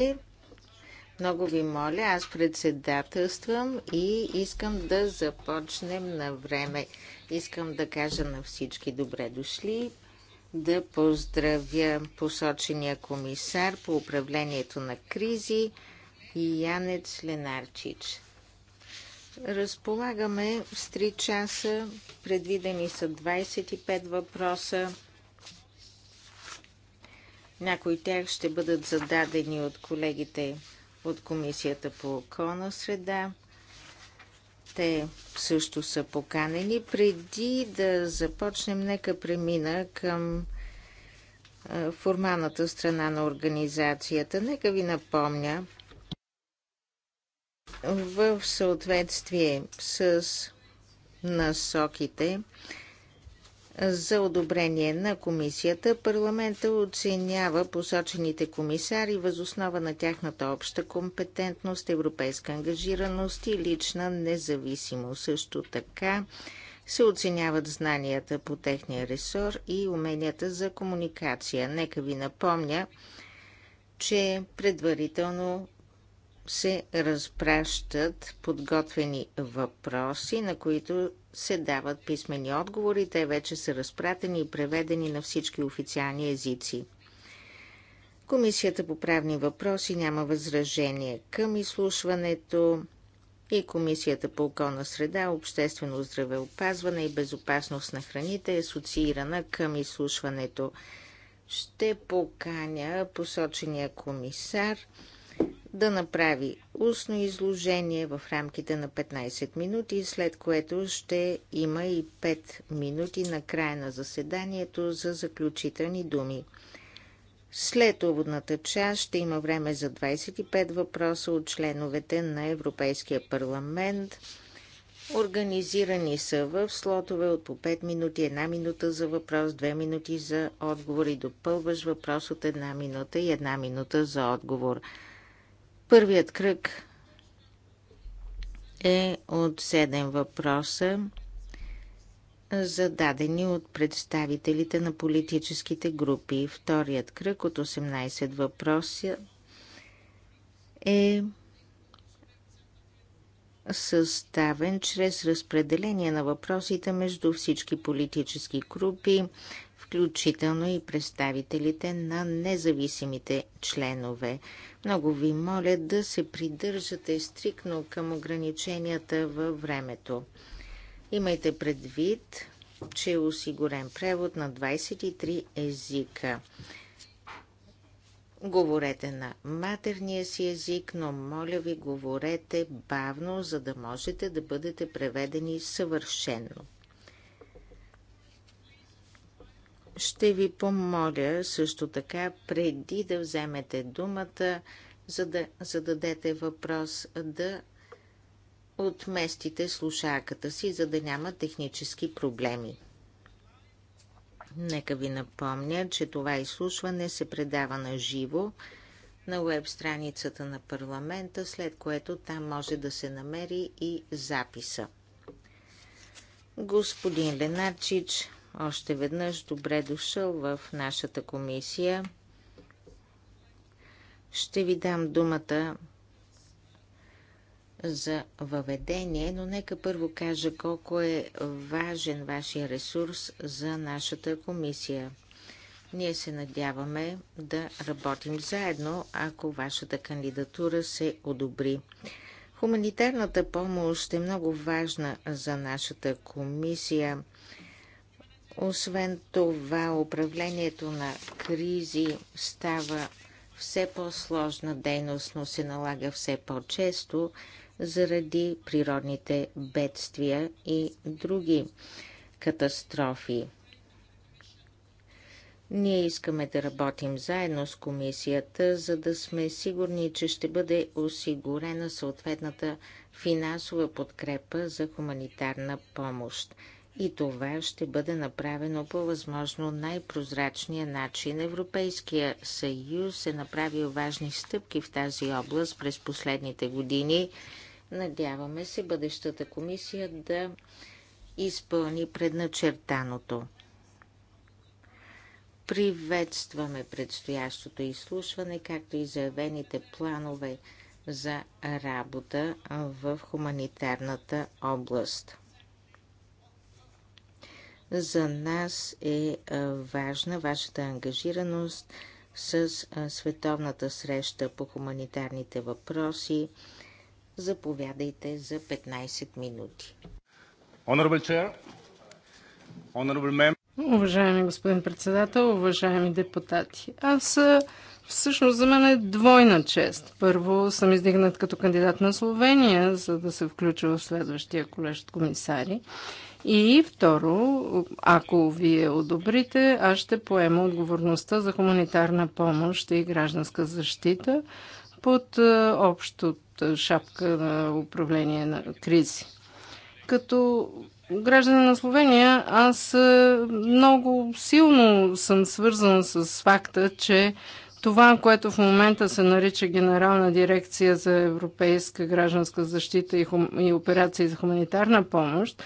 Е, много ви моля, аз председателствам и искам да започнем на време. Искам да кажа на всички добре дошли, да поздравя посочения комисар по управлението на кризи Янец Ленарчич. Разполагаме с 3 часа, предвидени са 25 въпроса. Някои тях ще бъдат зададени от колегите от Комисията по околна среда. Те също са поканени. Преди да започнем, нека премина към формалната страна на организацията. Нека ви напомня, в съответствие с насоките, за одобрение на комисията, парламента оценява посочените комисари възоснова на тяхната обща компетентност, европейска ангажираност и лична независимост. Също така се оценяват знанията по техния ресор и уменията за комуникация. Нека ви напомня, че предварително се разпращат подготвени въпроси, на които се дават писмени отговори. Те вече са разпратени и преведени на всички официални езици. Комисията по правни въпроси няма възражение към изслушването и Комисията по околна среда, обществено здравеопазване и безопасност на храните е асоциирана към изслушването. Ще поканя посочения комисар – да направи устно изложение в рамките на 15 минути, след което ще има и 5 минути на края на заседанието за заключителни думи. След уводната част ще има време за 25 въпроса от членовете на Европейския парламент. Организирани са в слотове от по 5 минути, 1 минута за въпрос, 2 минути за отговор и допълваш въпрос от 1 минута и 1 минута за отговор. Първият кръг е от 7 въпроса, зададени от представителите на политическите групи. Вторият кръг от 18 въпроса е съставен чрез разпределение на въпросите между всички политически групи включително и представителите на независимите членове. Много ви моля да се придържате стрикно към ограниченията във времето. Имайте предвид, че е осигурен превод на 23 езика. Говорете на матерния си език, но моля ви, говорете бавно, за да можете да бъдете преведени съвършенно. Ще ви помоля също така, преди да вземете думата, за да зададете въпрос, да отместите слушалката си, за да няма технически проблеми. Нека ви напомня, че това изслушване се предава на живо на веб страницата на парламента, след което там може да се намери и записа. Господин Ленарчич, още веднъж добре дошъл в нашата комисия. Ще ви дам думата за въведение, но нека първо кажа колко е важен вашия ресурс за нашата комисия. Ние се надяваме да работим заедно, ако вашата кандидатура се одобри. Хуманитарната помощ е много важна за нашата комисия. Освен това, управлението на кризи става все по-сложна дейност, но се налага все по-често заради природните бедствия и други катастрофи. Ние искаме да работим заедно с комисията, за да сме сигурни, че ще бъде осигурена съответната финансова подкрепа за хуманитарна помощ и това ще бъде направено по възможно най-прозрачния начин. Европейския съюз е направил важни стъпки в тази област през последните години. Надяваме се бъдещата комисия да изпълни предначертаното. Приветстваме предстоящото изслушване, както и заявените планове за работа в хуманитарната област. За нас е важна вашата ангажираност с световната среща по хуманитарните въпроси. Заповядайте за 15 минути. Уважаеми господин председател, уважаеми депутати, аз всъщност за мен е двойна чест. Първо съм издигнат като кандидат на Словения, за да се включа в следващия колеж от комисари. И второ, ако вие одобрите, аз ще поема отговорността за хуманитарна помощ и гражданска защита под е, общата е, шапка на управление на кризи. Като гражданин на Словения, аз е, много силно съм свързан с факта, че това, което в момента се нарича Генерална дирекция за европейска гражданска защита и, хум... и операции за хуманитарна помощ,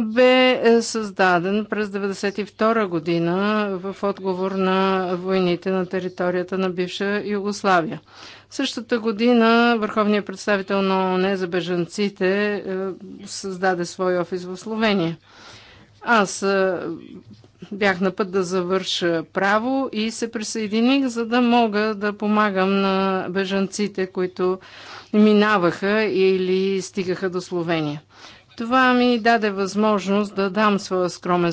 бе е, създаден през 1992 година в отговор на войните на територията на бивша Югославия. Същата година върховният представител на ОНЕ за бежанците е, създаде свой офис в Словения. Аз е, бях на път да завърша право и се присъединих, за да мога да помагам на бежанците, които минаваха или стигаха до Словения. Това ми даде възможност да дам своя скромен,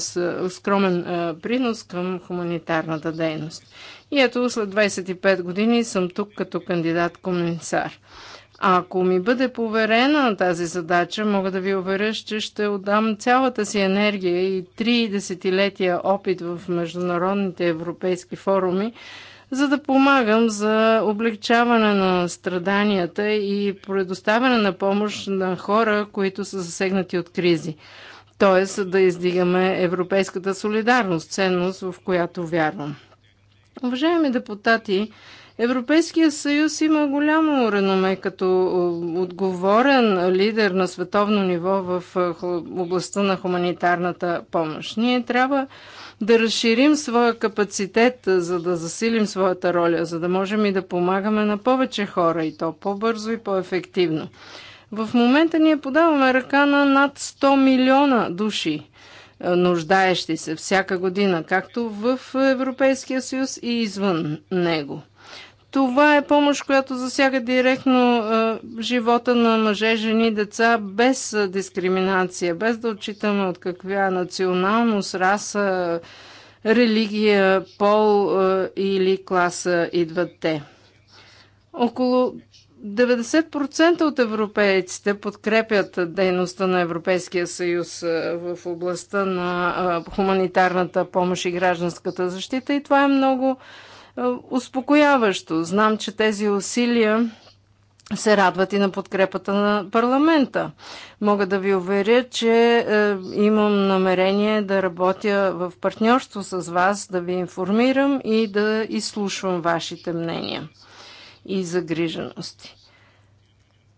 скромен принос към хуманитарната дейност. И ето след 25 години съм тук като кандидат комисар. Ако ми бъде поверена на тази задача, мога да ви уверя, че ще отдам цялата си енергия и три десетилетия опит в международните европейски форуми, за да помагам за облегчаване на страданията и предоставяне на помощ на хора, които са засегнати от кризи. Тоест да издигаме европейската солидарност, ценност, в която вярвам. Уважаеми депутати, Европейския съюз има голямо реноме като отговорен лидер на световно ниво в областта на хуманитарната помощ. Ние трябва да разширим своя капацитет, за да засилим своята роля, за да можем и да помагаме на повече хора и то по-бързо и по-ефективно. В момента ние подаваме ръка на над 100 милиона души нуждаещи се всяка година, както в Европейския съюз и извън него. Това е помощ, която засяга директно живота на мъже, жени, деца без дискриминация, без да отчитаме от каква националност, раса, религия, пол или класа идват те. Около 90% от европейците подкрепят дейността на Европейския съюз в областта на хуманитарната помощ и гражданската защита и това е много е, успокояващо. Знам, че тези усилия се радват и на подкрепата на парламента. Мога да ви уверя, че е, имам намерение да работя в партньорство с вас, да ви информирам и да изслушвам вашите мнения и загрижености.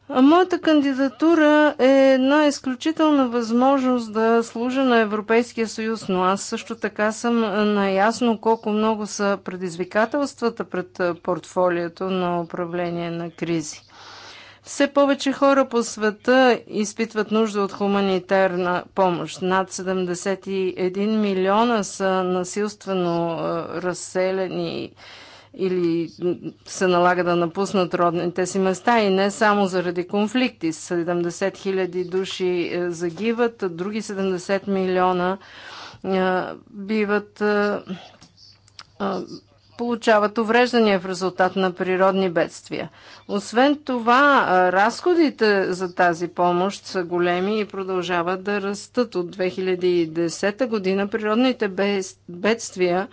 Моята кандидатура е една изключителна възможност да служа на Европейския съюз, но аз също така съм наясно колко много са предизвикателствата пред портфолиото на управление на кризи. Все повече хора по света изпитват нужда от хуманитарна помощ. Над 71 милиона са насилствено разселени или се налага да напуснат родните си места и не само заради конфликти. 70 хиляди души е, загиват, други 70 милиона е, биват е, получават увреждания в резултат на природни бедствия. Освен това, разходите за тази помощ са големи и продължават да растат. От 2010 година природните бедствия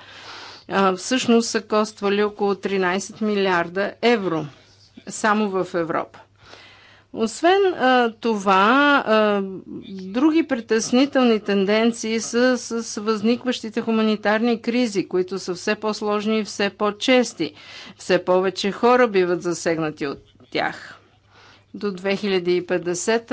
всъщност са коствали около 13 милиарда евро само в Европа. Освен а, това, а, други притеснителни тенденции са с възникващите хуманитарни кризи, които са все по-сложни и все по-чести. Все повече хора биват засегнати от тях до 2050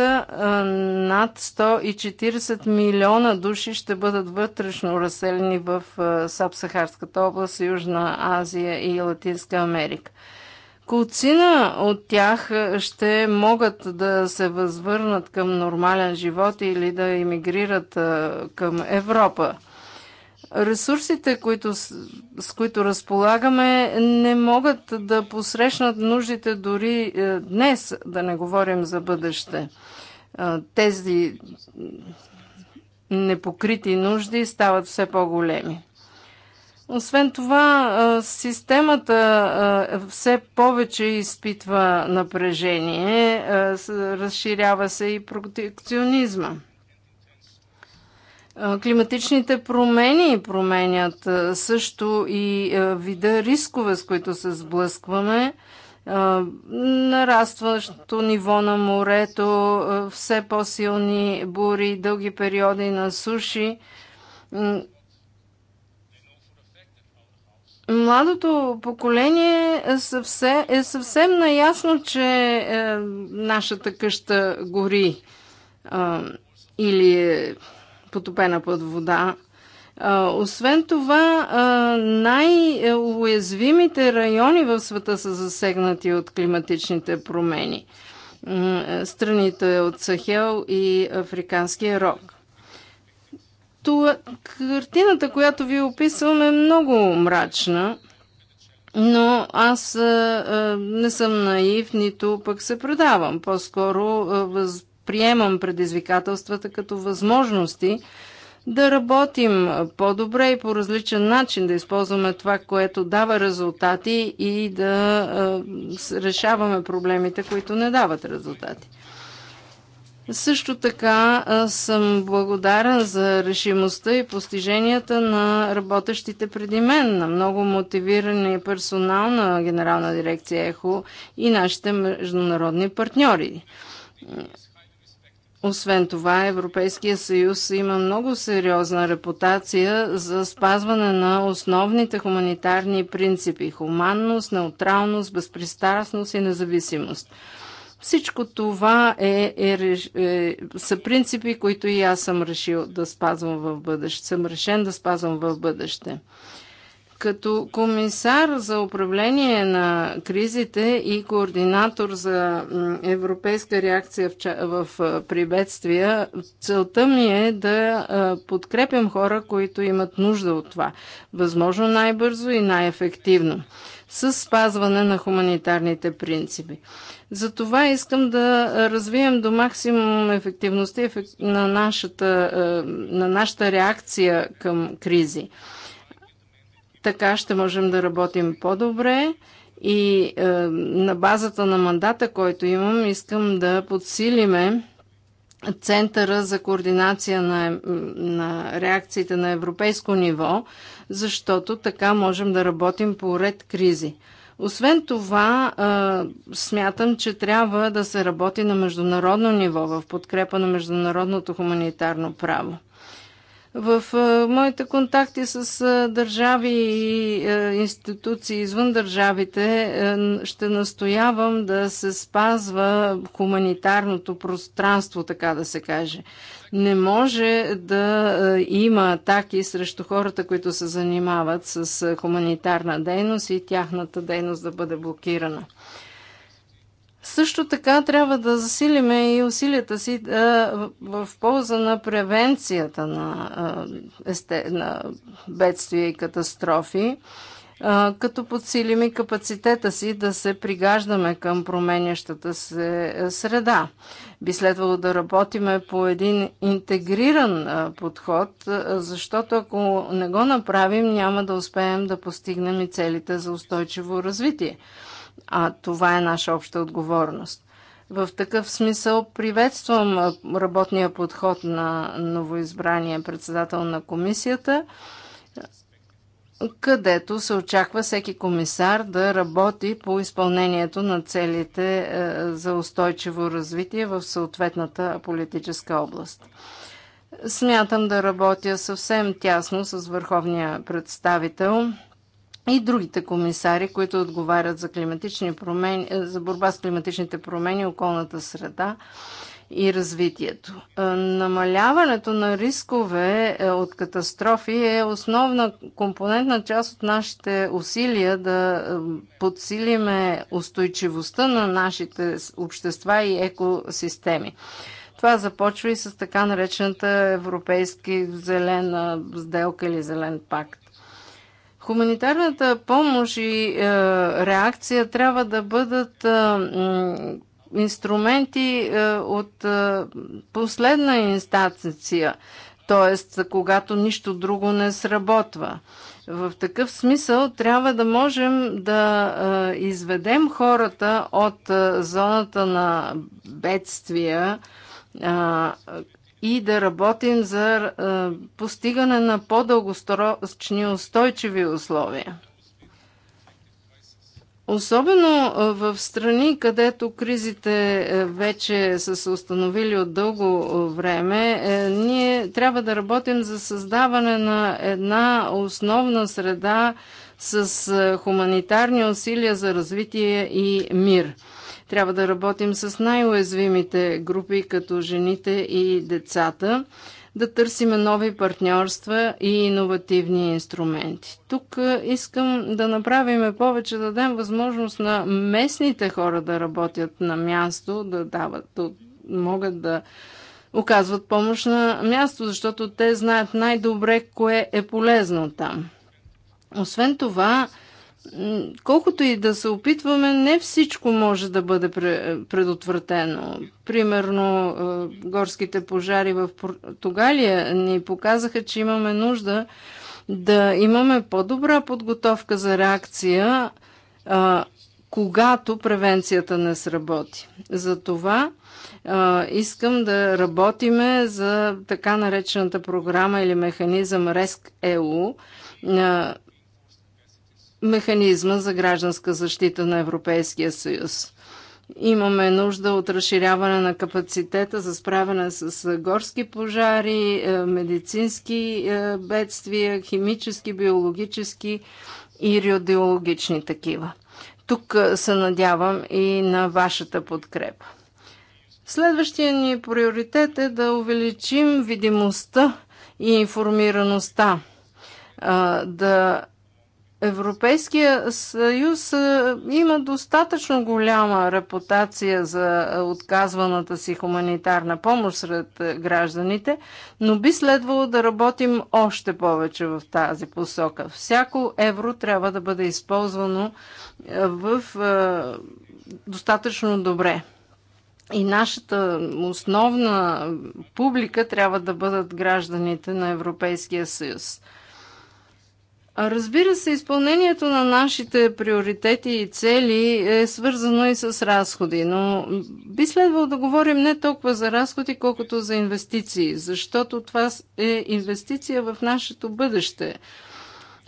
над 140 милиона души ще бъдат вътрешно разселени в Сабсахарската област, Южна Азия и Латинска Америка. Колцина от тях ще могат да се възвърнат към нормален живот или да емигрират към Европа. Ресурсите, които, с които разполагаме, не могат да посрещнат нуждите дори е, днес, да не говорим за бъдеще. Е, тези непокрити нужди стават все по-големи. Освен това, е, системата все повече изпитва напрежение, разширява се и протекционизма. Климатичните промени променят също и вида рискове, с които се сблъскваме. нарастващото ниво на морето, все по-силни бури, дълги периоди на суши. Младото поколение е съвсем, е съвсем наясно, че е, нашата къща гори или е потопена под вода. Освен това, най-уязвимите райони в света са засегнати от климатичните промени. Страните от Сахел и Африканския рог. Това, картината, която ви описвам е много мрачна, но аз а, не съм наив, нито пък се предавам. По-скоро приемам предизвикателствата като възможности да работим по-добре и по различен начин, да използваме това, което дава резултати и да решаваме проблемите, които не дават резултати. Също така съм благодарен за решимостта и постиженията на работещите преди мен, на много мотивирани персонал на Генерална дирекция ЕХО и нашите международни партньори. Освен това, Европейския съюз има много сериозна репутация за спазване на основните хуманитарни принципи – хуманност, неутралност, безпристрастност и независимост. Всичко това е, е, е, са принципи, които и аз съм решил да спазвам в бъдеще. Съм решен да спазвам в бъдеще. Като комисар за управление на кризите и координатор за европейска реакция в, в прибедствия, целта ми е да подкрепям хора, които имат нужда от това. Възможно най-бързо и най-ефективно с спазване на хуманитарните принципи. Затова искам да развием до максимум ефективността на нашата, на нашата реакция към кризи. Така ще можем да работим по-добре и е, на базата на мандата, който имам, искам да подсилиме Центъра за координация на, на реакциите на европейско ниво, защото така можем да работим по ред кризи. Освен това, е, смятам, че трябва да се работи на международно ниво в подкрепа на международното хуманитарно право. В е, моите контакти с е, държави и е, институции извън държавите ще настоявам да се спазва хуманитарното пространство, така да се каже. Не може да има атаки срещу хората, които се занимават с хуманитарна дейност и тяхната дейност да бъде блокирана. Също така трябва да засилиме и усилията си да, в полза на превенцията на, есте, на бедствия и катастрофи, като подсилим и капацитета си да се пригаждаме към променящата се среда. Би следвало да работиме по един интегриран подход, защото ако не го направим, няма да успеем да постигнем и целите за устойчиво развитие. А това е наша обща отговорност. В такъв смисъл приветствам работния подход на новоизбрания председател на комисията, където се очаква всеки комисар да работи по изпълнението на целите е, за устойчиво развитие в съответната политическа област. Смятам да работя съвсем тясно с върховния представител – и другите комисари, които отговарят за, климатични промени, е, за борба с климатичните промени, околната среда и развитието. Е, намаляването на рискове е, от катастрофи е основна компонентна част от нашите усилия да подсилиме устойчивостта на нашите общества и екосистеми. Това започва и с така наречената европейски зелена сделка или зелен пакт. Хуманитарната помощ и е, реакция трябва да бъдат е, инструменти е, от е, последна инстанция, т.е. когато нищо друго не сработва. В такъв смисъл трябва да можем да е, изведем хората от е, зоната на бедствия, е, и да работим за е, постигане на по-дългосрочни устойчиви условия. Особено е, в страни, където кризите е, вече са се установили от дълго време, ние трябва да работим за създаване на една основна среда с хуманитарни усилия за развитие и мир. Трябва да работим с най-уязвимите групи, като жените и децата, да търсиме нови партньорства и иновативни инструменти. Тук искам да направим повече, да дадем възможност на местните хора да работят на място, да дават, да могат да оказват помощ на място, защото те знаят най-добре кое е полезно там. Освен това, колкото и да се опитваме, не всичко може да бъде предотвратено. Примерно, е, горските пожари в Португалия ни показаха, че имаме нужда да имаме по-добра подготовка за реакция, е, когато превенцията не сработи. Затова е, искам да работиме за така наречената програма или механизъм RESC-EU, механизма за гражданска защита на Европейския съюз. Имаме нужда от разширяване на капацитета за справяне с горски пожари, е, медицински е, бедствия, химически, биологически и радиологични такива. Тук е, се надявам и на вашата подкрепа. Следващия ни приоритет е да увеличим видимостта и информираността, да Европейския съюз е, има достатъчно голяма репутация за отказваната си хуманитарна помощ сред гражданите, но би следвало да работим още повече в тази посока. Всяко евро трябва да бъде използвано е, в е, достатъчно добре. И нашата основна публика трябва да бъдат гражданите на Европейския съюз. Разбира се, изпълнението на нашите приоритети и цели е свързано и с разходи, но би следвало да говорим не толкова за разходи, колкото за инвестиции, защото това е инвестиция в нашето бъдеще.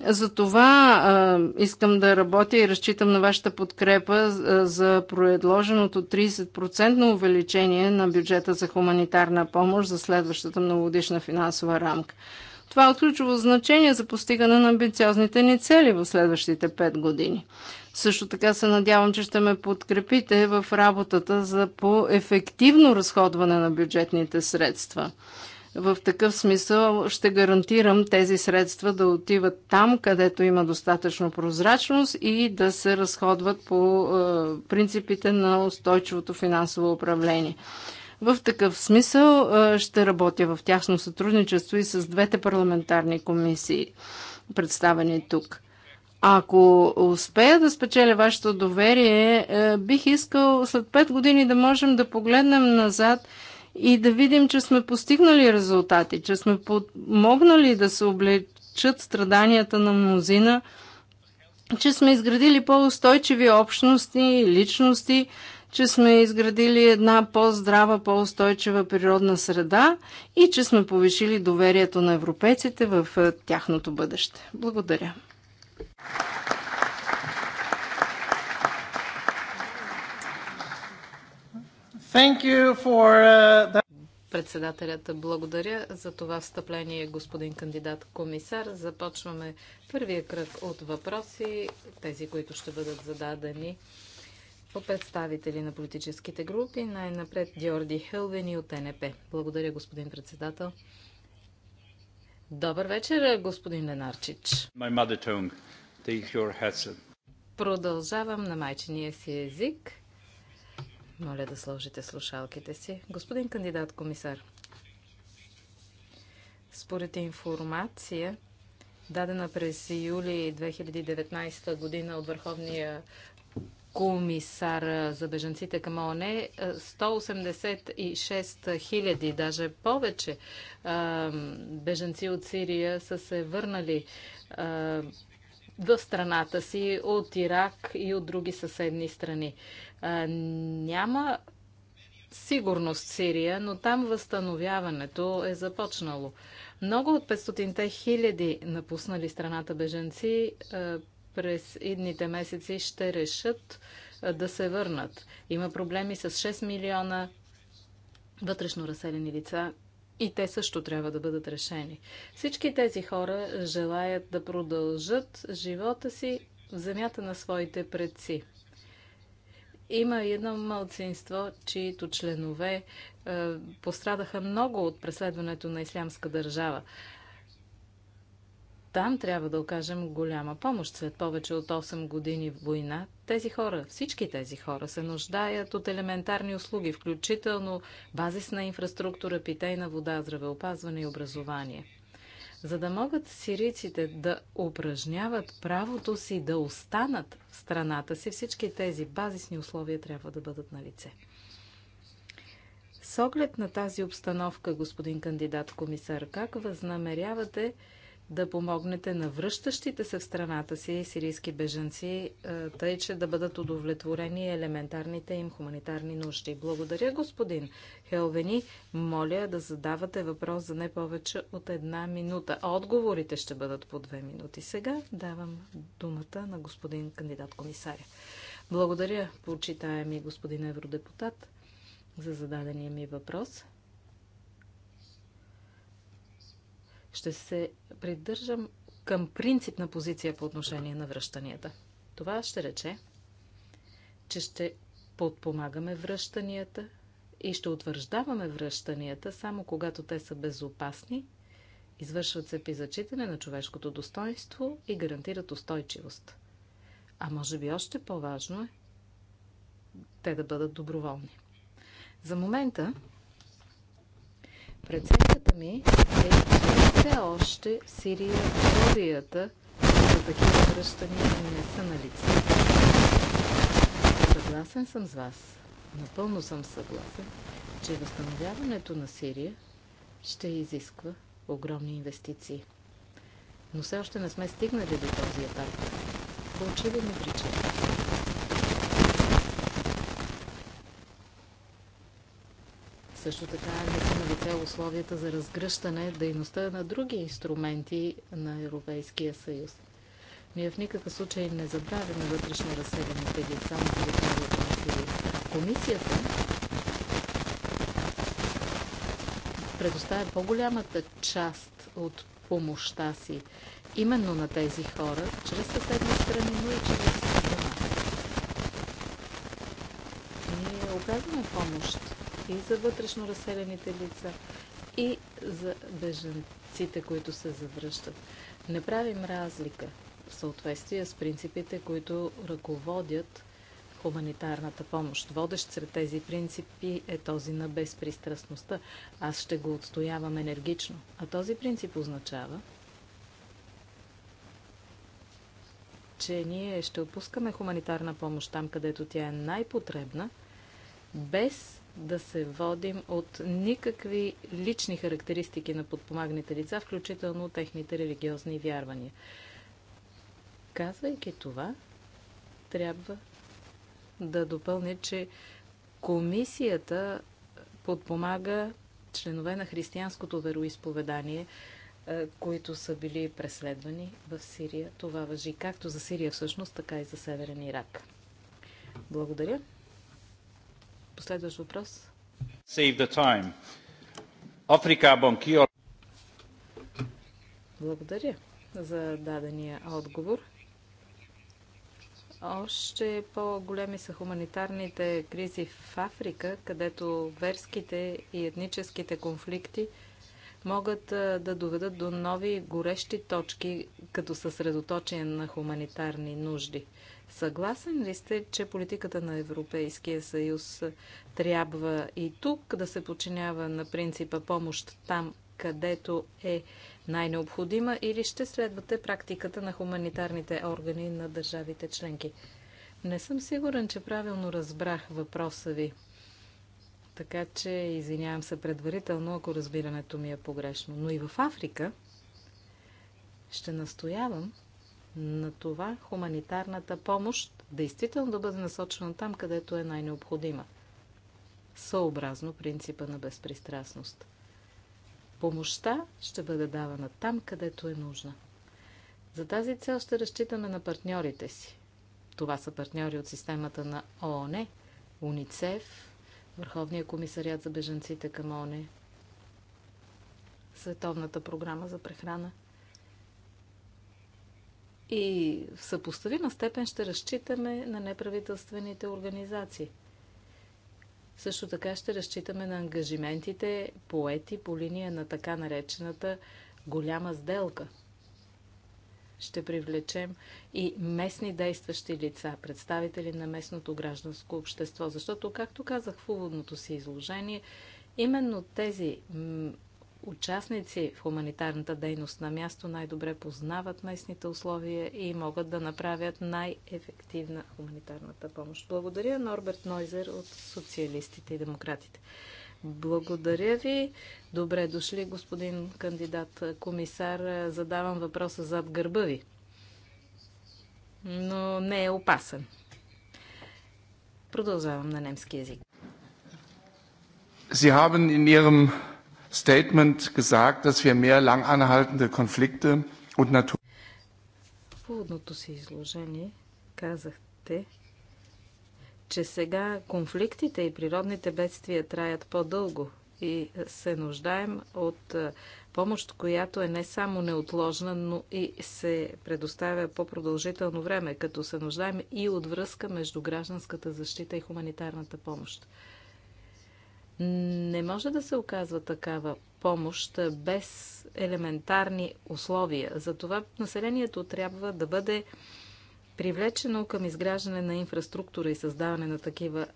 За това а, искам да работя и разчитам на вашата подкрепа а, за предложеното 30% увеличение на бюджета за хуманитарна помощ за следващата многогодишна финансова рамка. Това е от ключово значение за постигане на амбициозните ни цели в следващите 5 години. Също така се надявам, че ще ме подкрепите в работата за по-ефективно разходване на бюджетните средства. В такъв смисъл ще гарантирам тези средства да отиват там, където има достатъчно прозрачност и да се разходват по е, принципите на устойчивото финансово управление. В такъв смисъл ще работя в тяхно сътрудничество и с двете парламентарни комисии, представени тук. Ако успея да спечеля вашето доверие, е, бих искал след 5 години да можем да погледнем назад и да видим, че сме постигнали резултати, че сме помогнали да се облечат страданията на мнозина, че сме изградили по-устойчиви общности, личности, че сме изградили една по-здрава, по-устойчива природна среда и че сме повишили доверието на европейците в е, тяхното бъдеще. Благодаря. Thank you for, uh, Председателят благодаря за това встъпление, господин кандидат комисар. Започваме първия кръг от въпроси, тези, които ще бъдат зададени по представители на политическите групи. Най-напред Георги Хълвени от НП. Благодаря, господин председател. Добър вечер, господин Ленарчич. Продължавам на майчиния си език. Моля да сложите слушалките си. Господин кандидат комисар, според информация, дадена през юли 2019 година от Върховния комисар за беженците към ООН, 186 е, хиляди, даже повече беженци от Сирия са се върнали в страната си от Ирак и от други съседни страни. Няма сигурност Сирия, но там възстановяването е започнало. Много от 500-те хиляди напуснали страната беженци през идните месеци ще решат да се върнат. Има проблеми с 6 милиона вътрешно разселени лица и те също трябва да бъдат решени. Всички тези хора желаят да продължат живота си в земята на своите предци. Има едно малцинство, чието членове пострадаха много от преследването на Ислямска държава. Там трябва да окажем голяма помощ. След повече от 8 години в война, тези хора, всички тези хора се нуждаят от елементарни услуги, включително базисна инфраструктура, питейна вода, здравеопазване и образование. За да могат сирийците да упражняват правото си да останат в страната си, всички тези базисни условия трябва да бъдат на лице. С оглед на тази обстановка, господин кандидат комисар, как възнамерявате да помогнете на връщащите се в страната си сирийски бежанци, е, тъй че да бъдат удовлетворени елементарните им хуманитарни нужди. Благодаря, господин Хелвени. Моля да задавате въпрос за не повече от една минута. Отговорите ще бъдат по две минути. Сега давам думата на господин кандидат комисаря. Благодаря, почитаеми господин евродепутат, за зададения ми въпрос. Ще се придържам към принципна позиция по отношение на връщанията. Това ще рече, че ще подпомагаме връщанията и ще утвърждаваме връщанията само когато те са безопасни, извършват се при зачитане на човешкото достоинство и гарантират устойчивост. А може би още по-важно е те да бъдат доброволни. За момента Преценката ми е, че все още Сирия условията за такива връщания не са на лице. Съгласен съм с вас. Напълно съм съгласен, че възстановяването на Сирия ще изисква огромни инвестиции. Но все още не сме стигнали до този етап. По очевидни причини. Също така не са на лице условията за разгръщане дейността на други инструменти на Европейския съюз. Ние в никакъв случай не забравяме вътрешно разселените лица на територията на Сирия. Комисията предоставя по-голямата част от помощта си именно на тези хора, чрез съседни страни, но и чрез страна. Ние оказваме помощ и за вътрешно разселените лица, и за беженците, които се завръщат. Не правим разлика в съответствие с принципите, които ръководят хуманитарната помощ. Водещ сред тези принципи е този на безпристрастността. Аз ще го отстоявам енергично. А този принцип означава, че ние ще опускаме хуманитарна помощ там, където тя е най-потребна, без да се водим от никакви лични характеристики на подпомагните лица, включително техните религиозни вярвания. Казвайки това, трябва да допълня, че комисията подпомага членове на християнското вероисповедание, е, които са били преследвани в Сирия. Това въжи както за Сирия всъщност, така и за Северен Ирак. Благодаря. Последващ въпрос. Save the time. Африка Бонкио. Благодаря за дадения отговор. Още по-големи са хуманитарните кризи в Африка, където верските и етническите конфликти – могат да доведат до нови горещи точки, като съсредоточие на хуманитарни нужди. Съгласен ли сте, че политиката на Европейския съюз трябва и тук да се подчинява на принципа помощ там, където е най-необходима или ще следвате практиката на хуманитарните органи на държавите членки? Не съм сигурен, че правилно разбрах въпроса ви. Така че извинявам се предварително, ако разбирането ми е погрешно. Но и в Африка ще настоявам на това хуманитарната помощ действително да бъде насочена там, където е най-необходима. Съобразно принципа на безпристрастност. Помощта ще бъде давана там, където е нужна. За тази цел ще разчитаме на партньорите си. Това са партньори от системата на ООН, УНИЦЕФ, Върховния комисариат за беженците към ОНЕ, Световната програма за прехрана. И в съпоставима степен ще разчитаме на неправителствените организации. Също така ще разчитаме на ангажиментите поети по линия на така наречената голяма сделка – ще привлечем и местни действащи лица, представители на местното гражданско общество. Защото, както казах в уводното си изложение, именно тези участници в хуманитарната дейност на място най-добре познават местните условия и могат да направят най-ефективна хуманитарната помощ. Благодаря Норберт Нойзер от Социалистите и Демократите. Благодаря ви. Добре дошли, господин кандидат комисар. Задавам въпроса зад гърба ви. Но не е опасен. Продължавам на немски язик. Sie haben in Ihrem Statement gesagt, dass wir mehr lang anhaltende Konflikte und Natur... В поводното си изложение казахте, че сега конфликтите и природните бедствия траят по-дълго и се нуждаем от помощ, която е не само неотложна, но и се предоставя по-продължително време, като се нуждаем и от връзка между гражданската защита и хуманитарната помощ. Не може да се оказва такава помощ без елементарни условия. Затова населението трябва да бъде привлечено към изграждане на инфраструктура и създаване на такива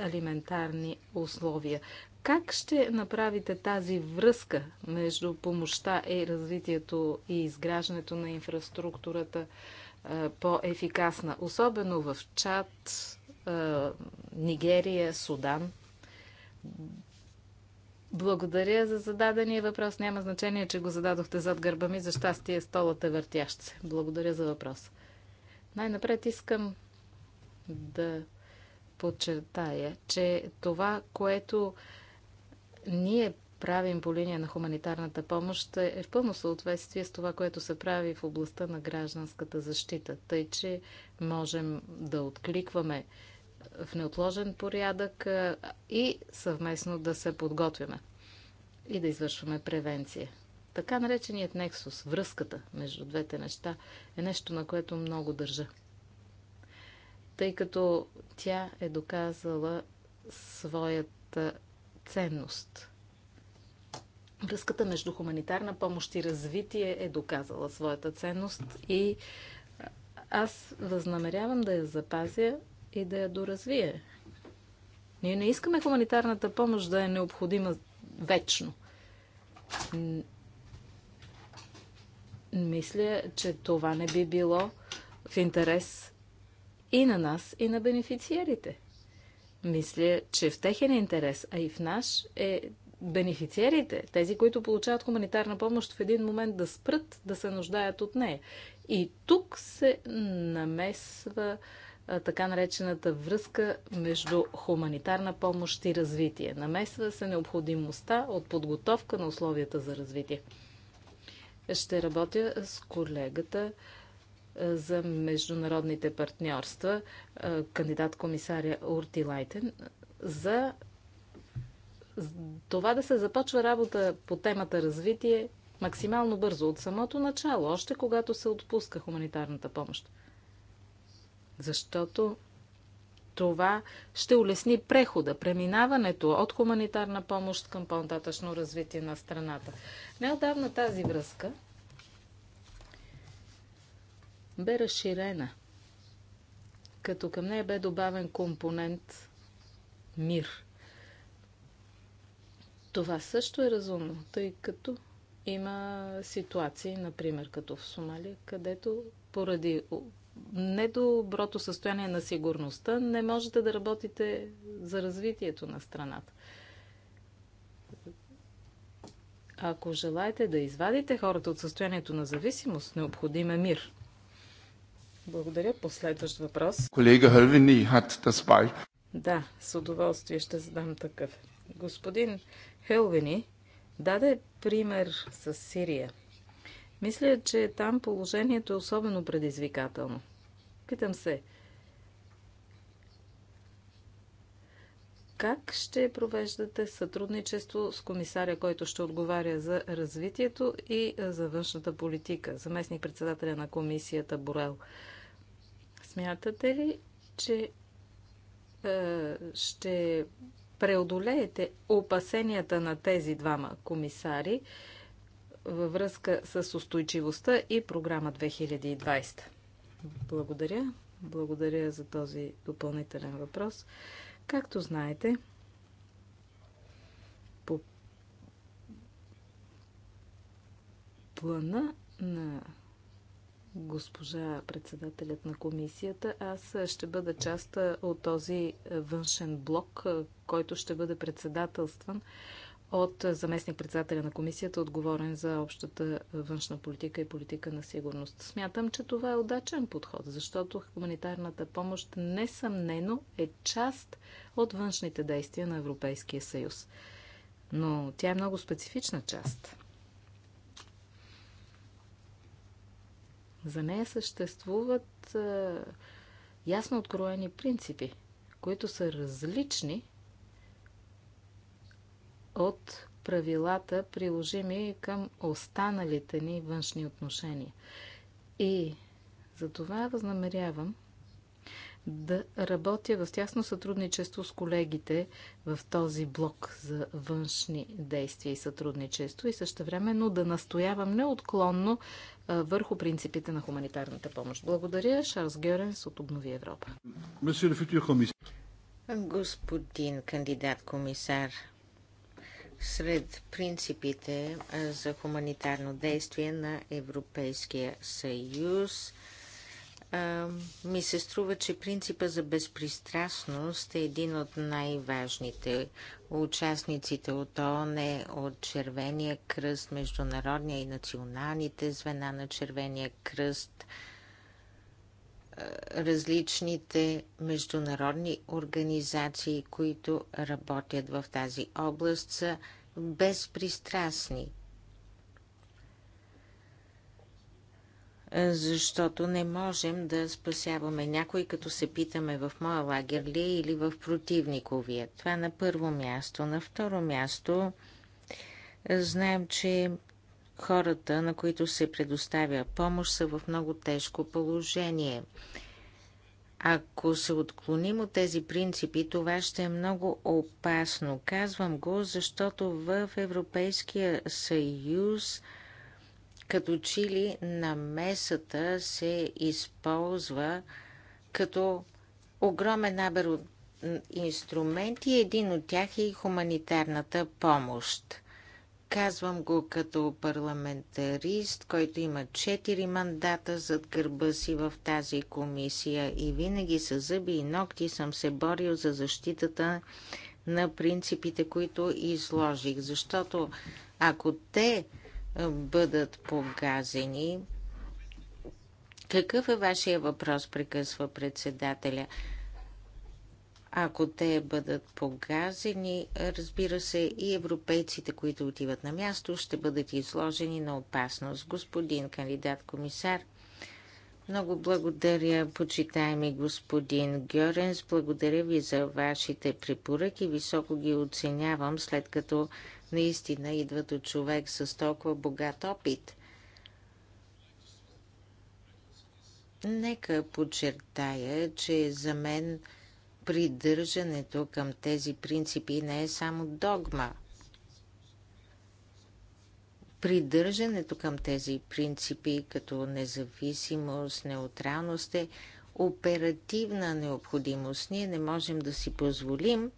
алиментарни условия. Как ще направите тази връзка между помощта и развитието и изграждането на инфраструктурата по-ефикасна, особено в Чад, Нигерия, Судан? Благодаря за зададения въпрос. Няма значение, че го зададохте зад гърба ми. За щастие, столът е въртящ се. Благодаря за въпроса. Най-напред искам да подчертая, че това, което ние правим по линия на хуманитарната помощ е в пълно съответствие с това, което се прави в областта на гражданската защита. Тъй, че можем да откликваме в неотложен порядък и съвместно да се подготвяме и да извършваме превенция. Така нареченият нексус, връзката между двете неща, е нещо, на което много държа. Тъй като тя е доказала своята ценност. Връзката между хуманитарна помощ и развитие е доказала своята ценност и аз възнамерявам да я запазя и да я доразвия. Ние не искаме хуманитарната помощ да е необходима вечно. Мисля, че това не би било в интерес и на нас, и на бенефициерите. Мисля, че в техен интерес, а и в наш, е бенефициерите, тези, които получават хуманитарна помощ, в един момент да спрат да се нуждаят от нея. И тук се намесва така наречената връзка между хуманитарна помощ и развитие. Намесва се необходимостта от подготовка на условията за развитие ще работя с колегата е, за международните партньорства, е, кандидат комисаря Урти Лайтен, за това да се започва работа по темата развитие максимално бързо, от самото начало, още когато се отпуска хуманитарната помощ. Защото това ще улесни прехода, преминаването от хуманитарна помощ към по-нататъчно развитие на страната. Неодавна тази връзка бе разширена, като към нея бе добавен компонент мир. Това също е разумно, тъй като има ситуации, например като в Сомалия, където поради недоброто състояние на сигурността не можете да работите за развитието на страната. Ако желаете да извадите хората от състоянието на зависимост, необходим е мир. Благодаря. Последващ въпрос. Колега Хълвини, хат спай. Да, с удоволствие ще задам такъв. Господин Хелвини даде пример с Сирия – мисля, че там положението е особено предизвикателно. Питам се, как ще провеждате сътрудничество с комисаря, който ще отговаря за развитието и за външната политика, заместник председателя на комисията Борел? Смятате ли, че е, ще преодолеете опасенията на тези двама комисари? във връзка с устойчивостта и програма 2020. Благодаря. Благодаря за този допълнителен въпрос. Както знаете, по плана на госпожа председателят на комисията, аз ще бъда част от този външен блок, който ще бъде председателстван от заместник-председателя на комисията, отговорен за общата външна политика и политика на сигурност. Смятам, че това е удачен подход, защото хуманитарната помощ несъмнено е част от външните действия на Европейския съюз. Но тя е много специфична част. За нея съществуват е, ясно откроени принципи, които са различни от правилата, приложими към останалите ни външни отношения. И за това възнамерявам да работя в тясно сътрудничество с колегите в този блок за външни действия и сътрудничество и същевременно да настоявам неотклонно върху принципите на хуманитарната помощ. Благодаря, Шарлз Геренс от Обнови Европа. Господин кандидат комисар, сред принципите за хуманитарно действие на Европейския съюз. Ми се струва, че принципа за безпристрастност е един от най-важните. Участниците от ООН, е от Червения кръст, международния и националните звена на Червения кръст – различните международни организации, които работят в тази област, са безпристрастни. Защото не можем да спасяваме някой, като се питаме в моя лагер ли е или в противниковия. Това на първо място. На второ място знаем, че хората, на които се предоставя помощ, са в много тежко положение. Ако се отклоним от тези принципи, това ще е много опасно. Казвам го, защото в Европейския съюз като чили намесата се използва като огромен набер от инструменти. Един от тях е и хуманитарната помощ. Казвам го като парламентарист, който има четири мандата зад гърба си в тази комисия и винаги с зъби и ногти съм се борил за защитата на принципите, които изложих. Защото ако те бъдат погазени, какъв е вашия въпрос, прекъсва председателя? ако те бъдат погазени, разбира се, и европейците, които отиват на място, ще бъдат изложени на опасност. Господин кандидат-комисар, много благодаря, почитаеми господин Гьоренс. Благодаря ви за вашите препоръки. Високо ги оценявам, след като наистина идват от човек с толкова богат опит. Нека подчертая, че за мен – придържането към тези принципи не е само догма. Придържането към тези принципи като независимост, неутралност е оперативна необходимост. Ние не можем да си позволим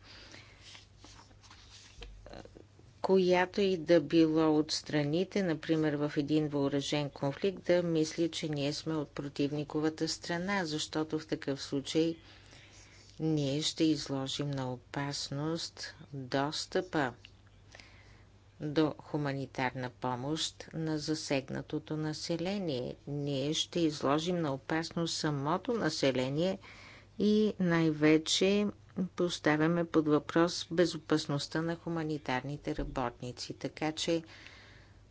която и да било от страните, например в един въоръжен конфликт, да мисли, че ние сме от противниковата страна, защото в такъв случай – ние ще изложим на опасност достъпа до хуманитарна помощ на засегнатото население. Ние ще изложим на опасност самото население и най-вече поставяме под въпрос безопасността на хуманитарните работници. Така че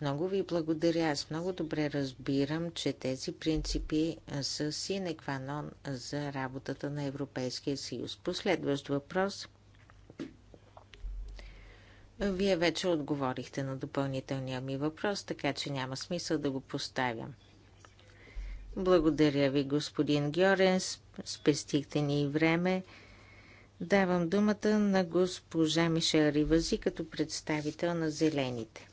много ви благодаря. Аз много добре разбирам, че тези принципи са синекванон за работата на Европейския съюз. Последващ въпрос. Вие вече отговорихте на допълнителния ми въпрос, така че няма смисъл да го поставям. Благодаря ви, господин Гьоренс. Спестихте ни време. Давам думата на госпожа Мишел Ривази като представител на Зелените.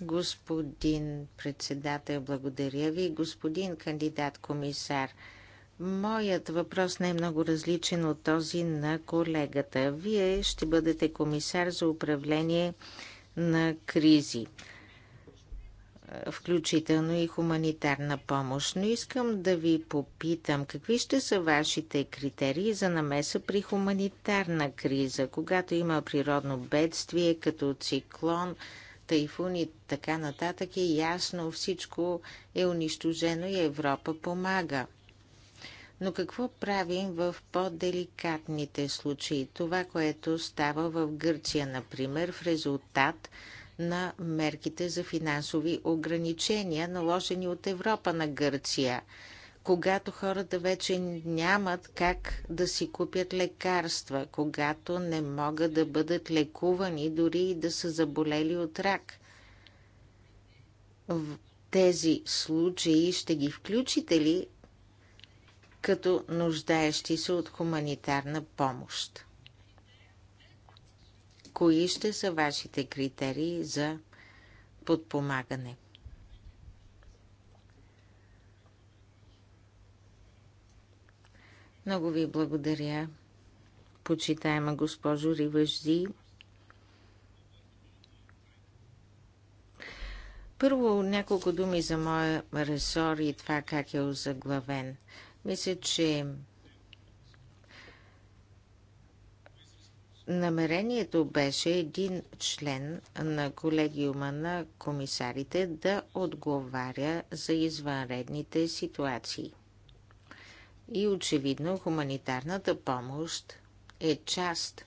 Господин председател, благодаря ви. Господин кандидат комисар, моят въпрос не е много различен от този на колегата. Вие ще бъдете комисар за управление на кризи, включително и хуманитарна помощ. Но искам да ви попитам, какви ще са вашите критерии за намеса при хуманитарна криза, когато има природно бедствие, като циклон, тайфун и така нататък е ясно, всичко е унищожено и Европа помага. Но какво правим в по-деликатните случаи? Това, което става в Гърция, например, в резултат на мерките за финансови ограничения, наложени от Европа на Гърция – когато хората вече нямат как да си купят лекарства, когато не могат да бъдат лекувани, дори и да са заболели от рак. В тези случаи ще ги включите ли като нуждаещи се от хуманитарна помощ? Кои ще са вашите критерии за подпомагане? Много ви благодаря, почитаема госпожо Риважди. Първо няколко думи за моя ресор и това как е озаглавен. Мисля, че намерението беше един член на колегиума на комисарите да отговаря за извънредните ситуации. И очевидно хуманитарната помощ е част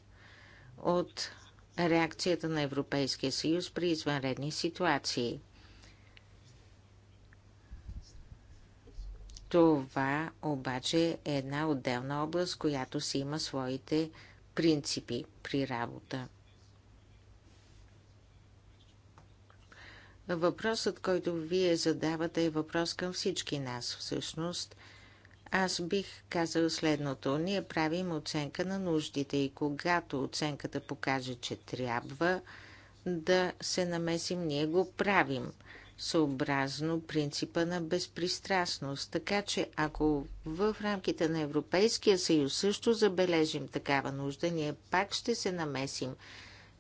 от реакцията на Европейския съюз при извънредни ситуации. Това обаче е една отделна област, която си има своите принципи при работа. Въпросът, който вие задавате е въпрос към всички нас. Всъщност – аз бих казал следното. Ние правим оценка на нуждите и когато оценката покаже, че трябва да се намесим, ние го правим съобразно принципа на безпристрастност. Така че ако в рамките на Европейския съюз също забележим такава нужда, ние пак ще се намесим.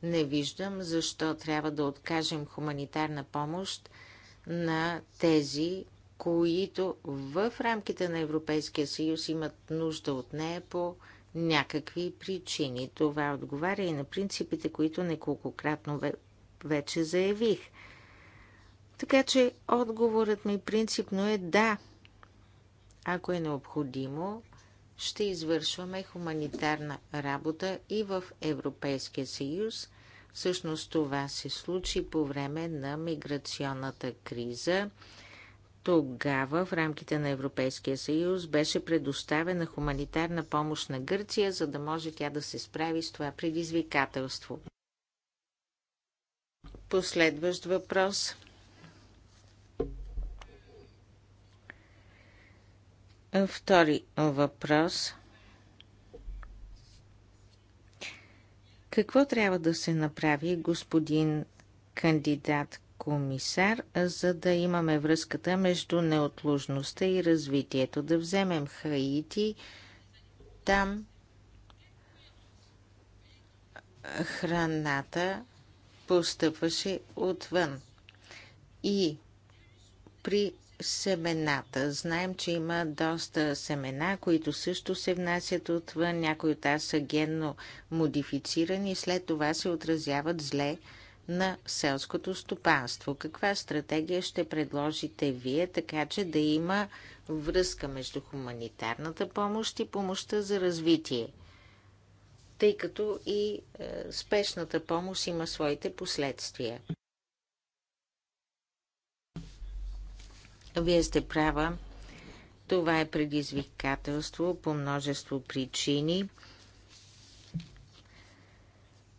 Не виждам защо трябва да откажем хуманитарна помощ на тези които в рамките на Европейския съюз имат нужда от нея по някакви причини. Това отговаря и на принципите, които неколкократно вече заявих. Така че отговорът ми принципно е да. Ако е необходимо, ще извършваме хуманитарна работа и в Европейския съюз. Всъщност това се случи по време на миграционната криза. Тогава в рамките на Европейския съюз беше предоставена хуманитарна помощ на Гърция, за да може тя да се справи с това предизвикателство. Последващ въпрос. Втори въпрос. Какво трябва да се направи, господин кандидат комисар, за да имаме връзката между неотложността и развитието. Да вземем Хаити, там храната постъпваше отвън. И при семената. Знаем, че има доста семена, които също се внасят отвън. Някои от са генно модифицирани, след това се отразяват зле на селското стопанство. Каква стратегия ще предложите вие, така че да има връзка между хуманитарната помощ и помощта за развитие? Тъй като и е, спешната помощ има своите последствия. Вие сте права. Това е предизвикателство по множество причини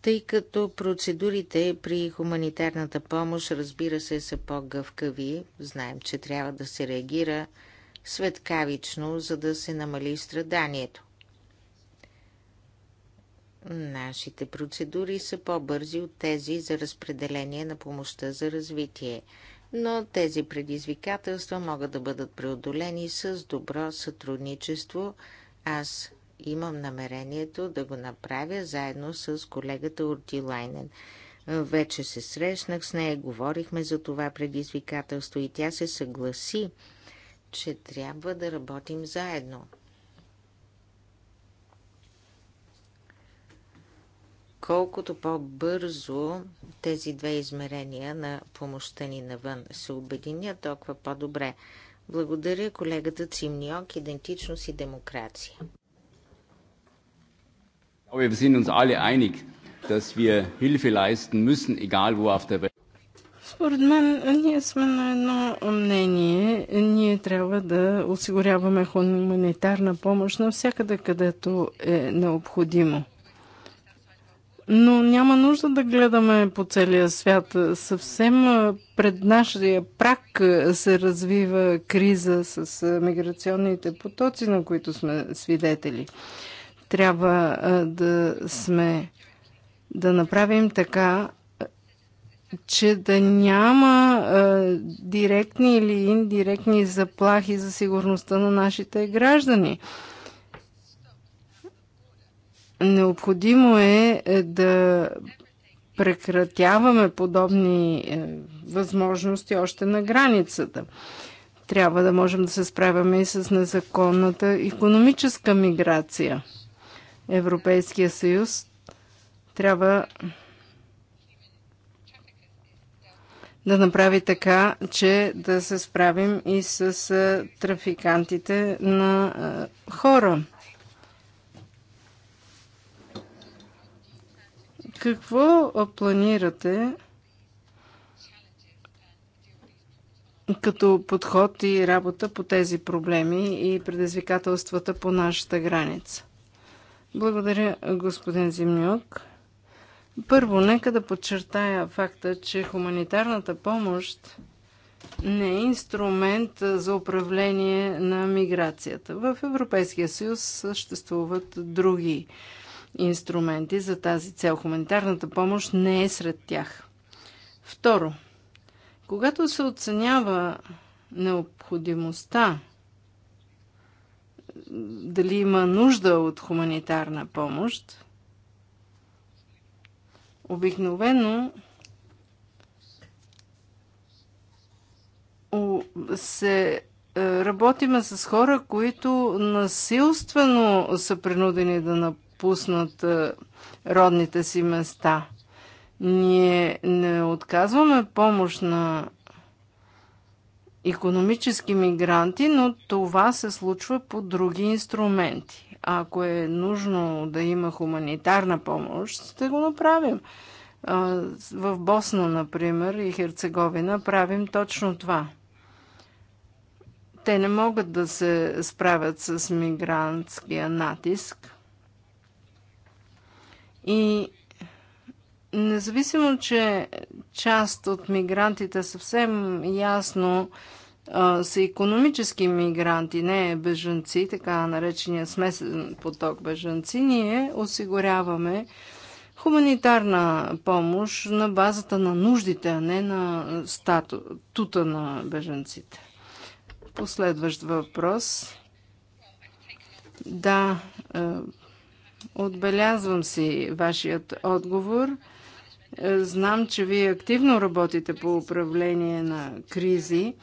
тъй като процедурите при хуманитарната помощ, разбира се, са по-гъвкави. Знаем, че трябва да се реагира светкавично, за да се намали страданието. Нашите процедури са по-бързи от тези за разпределение на помощта за развитие, но тези предизвикателства могат да бъдат преодолени с добро сътрудничество. Аз имам намерението да го направя заедно с колегата Лайнен. Вече се срещнах с нея, говорихме за това предизвикателство и тя се съгласи, че трябва да работим заедно. колкото по-бързо тези две измерения на помощта ни навън се обединят, толкова по-добре. Благодаря колегата Цимниок, идентичност и демокрация. Aber wir sind uns alle einig, dass wir Hilfe leisten müssen, egal wo auf der Welt. Според мен, ние сме на едно мнение. Ние трябва да осигуряваме хуманитарна помощ навсякъде, където е необходимо. Но няма нужда да гледаме по целия свят. Съвсем пред нашия прак се развива криза с миграционните потоци, на които сме свидетели. Трябва да сме, да направим така, че да няма а, директни или индиректни заплахи за сигурността на нашите граждани. Необходимо е, е да прекратяваме подобни е, възможности още на границата. Трябва да можем да се справяме и с незаконната економическа миграция. Европейския съюз трябва да направи така, че да се справим и с трафикантите на хора. Какво планирате като подход и работа по тези проблеми и предизвикателствата по нашата граница? Благодаря, господин Зимнюк. Първо, нека да подчертая факта, че хуманитарната помощ не е инструмент за управление на миграцията. В Европейския съюз съществуват други инструменти за тази цел. Хуманитарната помощ не е сред тях. Второ, когато се оценява необходимостта дали има нужда от хуманитарна помощ. Обикновено се е, работиме с хора, които насилствено са принудени да напуснат е, родните си места. Ние не отказваме помощ на економически мигранти, но това се случва по други инструменти. Ако е нужно да има хуманитарна помощ, ще го направим. В Босна, например, и Херцеговина правим точно това. Те не могат да се справят с мигрантския натиск. И Независимо, че част от мигрантите съвсем ясно а, са економически мигранти, не бежанци, така наречения смесен поток бежанци, ние осигуряваме хуманитарна помощ на базата на нуждите, а не на статута на бежанците. Последващ въпрос. Да, е, отбелязвам си вашият отговор. Знам, че вие активно работите по управление на кризи,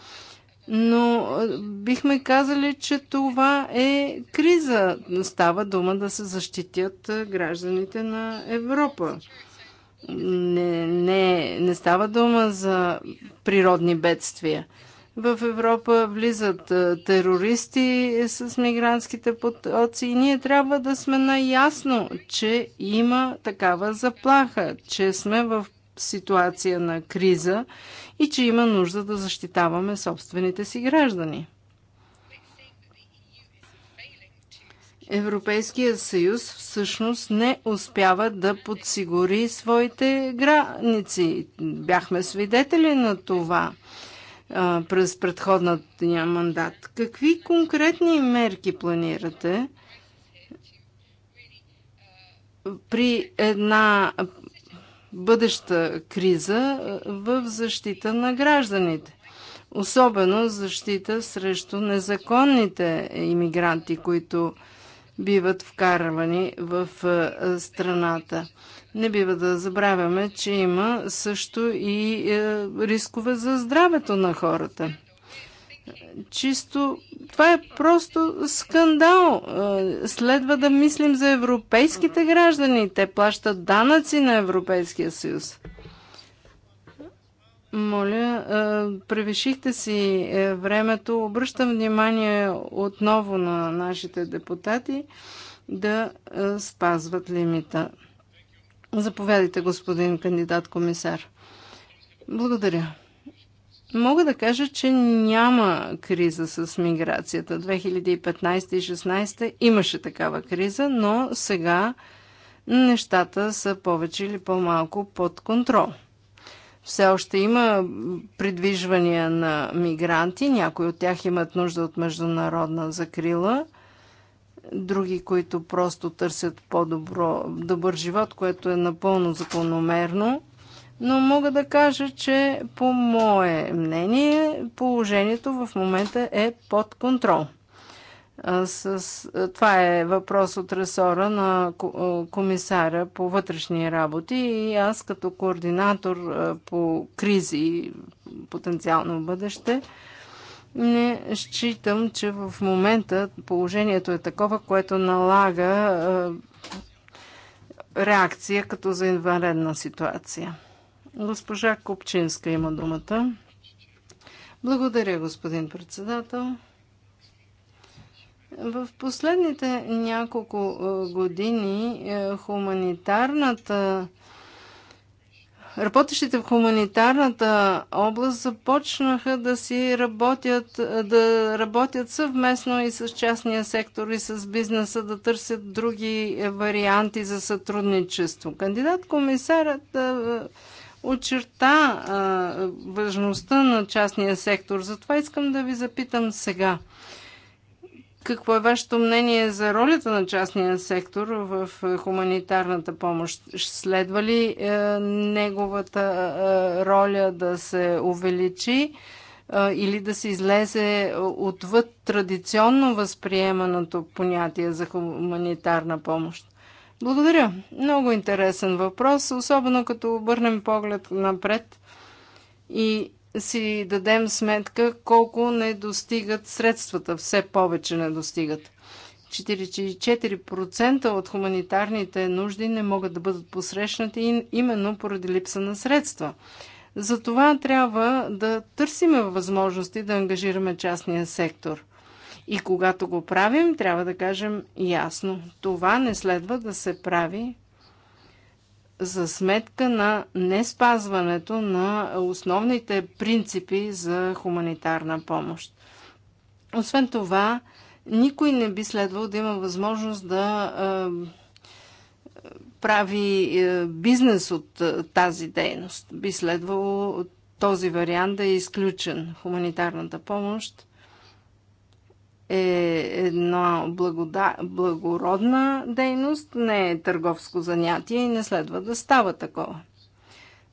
но бихме казали, че това е криза. Става дума да се защитят гражданите на Европа. Не, не, не става дума за природни бедствия в Европа влизат терористи е, с мигрантските потоци и ние трябва да сме наясно, че има такава заплаха, че сме в ситуация на криза и че има нужда да защитаваме собствените си граждани. Европейския съюз всъщност не успява да подсигури своите граници. Бяхме свидетели на това – през предходния мандат. Какви конкретни мерки планирате при една бъдеща криза в защита на гражданите? Особено защита срещу незаконните иммигранти, които биват вкарвани в страната. Не бива да забравяме, че има също и е, рискове за здравето на хората. Чисто, това е просто скандал. Е, следва да мислим за европейските граждани. Те плащат данъци на Европейския съюз. Моля, е, превишихте си времето. Обръщам внимание отново на нашите депутати да спазват лимита. Заповядайте, господин кандидат комисар. Благодаря. Мога да кажа, че няма криза с миграцията. 2015 и 2016 имаше такава криза, но сега нещата са повече или по-малко под контрол. Все още има придвижвания на мигранти, някои от тях имат нужда от международна закрила – други, които просто търсят по-добро, добър живот, което е напълно закономерно. Но мога да кажа, че по мое мнение положението в момента е под контрол. С, това е въпрос от ресора на комисаря по вътрешни работи и аз като координатор по кризи потенциално в бъдеще не считам, че в момента положението е такова, което налага е, реакция като за инваредна ситуация. Госпожа Копчинска има думата. Благодаря, господин председател. В последните няколко е, години е, хуманитарната Работещите в хуманитарната област започнаха да си работят, да работят съвместно и с частния сектор и с бизнеса, да търсят други варианти за сътрудничество. Кандидат комисарът очерта важността на частния сектор. Затова искам да ви запитам сега – какво е вашето мнение за ролята на частния сектор в е, хуманитарната помощ? Следва ли е, неговата е, е, роля да се увеличи е, или да се излезе отвъд традиционно възприеманото понятие за хуманитарна помощ? Благодаря. Много интересен въпрос, особено като обърнем поглед напред и си дадем сметка колко не достигат средствата, все повече не достигат. 44% от хуманитарните нужди не могат да бъдат посрещнати именно поради липса на средства. Затова трябва да търсиме възможности да ангажираме частния сектор. И когато го правим, трябва да кажем ясно, това не следва да се прави за сметка на неспазването на основните принципи за хуманитарна помощ. Освен това, никой не би следвал да има възможност да е, прави е, бизнес от е, тази дейност. Би следвало този вариант да е изключен. Хуманитарната помощ е една благода... благородна дейност, не е търговско занятие и не следва да става такова.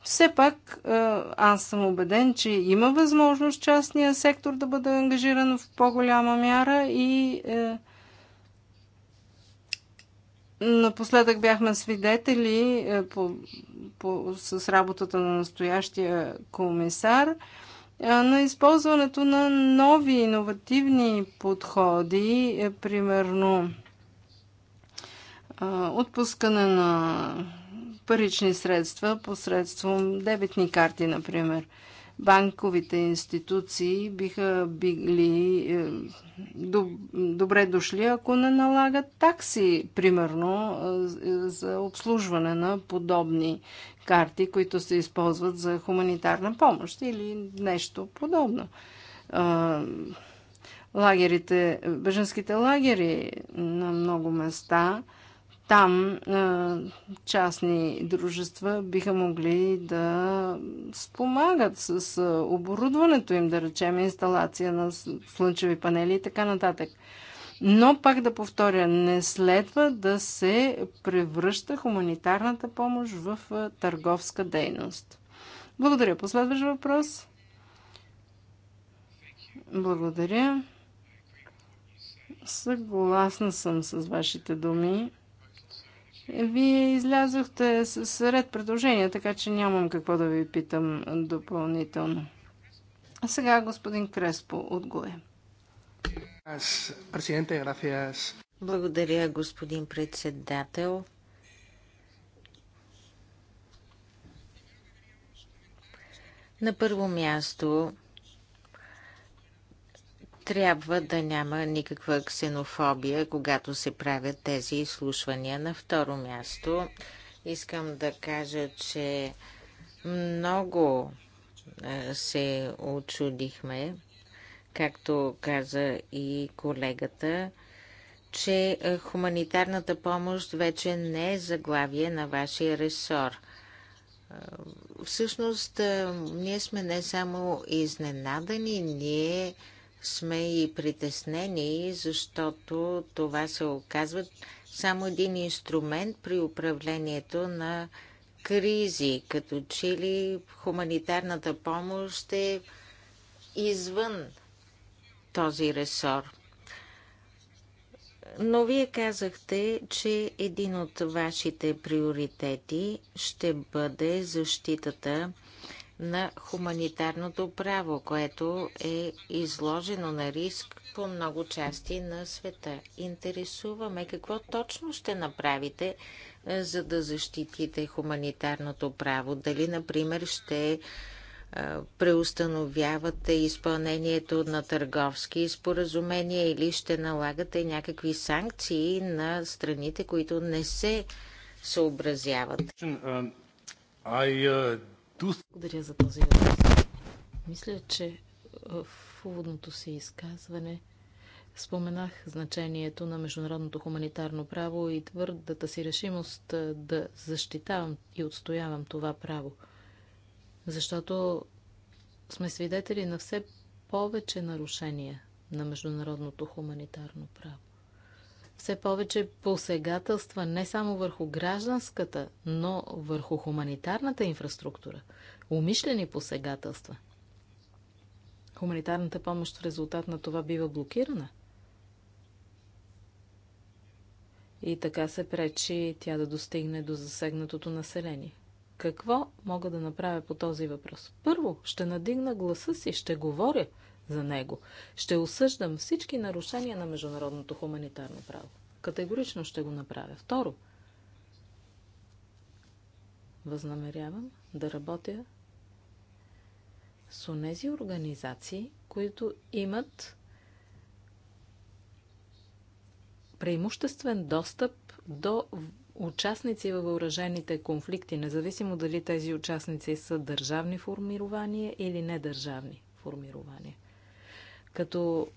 Все пак е, аз съм убеден, че има възможност частния сектор да бъде ангажиран в по-голяма мяра и е, напоследък бяхме свидетели е, по, по, с работата на настоящия комисар – на използването на нови иновативни подходи, е, примерно отпускане на парични средства посредством дебетни карти, например банковите институции биха били е, добре дошли, ако не налагат такси, примерно, е, за обслужване на подобни карти, които се използват за хуманитарна помощ или нещо подобно. Лагерите, беженските лагери на много места – там частни дружества биха могли да спомагат с оборудването им, да речем инсталация на слънчеви панели и така нататък. Но пак да повторя, не следва да се превръща хуманитарната помощ в търговска дейност. Благодаря. Последващ въпрос. Благодаря. Съгласна съм с вашите думи. Вие излязохте с ред предложения, така че нямам какво да ви питам допълнително. А сега господин Креспо от ГОЕ. Благодаря, господин председател. На първо място трябва да няма никаква ксенофобия, когато се правят тези изслушвания. На второ място искам да кажа, че много се очудихме, както каза и колегата, че хуманитарната помощ вече не е заглавие на вашия ресор. Всъщност, ние сме не само изненадани, ние сме и притеснени, защото това се оказва само един инструмент при управлението на кризи, като че ли хуманитарната помощ е извън този ресор. Но вие казахте, че един от вашите приоритети ще бъде защитата на хуманитарното право, което е изложено на риск по много части на света. Интересуваме какво точно ще направите, е, за да защитите хуманитарното право. Дали, например, ще е, преустановявате изпълнението на търговски споразумения или ще налагате някакви санкции на страните, които не се съобразяват? I е, благодаря за този въпрос. Мисля, че е, в уводното си изказване споменах значението на международното хуманитарно право и твърдата си решимост е, да защитавам и отстоявам това право. Защото сме свидетели на все повече нарушения на международното хуманитарно право все повече посегателства не само върху гражданската, но върху хуманитарната инфраструктура. Умишлени посегателства. Хуманитарната помощ в резултат на това бива блокирана. И така се пречи тя да достигне до засегнатото население. Какво мога да направя по този въпрос? Първо, ще надигна гласа си, ще говоря за него. Ще осъждам всички нарушения на международното хуманитарно право. Категорично ще го направя. Второ, възнамерявам да работя с онези организации, които имат преимуществен достъп до участници във въоръжените конфликти, независимо дали тези участници са държавни формирования или недържавни формирования като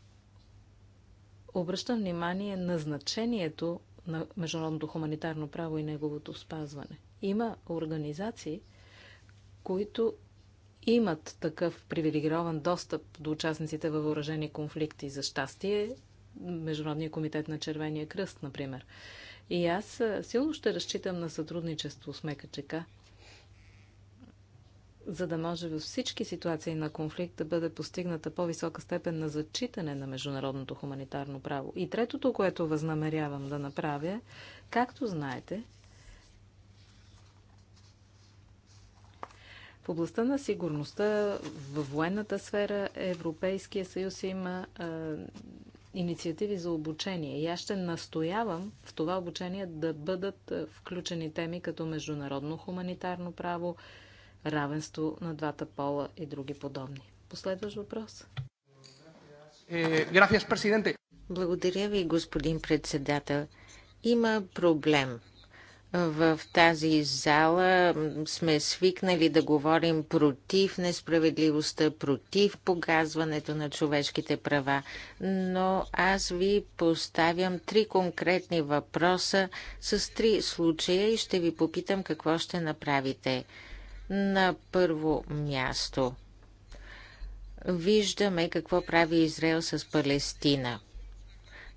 обръщам внимание на значението на международното хуманитарно право и неговото спазване. Има организации, които имат такъв привилегирован достъп до участниците във въоръжени конфликти. За щастие, Международния комитет на Червения кръст, например. И аз силно ще разчитам на сътрудничество с МКЧК за да може във всички ситуации на конфликт да бъде постигната по-висока степен на зачитане на международното хуманитарно право. И третото, което възнамерявам да направя, както знаете, В областта на сигурността, във военната сфера, Европейския съюз има инициативи за обучение. И аз ще настоявам в това обучение да бъдат включени теми като международно хуманитарно право, равенство на двата пола и други подобни. Последващ въпрос. Е, Благодаря ви, господин председател. Има проблем. В тази зала сме свикнали да говорим против несправедливостта, против погазването на човешките права, но аз ви поставям три конкретни въпроса с три случая и ще ви попитам какво ще направите. На първо място виждаме какво прави Израел с Палестина.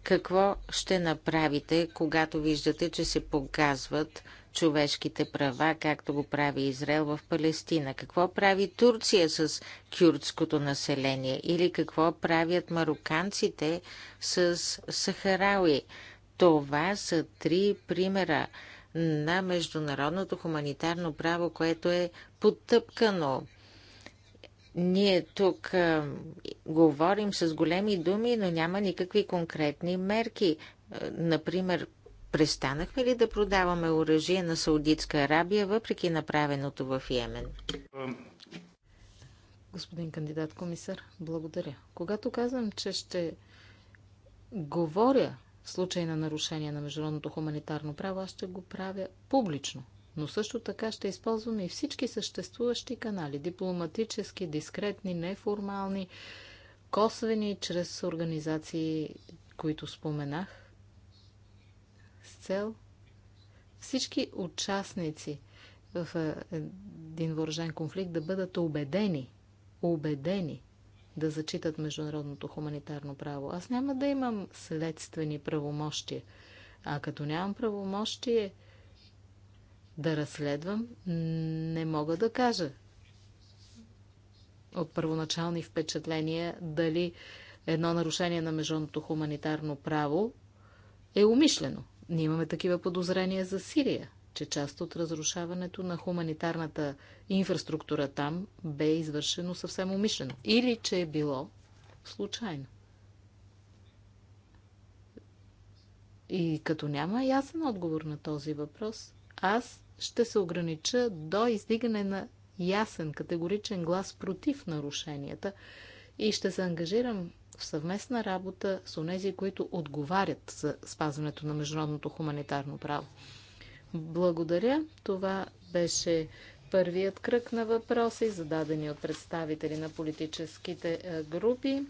Какво ще направите, когато виждате, че се погазват човешките права, както го прави Израел в Палестина? Какво прави Турция с кюрдското население? Или какво правят мароканците с сахарауи? Това са три примера на международното хуманитарно право, което е потъпкано. Ние тук а, говорим с големи думи, но няма никакви конкретни мерки. А, например, престанахме ли да продаваме оръжие на Саудитска Арабия, въпреки направеното в Йемен? Господин кандидат комисар, благодаря. Когато казвам, че ще говоря в случай на нарушение на международното хуманитарно право, аз ще го правя публично. Но също така ще използвам и всички съществуващи канали дипломатически, дискретни, неформални, косвени, чрез организации, които споменах, с цел всички участници в един въоръжен конфликт да бъдат убедени, убедени, да зачитат международното хуманитарно право. Аз няма да имам следствени правомощия. А като нямам правомощие да разследвам, не мога да кажа от първоначални впечатления дали едно нарушение на международното хуманитарно право е умишлено. Ние имаме такива подозрения за Сирия че част от разрушаването на хуманитарната инфраструктура там бе извършено съвсем умишлено. Или че е било случайно. И като няма ясен отговор на този въпрос, аз ще се огранича до издигане на ясен, категоричен глас против нарушенията и ще се ангажирам в съвместна работа с онези, които отговарят за спазването на международното хуманитарно право. Благодаря. Това беше първият кръг на въпроси, зададени от представители на политическите е, групи.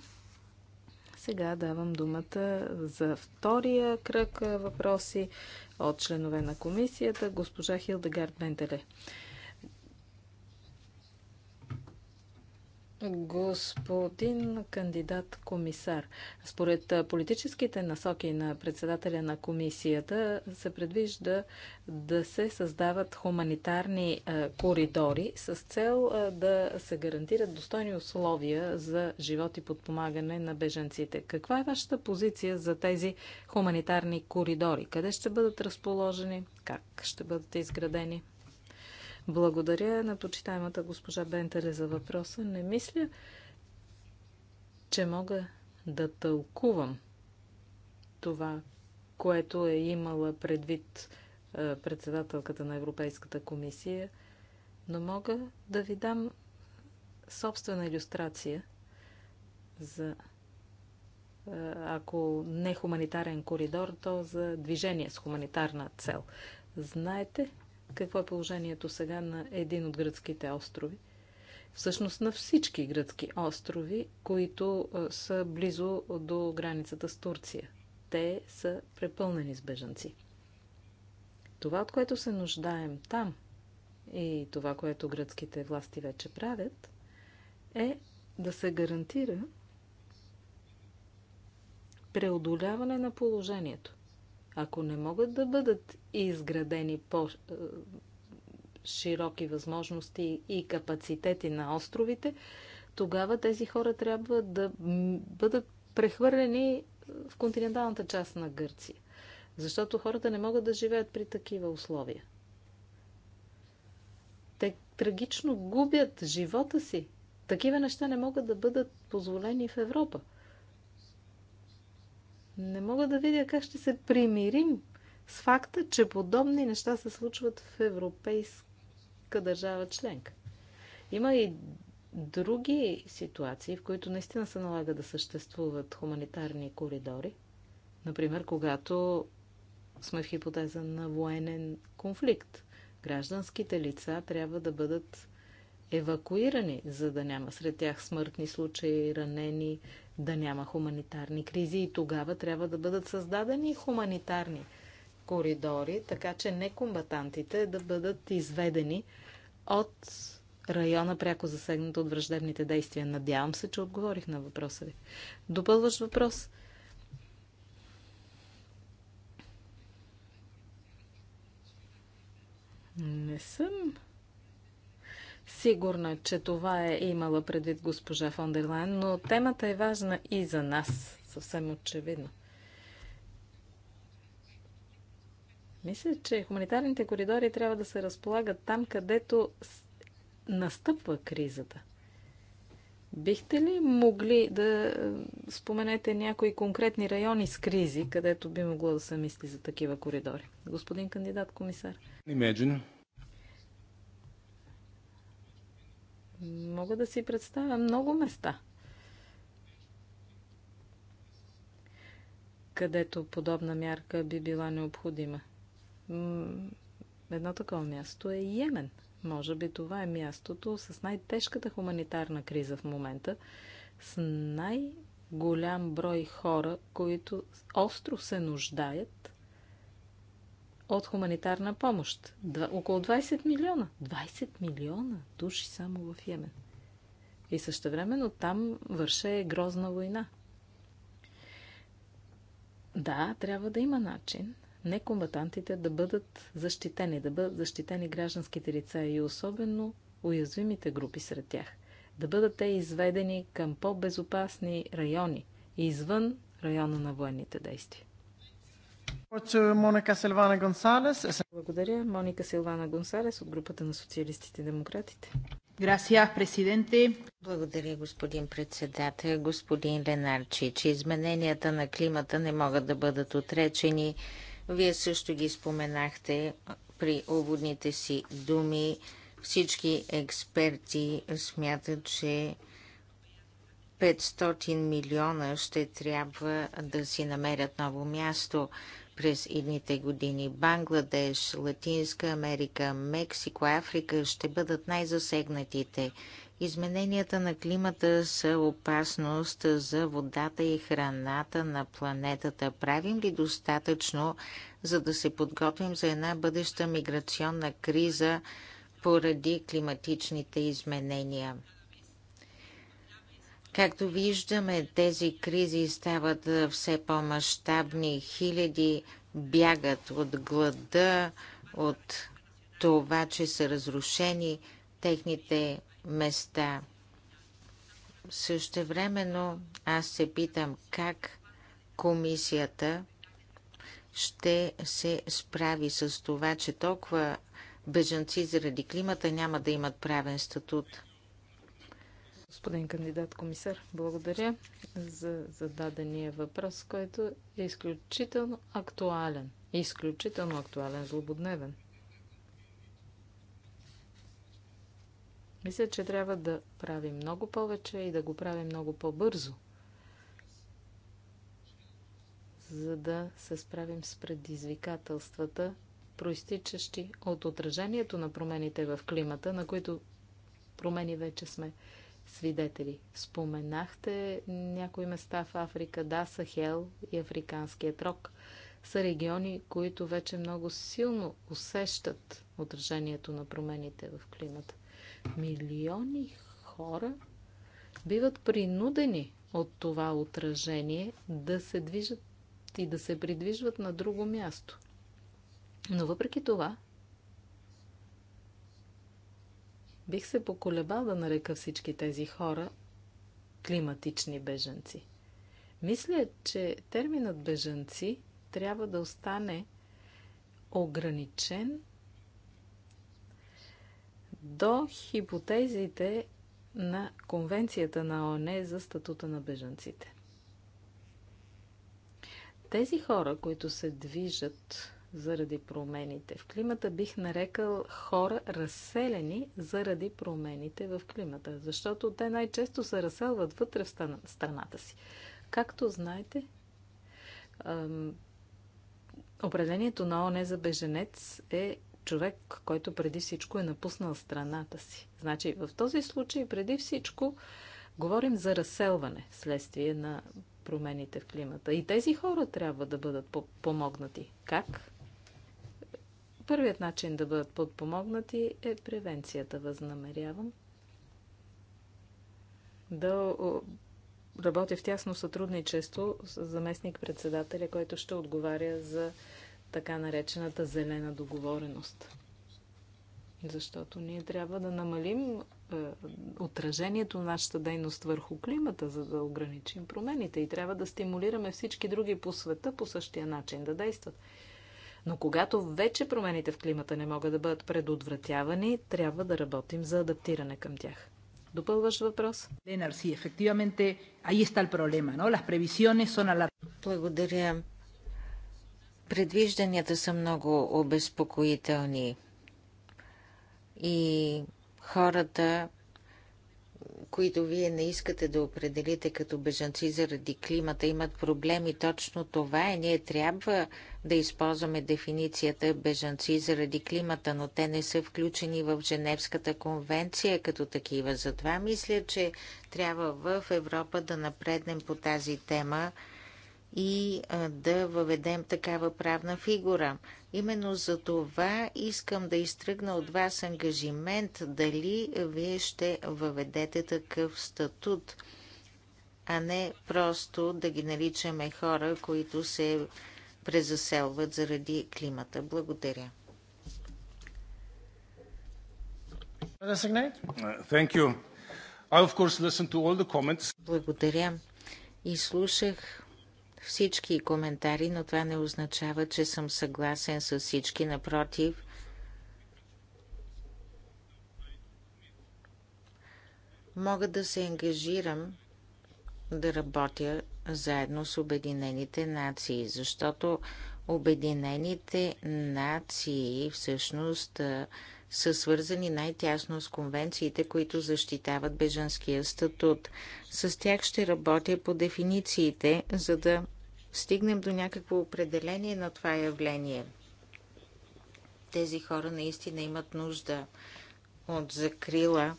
Сега давам думата за втория кръг е, въпроси от членове на комисията, госпожа Хилдегард Бентеле. Господин кандидат комисар, според политическите насоки на председателя на комисията се предвижда да се създават хуманитарни коридори с цел да се гарантират достойни условия за живот и подпомагане на беженците. Каква е вашата позиция за тези хуманитарни коридори? Къде ще бъдат разположени? Как ще бъдат изградени? Благодаря на почитаемата госпожа Бентеле за въпроса. Не мисля, че мога да тълкувам това, което е имала предвид е, председателката на Европейската комисия, но мога да ви дам собствена иллюстрация за е, ако не хуманитарен коридор, то за движение с хуманитарна цел. Знаете, какво е положението сега на един от гръцките острови. Всъщност на всички гръцки острови, които са близо до границата с Турция. Те са препълнени с бежанци. Това, от което се нуждаем там и това, което гръцките власти вече правят, е да се гарантира преодоляване на положението. Ако не могат да бъдат изградени по-широки възможности и капацитети на островите, тогава тези хора трябва да бъдат прехвърлени в континенталната част на Гърция. Защото хората не могат да живеят при такива условия. Те трагично губят живота си. Такива неща не могат да бъдат позволени в Европа. Не мога да видя как ще се примирим с факта, че подобни неща се случват в европейска държава членка. Има и други ситуации, в които наистина се налага да съществуват хуманитарни коридори. Например, когато сме в хипотеза на военен конфликт. Гражданските лица трябва да бъдат евакуирани, за да няма сред тях смъртни случаи, ранени, да няма хуманитарни кризи и тогава трябва да бъдат създадени хуманитарни коридори, така че некомбатантите да бъдат изведени от района, пряко засегнат от враждебните действия. Надявам се, че отговорих на въпроса ви. Допълваш въпрос? Не съм сигурна, че това е имала предвид госпожа Фондерлайн, но темата е важна и за нас, съвсем очевидно. Мисля, че хуманитарните коридори трябва да се разполагат там, където настъпва кризата. Бихте ли могли да споменете някои конкретни райони с кризи, където би могло да се мисли за такива коридори? Господин кандидат комисар. Imagine Мога да си представя много места, където подобна мярка би била необходима. Едно такова място е Йемен. Може би това е мястото с най-тежката хуманитарна криза в момента, с най-голям брой хора, които остро се нуждаят от хуманитарна помощ. Два, около 20 милиона. 20 милиона души само в Йемен. И същевременно там върше грозна война. Да, трябва да има начин некомбатантите да бъдат защитени, да бъдат защитени гражданските лица и особено уязвимите групи сред тях. Да бъдат те изведени към по-безопасни райони, извън района на военните действия. Е, Моника Силвана Гонсалес. Благодаря. Моника Силвана Гонсалес от групата на социалистите и демократите. президенте. Благодаря, господин председател. Господин че измененията на климата не могат да бъдат отречени. Вие също ги споменахте при уводните си думи. Всички експерти смятат, че 500 милиона ще трябва да си намерят ново място през идните години. Бангладеш, Латинска Америка, Мексико, Африка ще бъдат най-засегнатите. Измененията на климата са опасност за водата и храната на планетата. Правим ли достатъчно, за да се подготвим за една бъдеща миграционна криза поради климатичните изменения? Както виждаме, тези кризи стават все по-масштабни. Хиляди бягат от глада, от това, че са разрушени техните места. Същевременно аз се питам как комисията ще се справи с това, че толкова беженци заради климата няма да имат правен статут. Господин кандидат комисар, благодаря за зададения въпрос, който е изключително актуален. Изключително актуален, злободневен. Мисля, че трябва да правим много повече и да го правим много по-бързо, за да се справим с предизвикателствата, проистичащи от отражението на промените в климата, на които промени вече сме свидетели. Споменахте някои места в Африка. Да, Сахел и Африканският рок са региони, които вече много силно усещат отражението на промените в климата. Милиони хора биват принудени от това отражение да се движат и да се придвижват на друго място. Но въпреки това, Бих се поколебал да нарека всички тези хора климатични бежанци. Мисля, че терминът бежанци трябва да остане ограничен до хипотезите на Конвенцията на ОНЕ за статута на бежанците. Тези хора, които се движат заради промените в климата, бих нарекал хора разселени заради промените в климата, защото те най-често се разселват вътре в страната си. Както знаете, определението на ОНЕ за беженец е човек, който преди всичко е напуснал страната си. Значи в този случай преди всичко говорим за разселване вследствие на промените в климата. И тези хора трябва да бъдат помогнати. Как? Първият начин да бъдат подпомогнати е превенцията. Възнамерявам да работя в тясно сътрудничество с заместник-председателя, който ще отговаря за така наречената зелена договореност. Защото ние трябва да намалим е, отражението на нашата дейност върху климата, за да ограничим промените. И трябва да стимулираме всички други по света по същия начин да действат. Но когато вече промените в климата не могат да бъдат предотвратявани, трябва да работим за адаптиране към тях. Допълваш въпрос? Ленар, си, ефективаменте, ahí está el проблема, но Las previsiones son a la... Благодаря. Предвижданията са много обезпокоителни. И хората, които вие не искате да определите като бежанци заради климата, имат проблеми. Точно това е. Ние трябва да използваме дефиницията бежанци заради климата, но те не са включени в Женевската конвенция като такива. Затова мисля, че трябва в Европа да напреднем по тази тема и да въведем такава правна фигура. Именно за това искам да изтръгна от вас ангажимент дали вие ще въведете такъв статут, а не просто да ги наричаме хора, които се презаселват заради климата. Благодаря. Uh, Благодаря. И слушах всички коментари, но това не означава, че съм съгласен с всички. Напротив, мога да се ангажирам да работя заедно с Обединените нации, защото Обединените нации всъщност са свързани най-тясно с конвенциите, които защитават бежанския статут. С тях ще работя по дефинициите, за да стигнем до някакво определение на това явление. Тези хора наистина имат нужда от закрила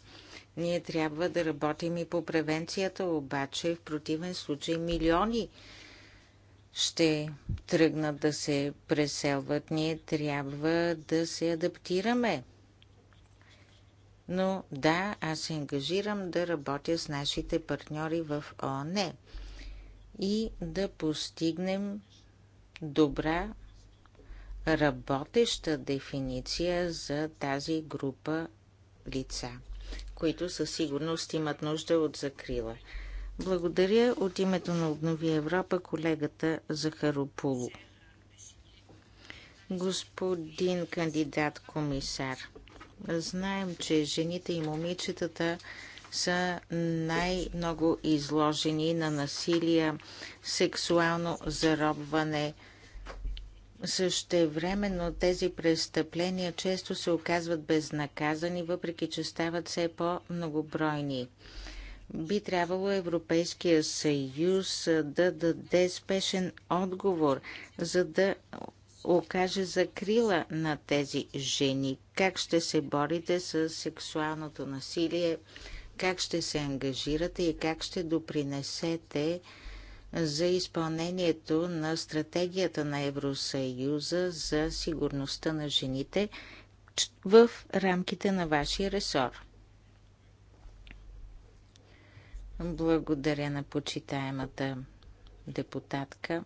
ние трябва да работим и по превенцията, обаче в противен случай милиони ще тръгнат да се преселват. Ние трябва да се адаптираме. Но да, аз се ангажирам да работя с нашите партньори в ООН и да постигнем добра работеща дефиниция за тази група лица които със сигурност имат нужда от закрила. Благодаря от името на Обнови Европа колегата Захарополу. Господин кандидат комисар, знаем, че жените и момичетата са най-много изложени на насилие, сексуално заробване, също времено тези престъпления често се оказват безнаказани, въпреки че стават все по-многобройни. Би трябвало Европейския съюз да даде спешен отговор, за да окаже закрила на тези жени. Как ще се борите с сексуалното насилие, как ще се ангажирате и как ще допринесете за изпълнението на стратегията на Евросъюза за сигурността на жените в рамките на вашия ресор. Благодаря на почитаемата депутатка.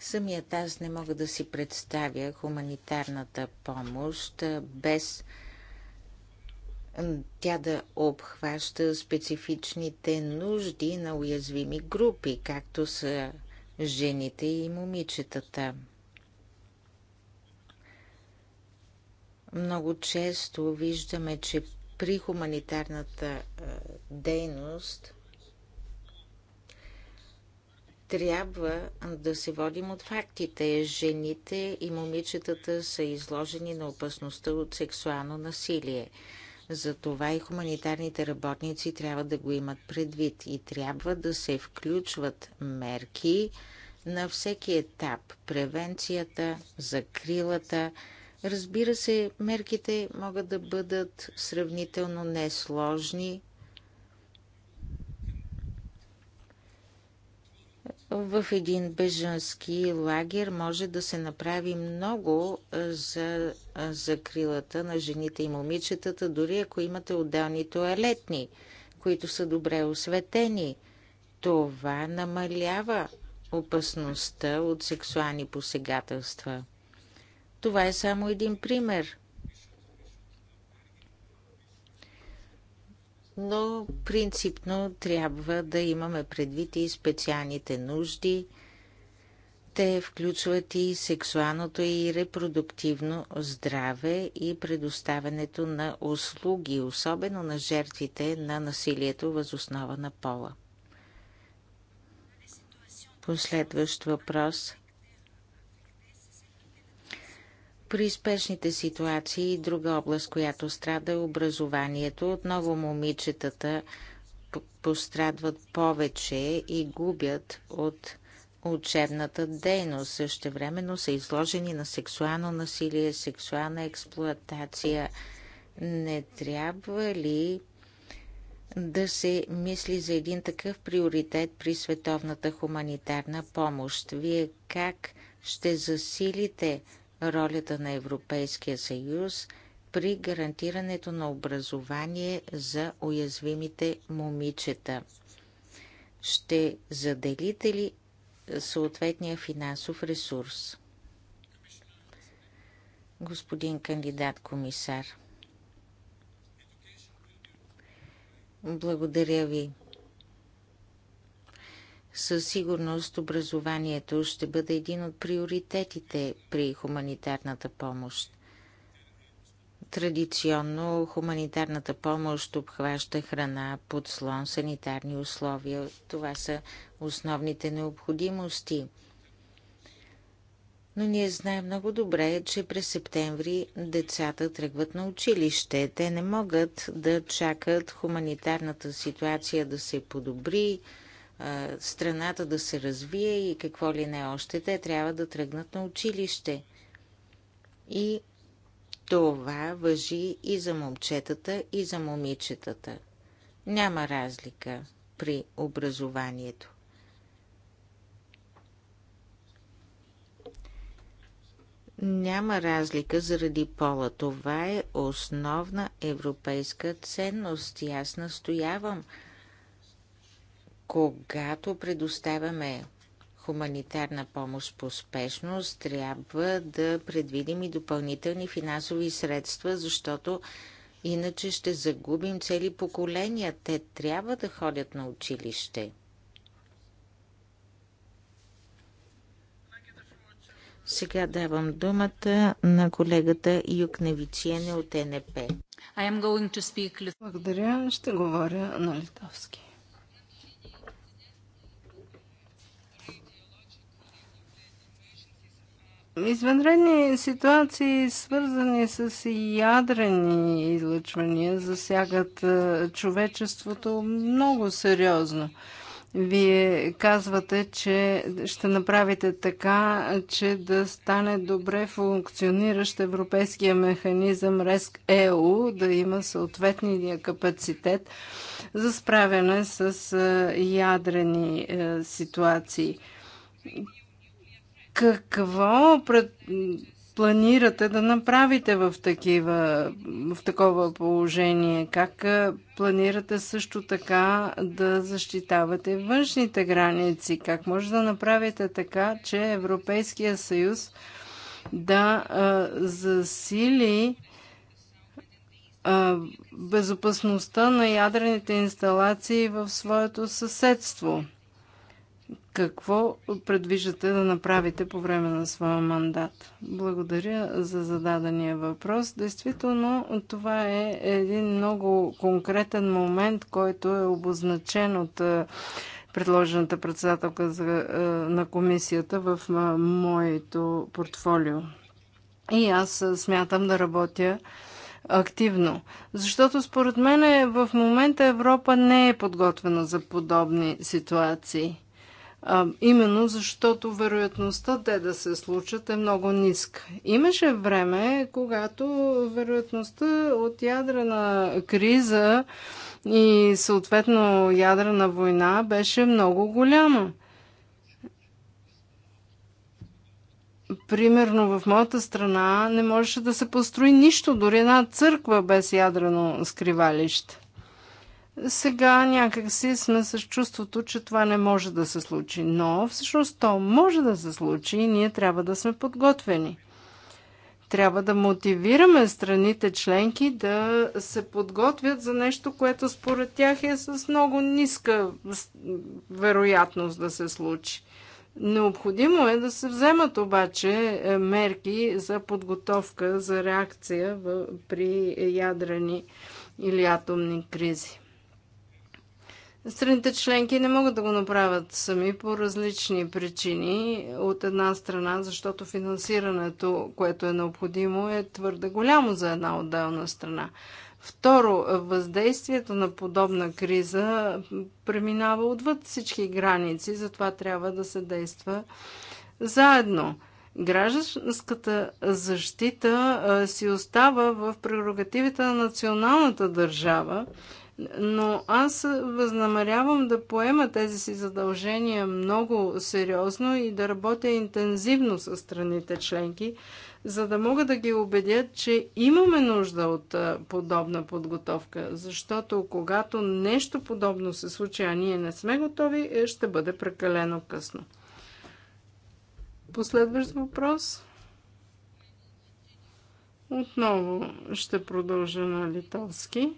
Самият аз не мога да си представя хуманитарната помощ без тя да обхваща специфичните нужди на уязвими групи, както са жените и момичетата. Много често виждаме, че при хуманитарната дейност трябва да се водим от фактите. Жените и момичетата са изложени на опасността от сексуално насилие. Затова и хуманитарните работници трябва да го имат предвид и трябва да се включват мерки на всеки етап превенцията, закрилата. Разбира се, мерките могат да бъдат сравнително несложни, в един бежански лагер може да се направи много за закрилата на жените и момичетата, дори ако имате отделни туалетни, които са добре осветени. Това намалява опасността от сексуални посегателства. Това е само един пример. но принципно трябва да имаме предвид и специалните нужди. Те включват и сексуалното и репродуктивно здраве и предоставянето на услуги, особено на жертвите на насилието възоснова на пола. Последващ въпрос. При спешните ситуации и друга област, която страда е образованието. Отново момичетата пострадват повече и губят от учебната дейност. Същевременно са изложени на сексуално насилие, сексуална експлоатация. Не трябва ли да се мисли за един такъв приоритет при световната хуманитарна помощ? Вие как ще засилите ролята на Европейския съюз при гарантирането на образование за уязвимите момичета. Ще заделите ли съответния финансов ресурс? Господин кандидат комисар. Благодаря ви. Със сигурност образованието ще бъде един от приоритетите при хуманитарната помощ. Традиционно хуманитарната помощ обхваща храна, подслон, санитарни условия. Това са основните необходимости. Но ние знаем много добре, че през септември децата тръгват на училище. Те не могат да чакат хуманитарната ситуация да се подобри, страната да се развие и какво ли не още, те трябва да тръгнат на училище. И това въжи и за момчетата, и за момичетата. Няма разлика при образованието. Няма разлика заради пола. Това е основна европейска ценност и аз настоявам – когато предоставяме хуманитарна помощ по спешност, трябва да предвидим и допълнителни финансови средства, защото иначе ще загубим цели поколения. Те трябва да ходят на училище. Сега давам думата на колегата Юк Невичиене от НП. Благодаря. Ще говоря на литовски. Извънредни ситуации, свързани с ядрени излъчвания, засягат е, човечеството много сериозно. Вие казвате, че ще направите така, че да стане добре функциониращ европейския механизъм РЕСК ЕУ, да има съответния капацитет за справяне с е, ядрени е, ситуации. Какво пред... планирате да направите в, такива, в такова положение? Как планирате също така да защитавате външните граници? Как може да направите така, че Европейския съюз да а, засили безопасността на ядрените инсталации в своето съседство какво предвиждате да направите по време на своя мандат? Благодаря за зададения въпрос. Действително, това е един много конкретен момент, който е обозначен от е, предложената председателка е, на комисията в е, моето портфолио. И аз смятам да работя активно. Защото според мен в момента Европа не е подготвена за подобни ситуации а, именно защото вероятността те да се случат е много ниска. Имаше време, когато вероятността от ядрена криза и съответно ядрена война беше много голяма. Примерно в моята страна не можеше да се построи нищо, дори една църква без ядрено скривалище сега някак си сме с чувството, че това не може да се случи. Но всъщност то може да се случи и ние трябва да сме подготвени. Трябва да мотивираме страните членки да се подготвят за нещо, което според тях е с много ниска вероятност да се случи. Необходимо е да се вземат обаче е, мерки за подготовка за реакция при ядрени или атомни кризи. Страните членки не могат да го направят сами по различни причини. От една страна, защото финансирането, което е необходимо, е твърде голямо за една отделна страна. Второ, въздействието на подобна криза преминава отвъд всички граници, затова трябва да се действа заедно. Гражданската защита си остава в прерогативите на националната държава но аз възнамерявам да поема тези си задължения много сериозно и да работя интензивно с страните членки, за да мога да ги убедя, че имаме нужда от подобна подготовка, защото когато нещо подобно се случи, а ние не сме готови, е, ще бъде прекалено късно. Последващ въпрос? Отново ще продължа на литовски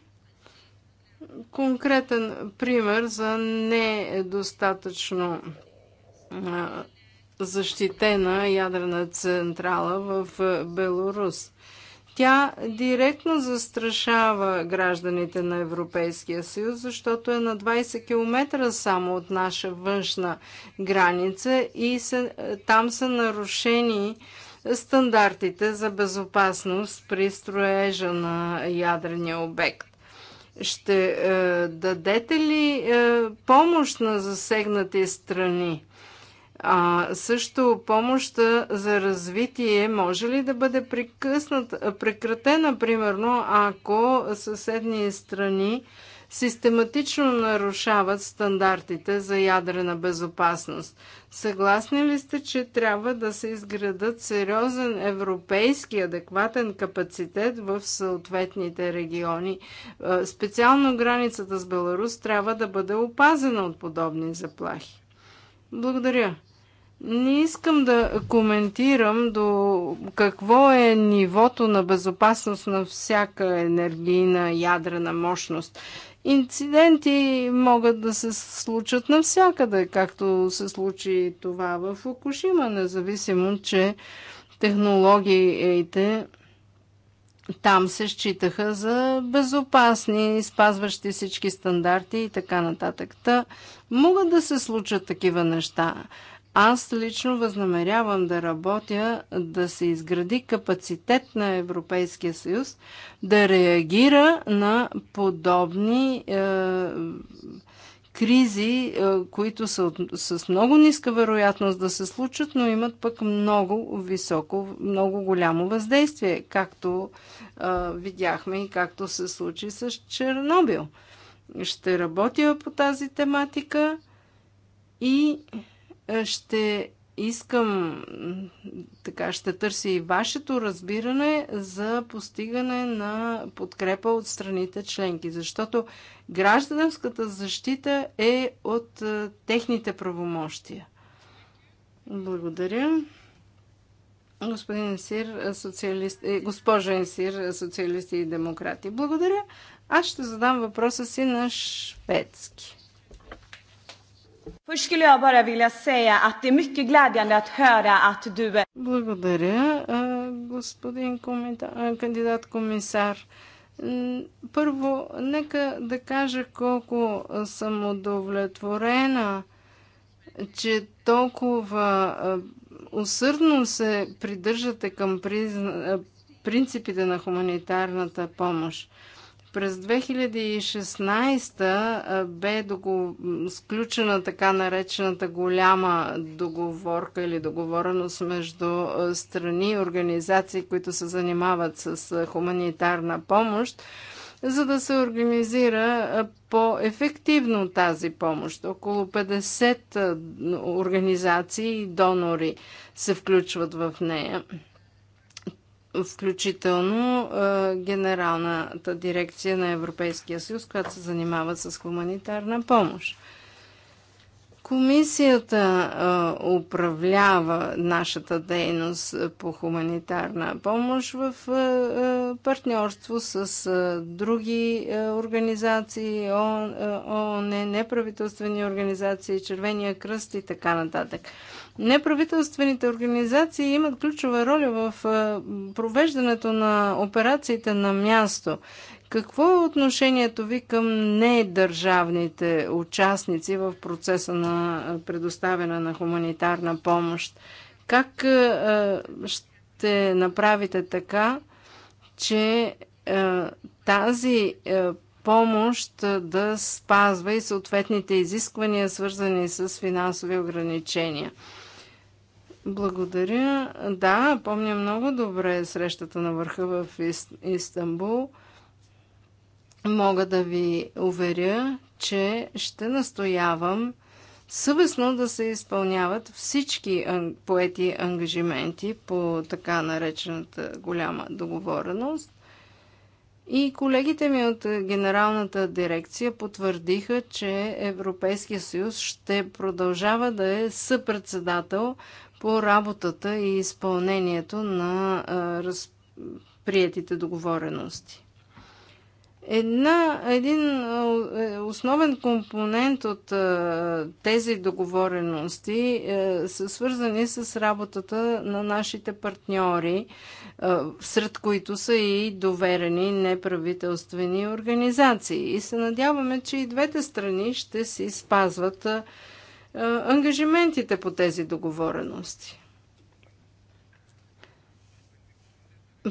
конкретен пример за недостатъчно защитена ядрена централа в Беларус. Тя директно застрашава гражданите на Европейския съюз, защото е на 20 км само от наша външна граница и се, там са нарушени стандартите за безопасност при строежа на ядрения обект. Ще е, дадете ли е, помощ на засегнати страни? А също помощта за развитие може ли да бъде прекъсната, прекратена, примерно, ако съседни страни систематично нарушават стандартите за ядрена безопасност. Съгласни ли сте, че трябва да се изградат сериозен европейски адекватен капацитет в съответните региони? Е, специално границата с Беларус трябва да бъде опазена от подобни заплахи. Благодаря. Не искам да коментирам до какво е нивото на безопасност на всяка енергийна ядрена мощност. Инциденти могат да се случат навсякъде, както се случи това в Фукушима, независимо, че технологиите там се считаха за безопасни, спазващи всички стандарти и така нататък. Та могат да се случат такива неща. Аз лично възнамерявам да работя да се изгради капацитет на Европейския съюз да реагира на подобни е, кризи, е, които са с много ниска вероятност да се случат, но имат пък много високо, много голямо въздействие, както е, видяхме и както се случи с Чернобил. Ще работя по тази тематика и ще искам, така ще търся и вашето разбиране за постигане на подкрепа от страните членки, защото гражданската защита е от е, техните правомощия. Благодаря. Господин Сир, социалист, е, госпожа Инсир, социалисти и демократи. Благодаря. Аз ще задам въпроса си на шведски. Благодаря, господин комита... кандидат комисар. Първо, нека да кажа колко съм удовлетворена, че толкова усърдно се придържате към принципите на хуманитарната помощ. През 2016 бе сключена така наречената голяма договорка или договореност между страни и организации, които се занимават с хуманитарна помощ, за да се организира по-ефективно тази помощ. Около 50 организации и донори се включват в нея включително Генералната дирекция на Европейския съюз, която се занимава с хуманитарна помощ. Комисията управлява нашата дейност по хуманитарна помощ в партньорство с други организации, ООН, неправителствени организации, Червения кръст и така нататък. Неправителствените организации имат ключова роля в е, провеждането на операциите на място. Какво е отношението ви към недържавните участници в процеса на предоставяне на хуманитарна помощ? Как е, е, ще направите така, че тази помощ да спазва и съответните изисквания, свързани с финансови ограничения? Благодаря. Да, помня много добре срещата на върха в Истанбул. Мога да ви уверя, че ще настоявам съвестно да се изпълняват всички поети ангажименти по така наречената голяма договореност. И колегите ми от Генералната дирекция потвърдиха, че Европейския съюз ще продължава да е съпредседател по работата и изпълнението на разприятите договорености. Една, един е, основен компонент от тези договорености е, са свързани с работата на нашите партньори, е, сред които са и доверени неправителствени организации. И се надяваме, че и двете страни ще си спазват ангажиментите по тези договорености.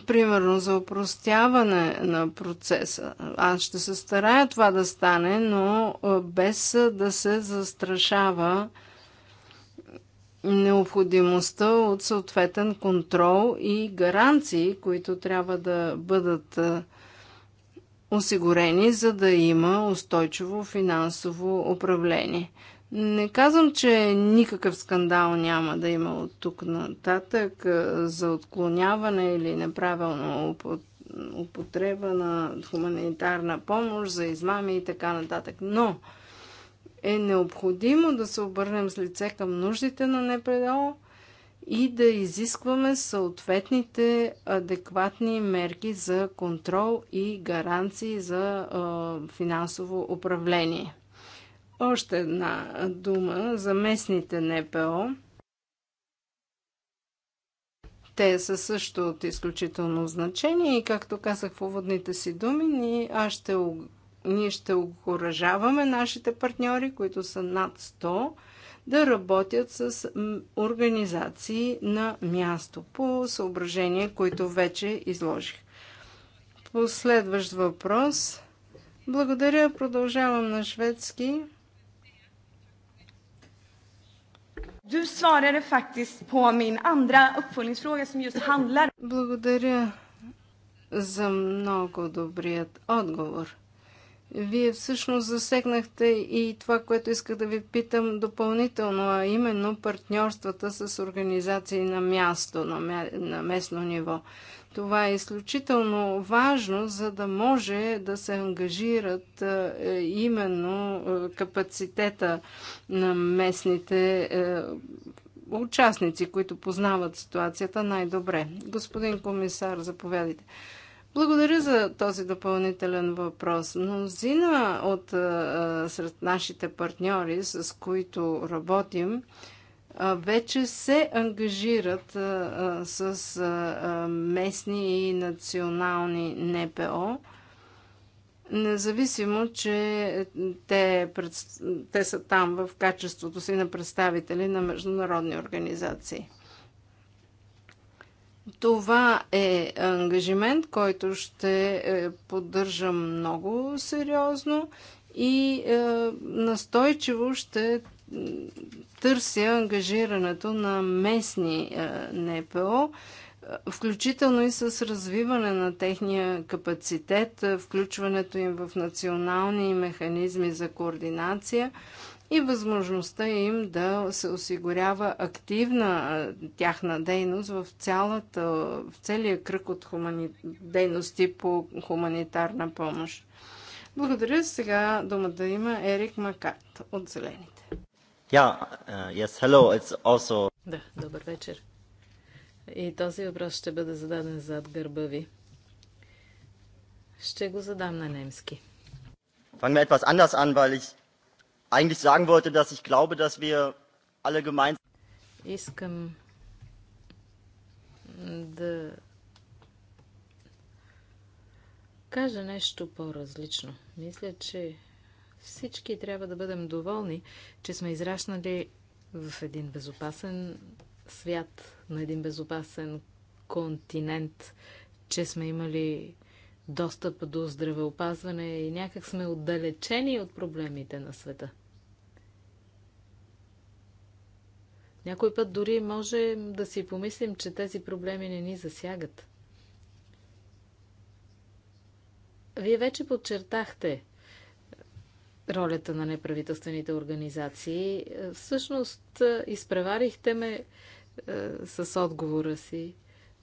Примерно за упростяване на процеса. Аз ще се старая това да стане, но без да се застрашава необходимостта от съответен контрол и гаранции, които трябва да бъдат осигурени, за да има устойчиво финансово управление. Не казвам, че никакъв скандал няма да има от тук нататък за отклоняване или неправилно употреба на хуманитарна помощ, за измами и така нататък. Но е необходимо да се обърнем с лице към нуждите на НПО и да изискваме съответните адекватни мерки за контрол и гаранции за финансово управление. Още една дума за местните НПО. Те са също от изключително значение и, както казах в уводните си думи, ние, аз ще, ние ще окоръжаваме нашите партньори, които са над 100, да работят с организации на място по съображения, които вече изложих. Последващ въпрос. Благодаря, продължавам на шведски. du svarade faktiskt på min andra uppföljningsfråga som just handlar... Благодаря за много добрият отговор. Вие всъщност засегнахте и това, което исках да ви питам допълнително, а именно партньорствата с организации на място, на, мя... на местно ниво. Това е изключително важно, за да може да се ангажират е, именно е, капацитета на местните е, участници, които познават ситуацията най-добре. Господин комисар, заповядайте. Благодаря за този допълнителен въпрос. Мнозина от сред нашите партньори, с които работим, вече се ангажират с местни и национални НПО, независимо, че те, те са там в качеството си на представители на международни организации. Това е ангажимент, който ще е, поддържам много сериозно и е, настойчиво ще търся ангажирането на местни е, НПО, включително и с развиване на техния капацитет, включването им в национални механизми за координация – и възможността им да се осигурява активна тяхна дейност в, цялата, в целия кръг от хумани... дейности по хуманитарна помощ. Благодаря. Сега думата има Ерик Макарт от Зелените. Yeah, uh, yes, hello, it's also... Да, добър вечер. И този въпрос ще бъде зададен зад гърба ви. Ще го задам на немски. Фангме етвас etwas anders an, weil ich eigentlich sagen wollte, dass ich glaube, dass wir alle gemeinsam. Искам да кажа нещо по-различно. Мисля, че всички трябва да бъдем доволни, че сме израснали в един безопасен свят, на един безопасен континент, че сме имали достъп до здравеопазване и някак сме отдалечени от проблемите на света. Някой път дори може да си помислим, че тези проблеми не ни засягат. Вие вече подчертахте ролята на неправителствените организации. Всъщност, изпреварихте ме е, с отговора си.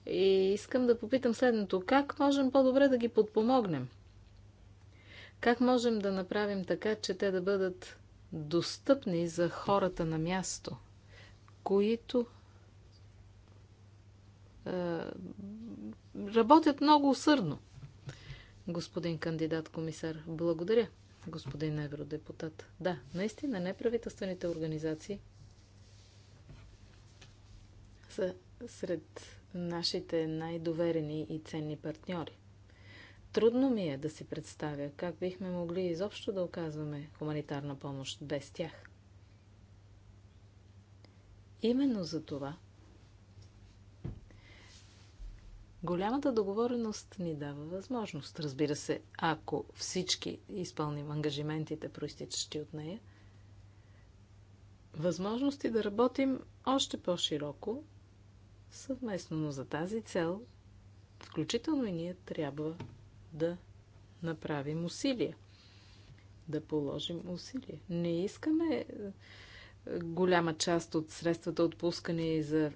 И искам да попитам следното. Как можем по-добре да ги подпомогнем? Как можем да направим така, че те да бъдат достъпни за хората на място, които е, работят много усърдно? Господин кандидат комисар, благодаря, господин евродепутат. Да, наистина неправителствените организации са сред нашите най-доверени и ценни партньори. Трудно ми е да си представя как бихме могли изобщо да оказваме хуманитарна помощ без тях. Именно за това голямата договореност ни дава възможност, разбира се, ако всички изпълним ангажиментите, проистичащи от нея, възможности да работим още по-широко съвместно, но за тази цел, включително и ние трябва да направим усилия. Да положим усилия. Не искаме е, голяма част от средствата, отпускани за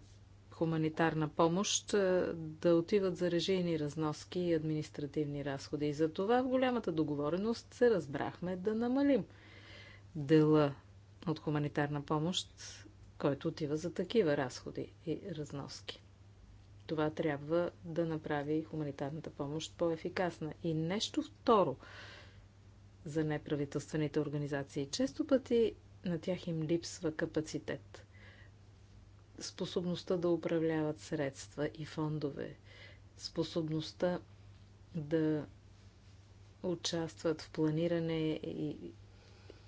хуманитарна помощ, е, да отиват за режийни разноски и административни разходи. И за това в голямата договореност се разбрахме да намалим дела от хуманитарна помощ който отива за такива разходи и разноски. Това трябва да направи хуманитарната помощ по-ефикасна. И нещо второ за неправителствените организации. Често пъти на тях им липсва капацитет, способността да управляват средства и фондове, способността да участват в планиране и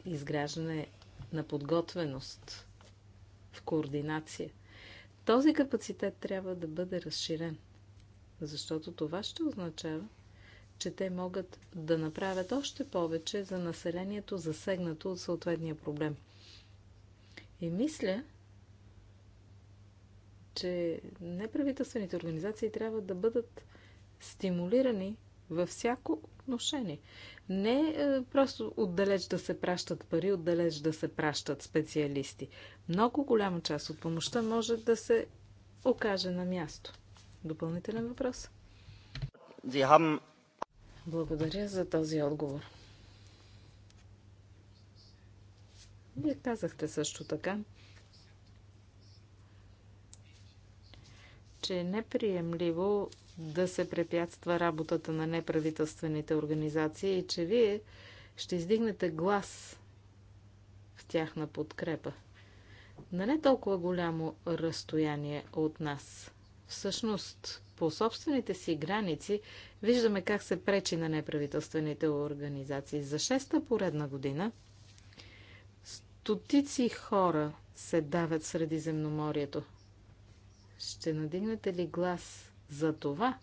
изграждане на подготвеност в координация. Този капацитет трябва да бъде разширен, защото това ще означава, че те могат да направят още повече за населението, засегнато от съответния проблем. И мисля, че неправителствените организации трябва да бъдат стимулирани във всяко отношение. Не е, просто отдалеч да се пращат пари, отдалеч да се пращат специалисти. Много голяма част от помощта може да се окаже на място. Допълнителен въпрос? Have... Благодаря за този отговор. Вие казахте също така, че е неприемливо да се препятства работата на неправителствените организации и че вие ще издигнете глас в тяхна подкрепа. На не толкова голямо разстояние от нас. Всъщност, по собствените си граници виждаме как се пречи на неправителствените организации. За шеста поредна година стотици хора се давят среди Средиземноморието. Ще надигнете ли глас за това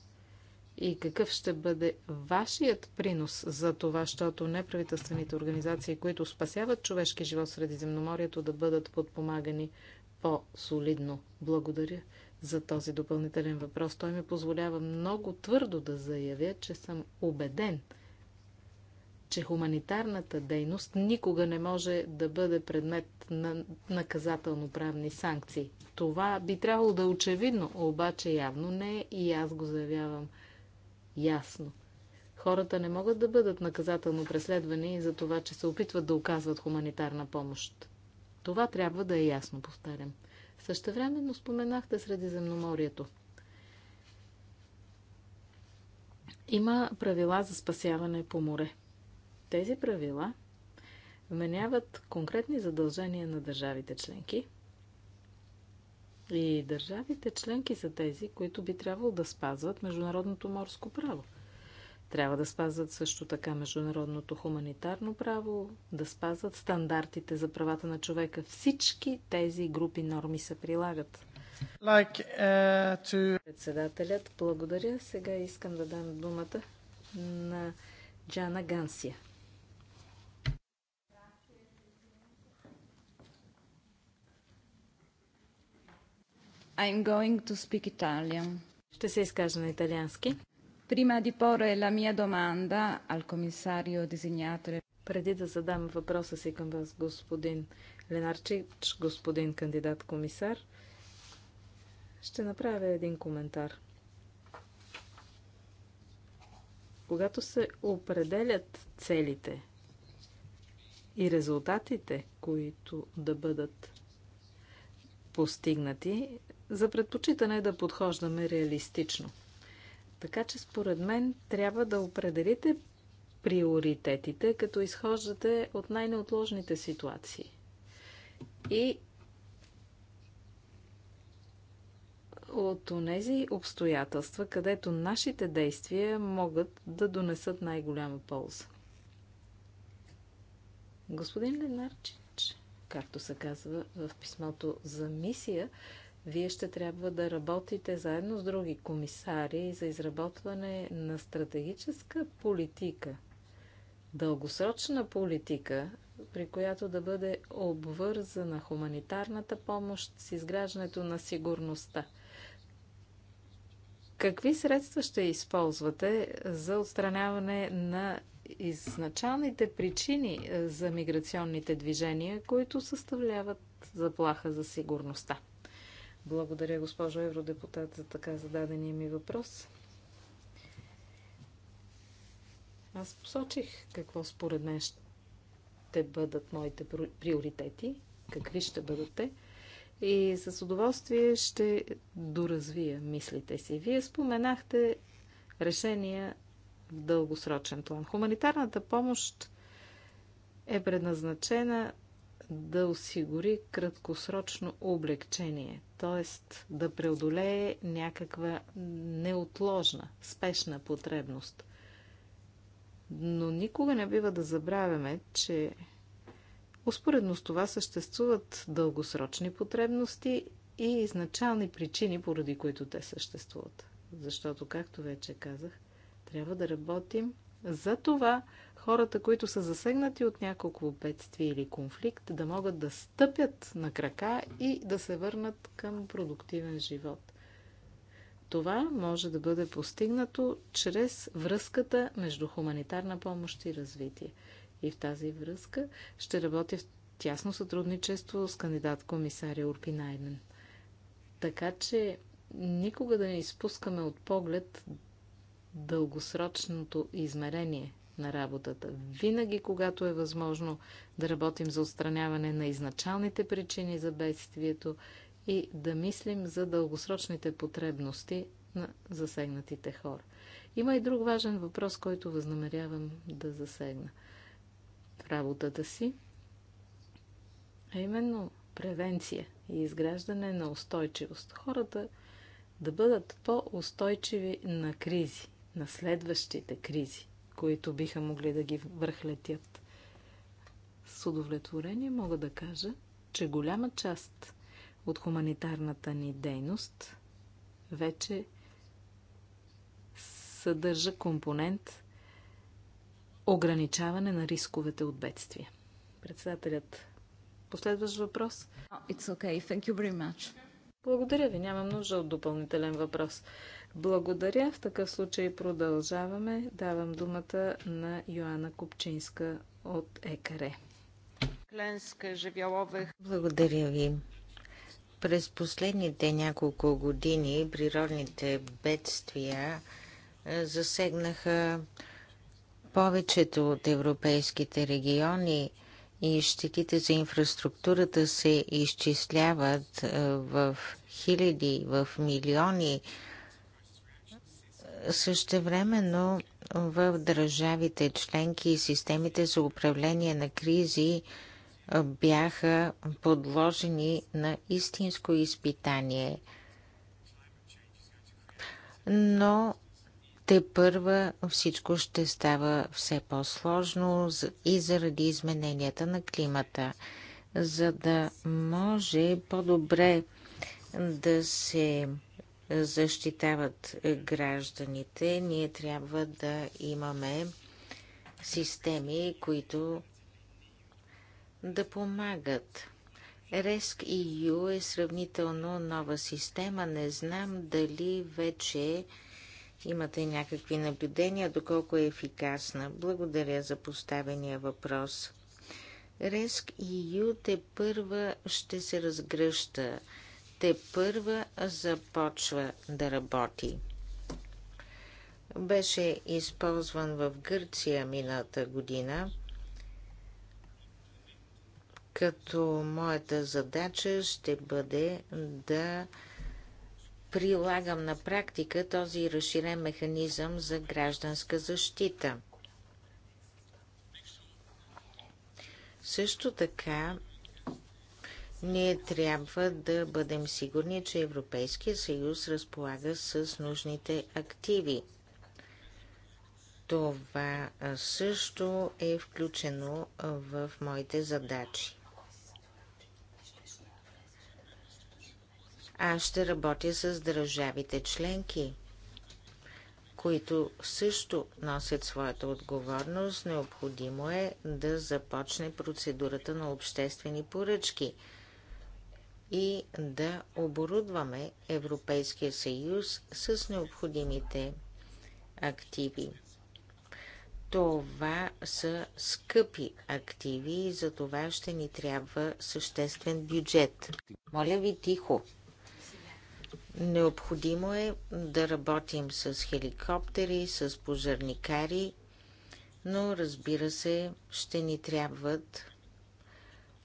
и какъв ще бъде вашият принос за това, защото неправителствените организации, които спасяват човешки живот среди земноморието, да бъдат подпомагани по-солидно? Благодаря за този допълнителен въпрос. Той ми позволява много твърдо да заявя, че съм убеден – че хуманитарната дейност никога не може да бъде предмет на наказателно-правни санкции. Това би трябвало да е очевидно, обаче явно не е и аз го заявявам ясно. Хората не могат да бъдат наказателно преследвани за това, че се опитват да оказват хуманитарна помощ. Това трябва да е ясно, повтарям. Същевременно споменахте Средиземноморието. Има правила за спасяване по море. Тези правила вменяват конкретни задължения на държавите членки и държавите членки са тези, които би трябвало да спазват международното морско право. Трябва да спазват също така международното хуманитарно право, да спазват стандартите за правата на човека. Всички тези групи норми се прилагат. Like, uh, to... Председателят, благодаря. Сега искам да дам думата на Джана Гансия. I'm going to speak Italian. Ще се изкажа на италиански. Prima di porre la mia domanda al commissario designatore. Преди да задам въпроса си към вас, господин Ленарчич, господин кандидат комисар, ще направя един коментар. Когато се определят целите и резултатите, които да бъдат постигнати, за предпочитане да подхождаме реалистично. Така че според мен трябва да определите приоритетите, като изхождате от най-неотложните ситуации. И от тези обстоятелства, където нашите действия могат да донесат най-голяма полза. Господин Ленарчич, както се казва в писмото за мисия, вие ще трябва да работите заедно с други комисари за изработване на стратегическа политика, дългосрочна политика, при която да бъде обвързана хуманитарната помощ с изграждането на сигурността. Какви средства ще използвате за отстраняване на изначалните причини за миграционните движения, които съставляват заплаха за сигурността? Благодаря, госпожо евродепутат, за така зададения ми въпрос. Аз посочих какво според мен ще бъдат моите приоритети, какви ще бъдат те и с удоволствие ще доразвия мислите си. Вие споменахте решения в дългосрочен план. Хуманитарната помощ е предназначена да осигури краткосрочно облегчение, т.е. да преодолее някаква неотложна, спешна потребност. Но никога не бива да забравяме, че успоредно с това съществуват дългосрочни потребности и изначални причини, поради които те съществуват. Защото, както вече казах, трябва да работим за това хората, които са засегнати от няколко бедствие или конфликт, да могат да стъпят на крака и да се върнат към продуктивен живот. Това може да бъде постигнато чрез връзката между хуманитарна помощ и развитие. И в тази връзка ще работя в тясно сътрудничество с кандидат комисаря Урпинайнен. Така че никога да не изпускаме от поглед дългосрочното измерение на работата. Винаги, когато е възможно да работим за отстраняване на изначалните причини за бедствието и да мислим за дългосрочните потребности на засегнатите хора. Има и друг важен въпрос, който възнамерявам да засегна в работата си, а именно превенция и изграждане на устойчивост. Хората да бъдат по-устойчиви на кризи, на следващите кризи които биха могли да ги върхлетят. С удовлетворение мога да кажа, че голяма част от хуманитарната ни дейност вече съдържа компонент ограничаване на рисковете от бедствия. Председателят, последващ въпрос? It's okay, thank you very much. Благодаря ви, нямам нужда от допълнителен въпрос. Благодаря. В такъв случай продължаваме. Давам думата на Йоанна Купчинска от ЕКАРЕ. Благодаря ви. През последните няколко години природните бедствия е, засегнаха повечето от европейските региони и щетите за инфраструктурата се изчисляват е, в хиляди, в милиони Същевременно в държавите членки и системите за управление на кризи бяха подложени на истинско изпитание. Но те първа всичко ще става все по-сложно и заради измененията на климата. За да може по-добре да се защитават гражданите, ние трябва да имаме системи, които да помагат. Реск EU е сравнително нова система. Не знам дали вече имате някакви наблюдения, доколко е ефикасна. Благодаря за поставения въпрос. Реск EU те първа ще се разгръща те първа започва да работи. Беше използван в Гърция миналата година, като моята задача ще бъде да прилагам на практика този разширен механизъм за гражданска защита. Също така ние трябва да бъдем сигурни, че Европейския съюз разполага с нужните активи. Това също е включено в моите задачи. Аз ще работя с държавите членки, които също носят своята отговорност. Необходимо е да започне процедурата на обществени поръчки – и да оборудваме Европейския съюз с необходимите активи. Това са скъпи активи и за това ще ни трябва съществен бюджет. Моля ви тихо. Необходимо е да работим с хеликоптери, с пожарникари, но разбира се, ще ни трябват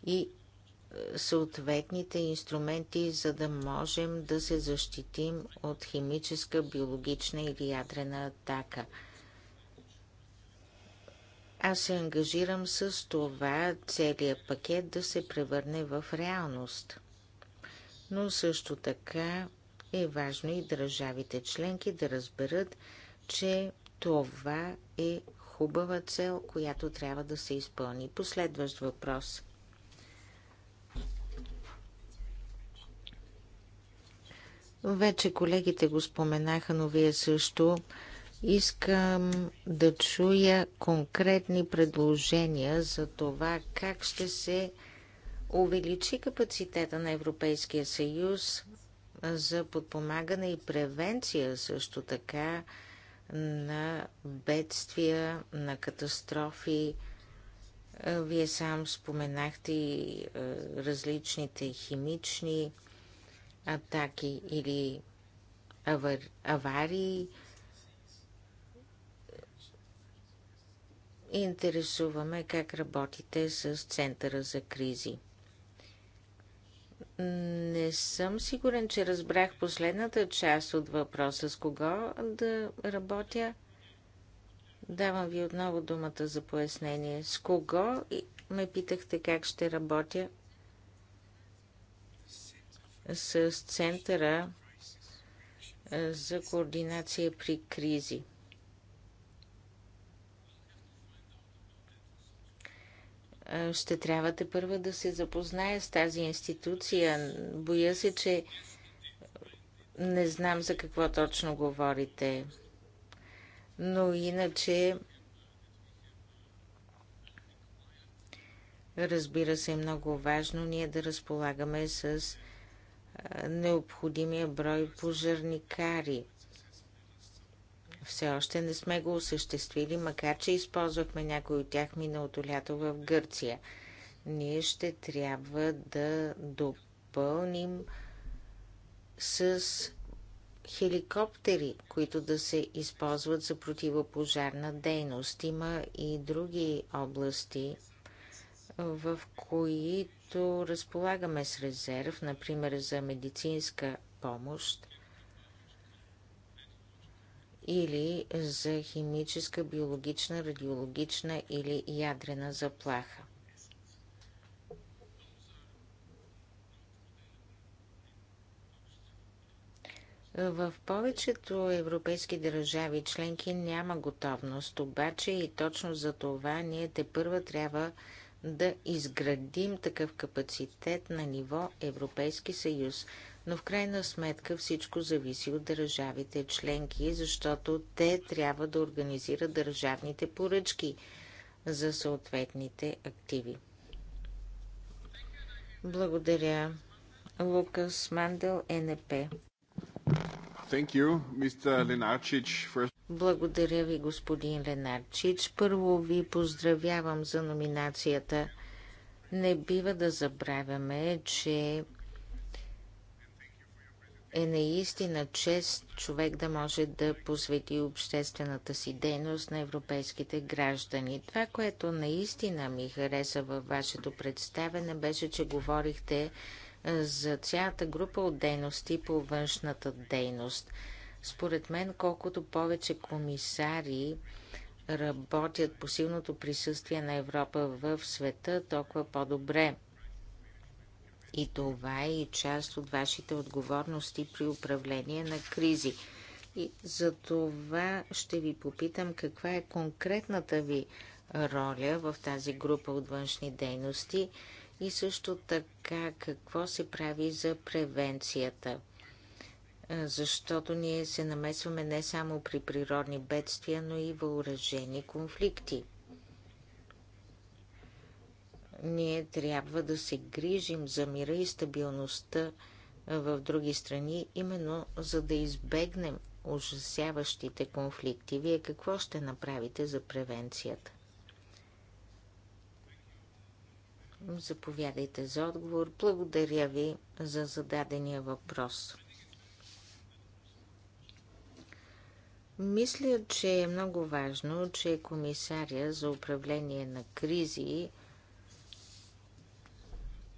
и съответните инструменти, за да можем да се защитим от химическа, биологична или ядрена атака. Аз се ангажирам с това целият пакет да се превърне в реалност. Но също така е важно и държавите членки да разберат, че това е хубава цел, която трябва да се изпълни. Последващ въпрос – Вече колегите го споменаха, но вие също. Искам да чуя конкретни предложения за това как ще се увеличи капацитета на Европейския съюз за подпомагане и превенция също така на бедствия, на катастрофи. Вие сам споменахте и е, различните химични атаки или авар... аварии. Интересуваме как работите с Центъра за кризи. Не съм сигурен, че разбрах последната част от въпроса с кого да работя. Давам ви отново думата за пояснение. С кого ме питахте как ще работя? с Центъра за координация при кризи. Ще трябва те първа да се запознае с тази институция. Боя се, че не знам за какво точно говорите. Но иначе, разбира се, е много важно ние да разполагаме с необходимия брой пожарникари. Все още не сме го осъществили, макар че използвахме някои от тях миналото лято в Гърция. Ние ще трябва да допълним с хеликоптери, които да се използват за противопожарна дейност. Има и други области, в които разполагаме с резерв, например за медицинска помощ или за химическа, биологична, радиологична или ядрена заплаха. В повечето европейски държави членки няма готовност, обаче и точно за това ние те първа трябва да да изградим такъв капацитет на ниво Европейски съюз. Но в крайна сметка всичко зависи от държавите членки, защото те трябва да организират държавните поръчки за съответните активи. Благодаря. Лукас Мандел, НП. Thank you, Mr. Благодаря ви, господин Ленарчич. Първо ви поздравявам за номинацията. Не бива да забравяме, че е наистина чест човек да може да посвети обществената си дейност на европейските граждани. Това, което наистина ми хареса във вашето представене, беше, че говорихте за цялата група от дейности по външната дейност – според мен, колкото повече комисари работят по силното присъствие на Европа в света, толкова по-добре. И това е и част от вашите отговорности при управление на кризи. И за това ще ви попитам каква е конкретната ви роля в тази група от външни дейности и също така какво се прави за превенцията – е, защото ние се намесваме не само при природни бедствия, но и въоръжени конфликти. Ние трябва да се грижим за мира и стабилността в други страни, именно за да избегнем ужасяващите конфликти. Вие какво ще направите за превенцията? Заповядайте за отговор. Благодаря ви за зададения въпрос. Мисля, че е много важно, че комисаря за управление на кризи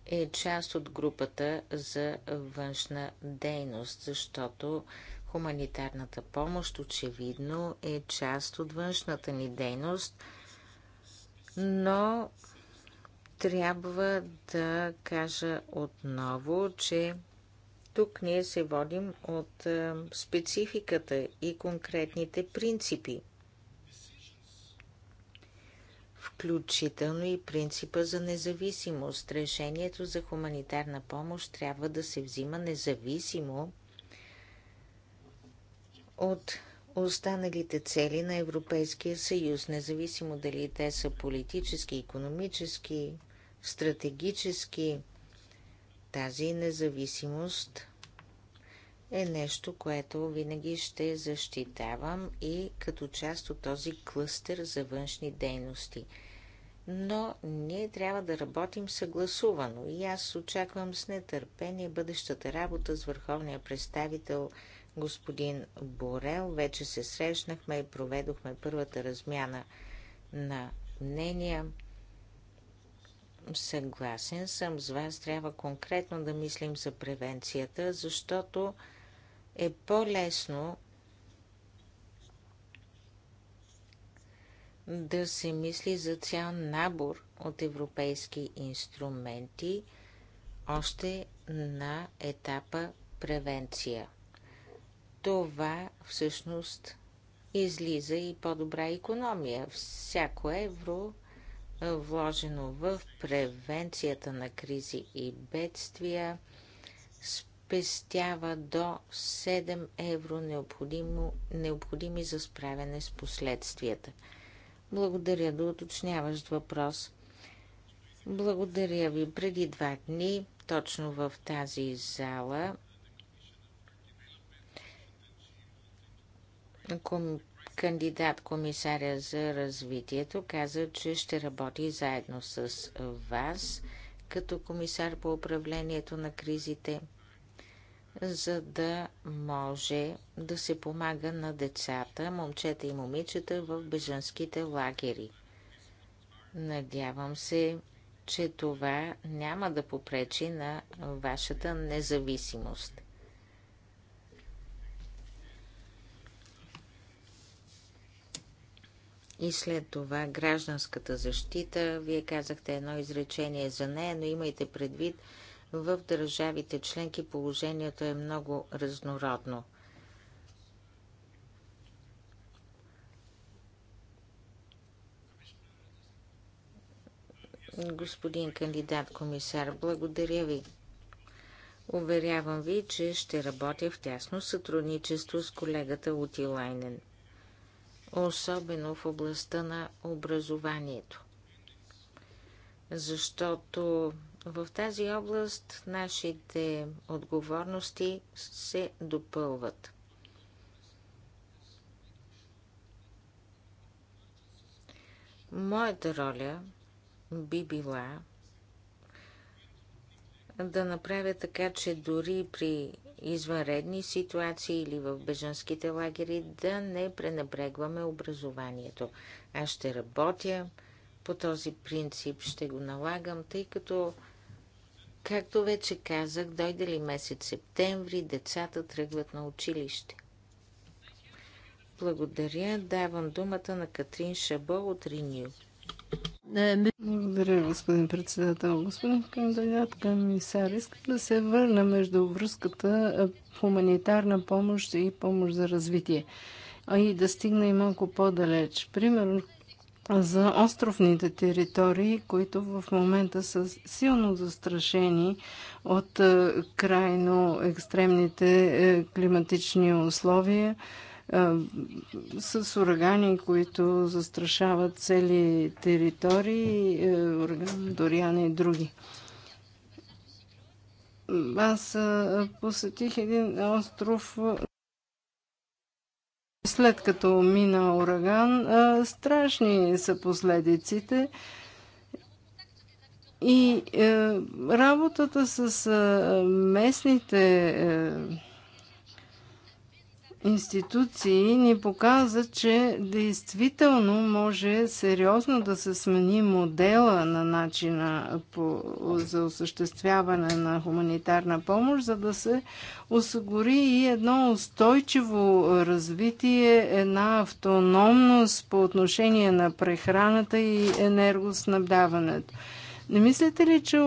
е част от групата за външна дейност, защото хуманитарната помощ очевидно е част от външната ни дейност, но трябва да кажа отново, че тук ние се водим от е, спецификата и конкретните принципи, включително и принципа за независимост. Решението за хуманитарна помощ трябва да се взима независимо от останалите цели на Европейския съюз, независимо дали те са политически, економически, стратегически, тази независимост е нещо, което винаги ще защитавам и като част от този клъстер за външни дейности. Но ние трябва да работим съгласувано и аз очаквам с нетърпение бъдещата работа с върховния представител господин Борел. Вече се срещнахме и проведохме първата размяна на мнения. Съгласен съм с вас, трябва конкретно да мислим за превенцията, защото е по-лесно да се мисли за цял набор от европейски инструменти още на етапа превенция. Това всъщност излиза и по-добра економия. Всяко евро вложено в превенцията на кризи и бедствия, спестява до 7 евро необходимо, необходими за справяне с последствията. Благодаря до да уточняващ въпрос. Благодаря ви. Преди два дни, точно в тази зала, Кандидат комисаря за развитието каза, че ще работи заедно с вас като комисар по управлението на кризите, за да може да се помага на децата, момчета и момичета в бежанските лагери. Надявам се, че това няма да попречи на вашата независимост. И след това гражданската защита. Вие казахте едно изречение за нея, но имайте предвид, в държавите членки положението е много разнородно. Господин кандидат комисар, благодаря ви. Уверявам ви, че ще работя в тясно сътрудничество с колегата Утилайнен особено в областта на образованието. Защото в тази област нашите отговорности се допълват. Моята роля би била да направя така, че дори при извънредни ситуации или в бежанските лагери, да не пренебрегваме образованието. Аз ще работя по този принцип, ще го налагам, тъй като, както вече казах, дойде ли месец септември, децата тръгват на училище. Благодаря. Давам думата на Катрин Шабо от Renew. Благодаря, господин председател. Господин кандидат комисар, искам да се върна между връзката хуманитарна помощ и помощ за развитие. А и да стигна и малко по-далеч. Примерно за островните територии, които в момента са силно застрашени от крайно екстремните е, климатични условия с урагани, които застрашават цели територии, е, ураган Дориана и други. Аз посетих един остров след като мина ураган. Страшни са последиците. И е, работата с е, местните е, институции ни показа, че действително може сериозно да се смени модела на начина по, за осъществяване на хуманитарна помощ, за да се осигури и едно устойчиво развитие, една автономност по отношение на прехраната и енергоснабдяването. Не мислите ли, че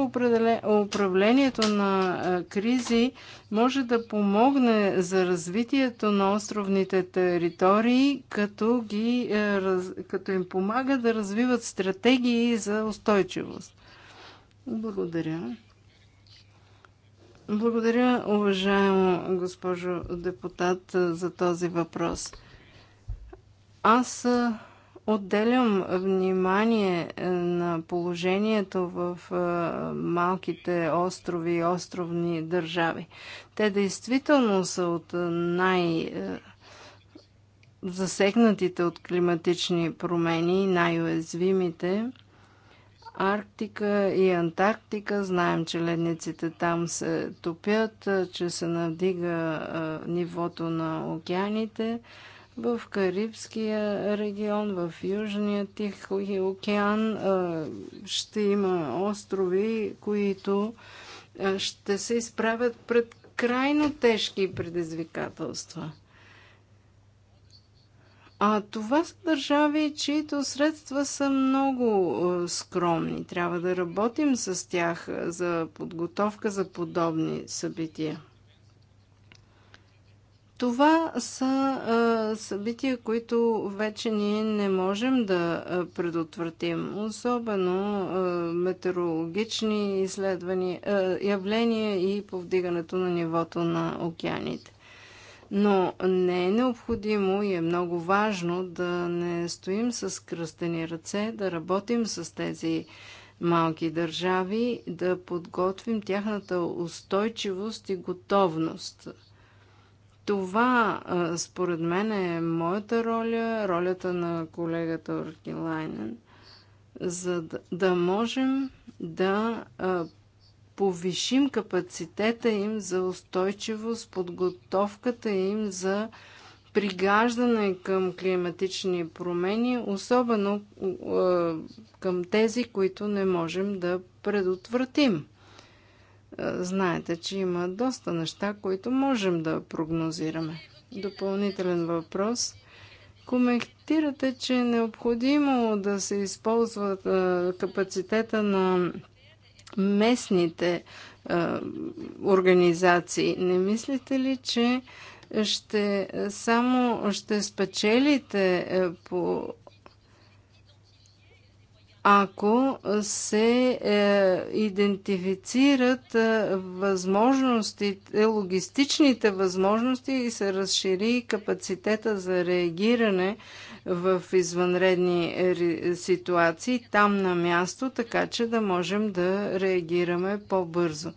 управлението на кризи може да помогне за развитието на островните територии, като, ги, като им помага да развиват стратегии за устойчивост? Благодаря. Благодаря, уважаемо госпожо депутат, за този въпрос. Аз Отделям внимание е, на положението в е, малките острови и островни държави. Те действително са от е, най- засегнатите от климатични промени, най-уязвимите. Арктика и Антарктика. Знаем, че ледниците там се топят, че се надига нивото на океаните в Карибския регион, в Южния Тихи океан ще има острови, които ще се изправят пред крайно тежки предизвикателства. А това са държави, чието средства са много скромни. Трябва да работим с тях за подготовка за подобни събития. Това са събития, които вече ние не можем да предотвратим. Особено метеорологични изследвания, явления и повдигането на нивото на океаните. Но не е необходимо и е много важно да не стоим с кръстени ръце, да работим с тези малки държави, да подготвим тяхната устойчивост и готовност – това, според мен, е моята роля, ролята на колегата Оркилайнен, за да можем да повишим капацитета им за устойчивост, подготовката им за пригаждане към климатични промени, особено към тези, които не можем да предотвратим. Е, знаете, че има доста неща, които можем да прогнозираме. Допълнителен въпрос. Коментирате, че е необходимо да се използва е, капацитета на местните е, организации. Не мислите ли, че ще само ще спечелите по ако се е, идентифицират е, възможностите, логистичните възможности и се разшири капацитета за реагиране в извънредни е, ситуации там на място, така че да можем да реагираме по-бързо.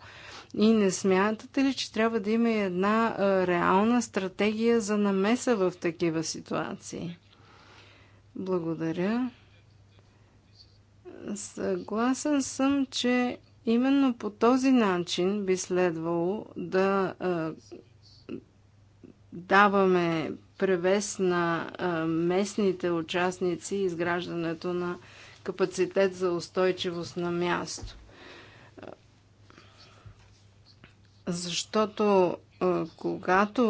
И не смятате ли, че трябва да има една е, реална стратегия за намеса в такива ситуации? Благодаря. Съгласен съм, че именно по този начин би следвало да даваме превес на местните участници и изграждането на капацитет за устойчивост на място. Защото когато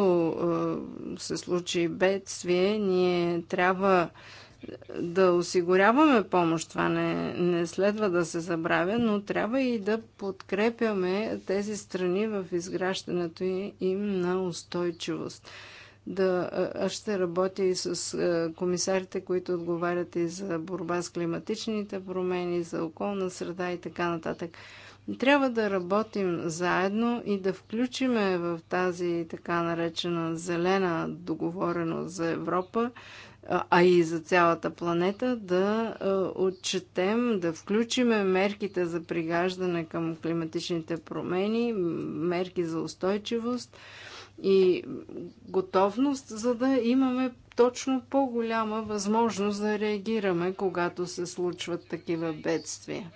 се случи бедствие, ние трябва да осигуряваме помощ, това не, не следва да се забравя, но трябва и да подкрепяме тези страни в изграждането им на устойчивост. Да, аз ще работя и с комисарите, които отговарят и за борба с климатичните промени, за околна среда и така нататък. Трябва да работим заедно и да включиме в тази така наречена зелена договореност за Европа а и за цялата планета, да отчетем, да включиме мерките за пригаждане към климатичните промени, мерки за устойчивост и готовност, за да имаме точно по-голяма възможност да реагираме, когато се случват такива бедствия.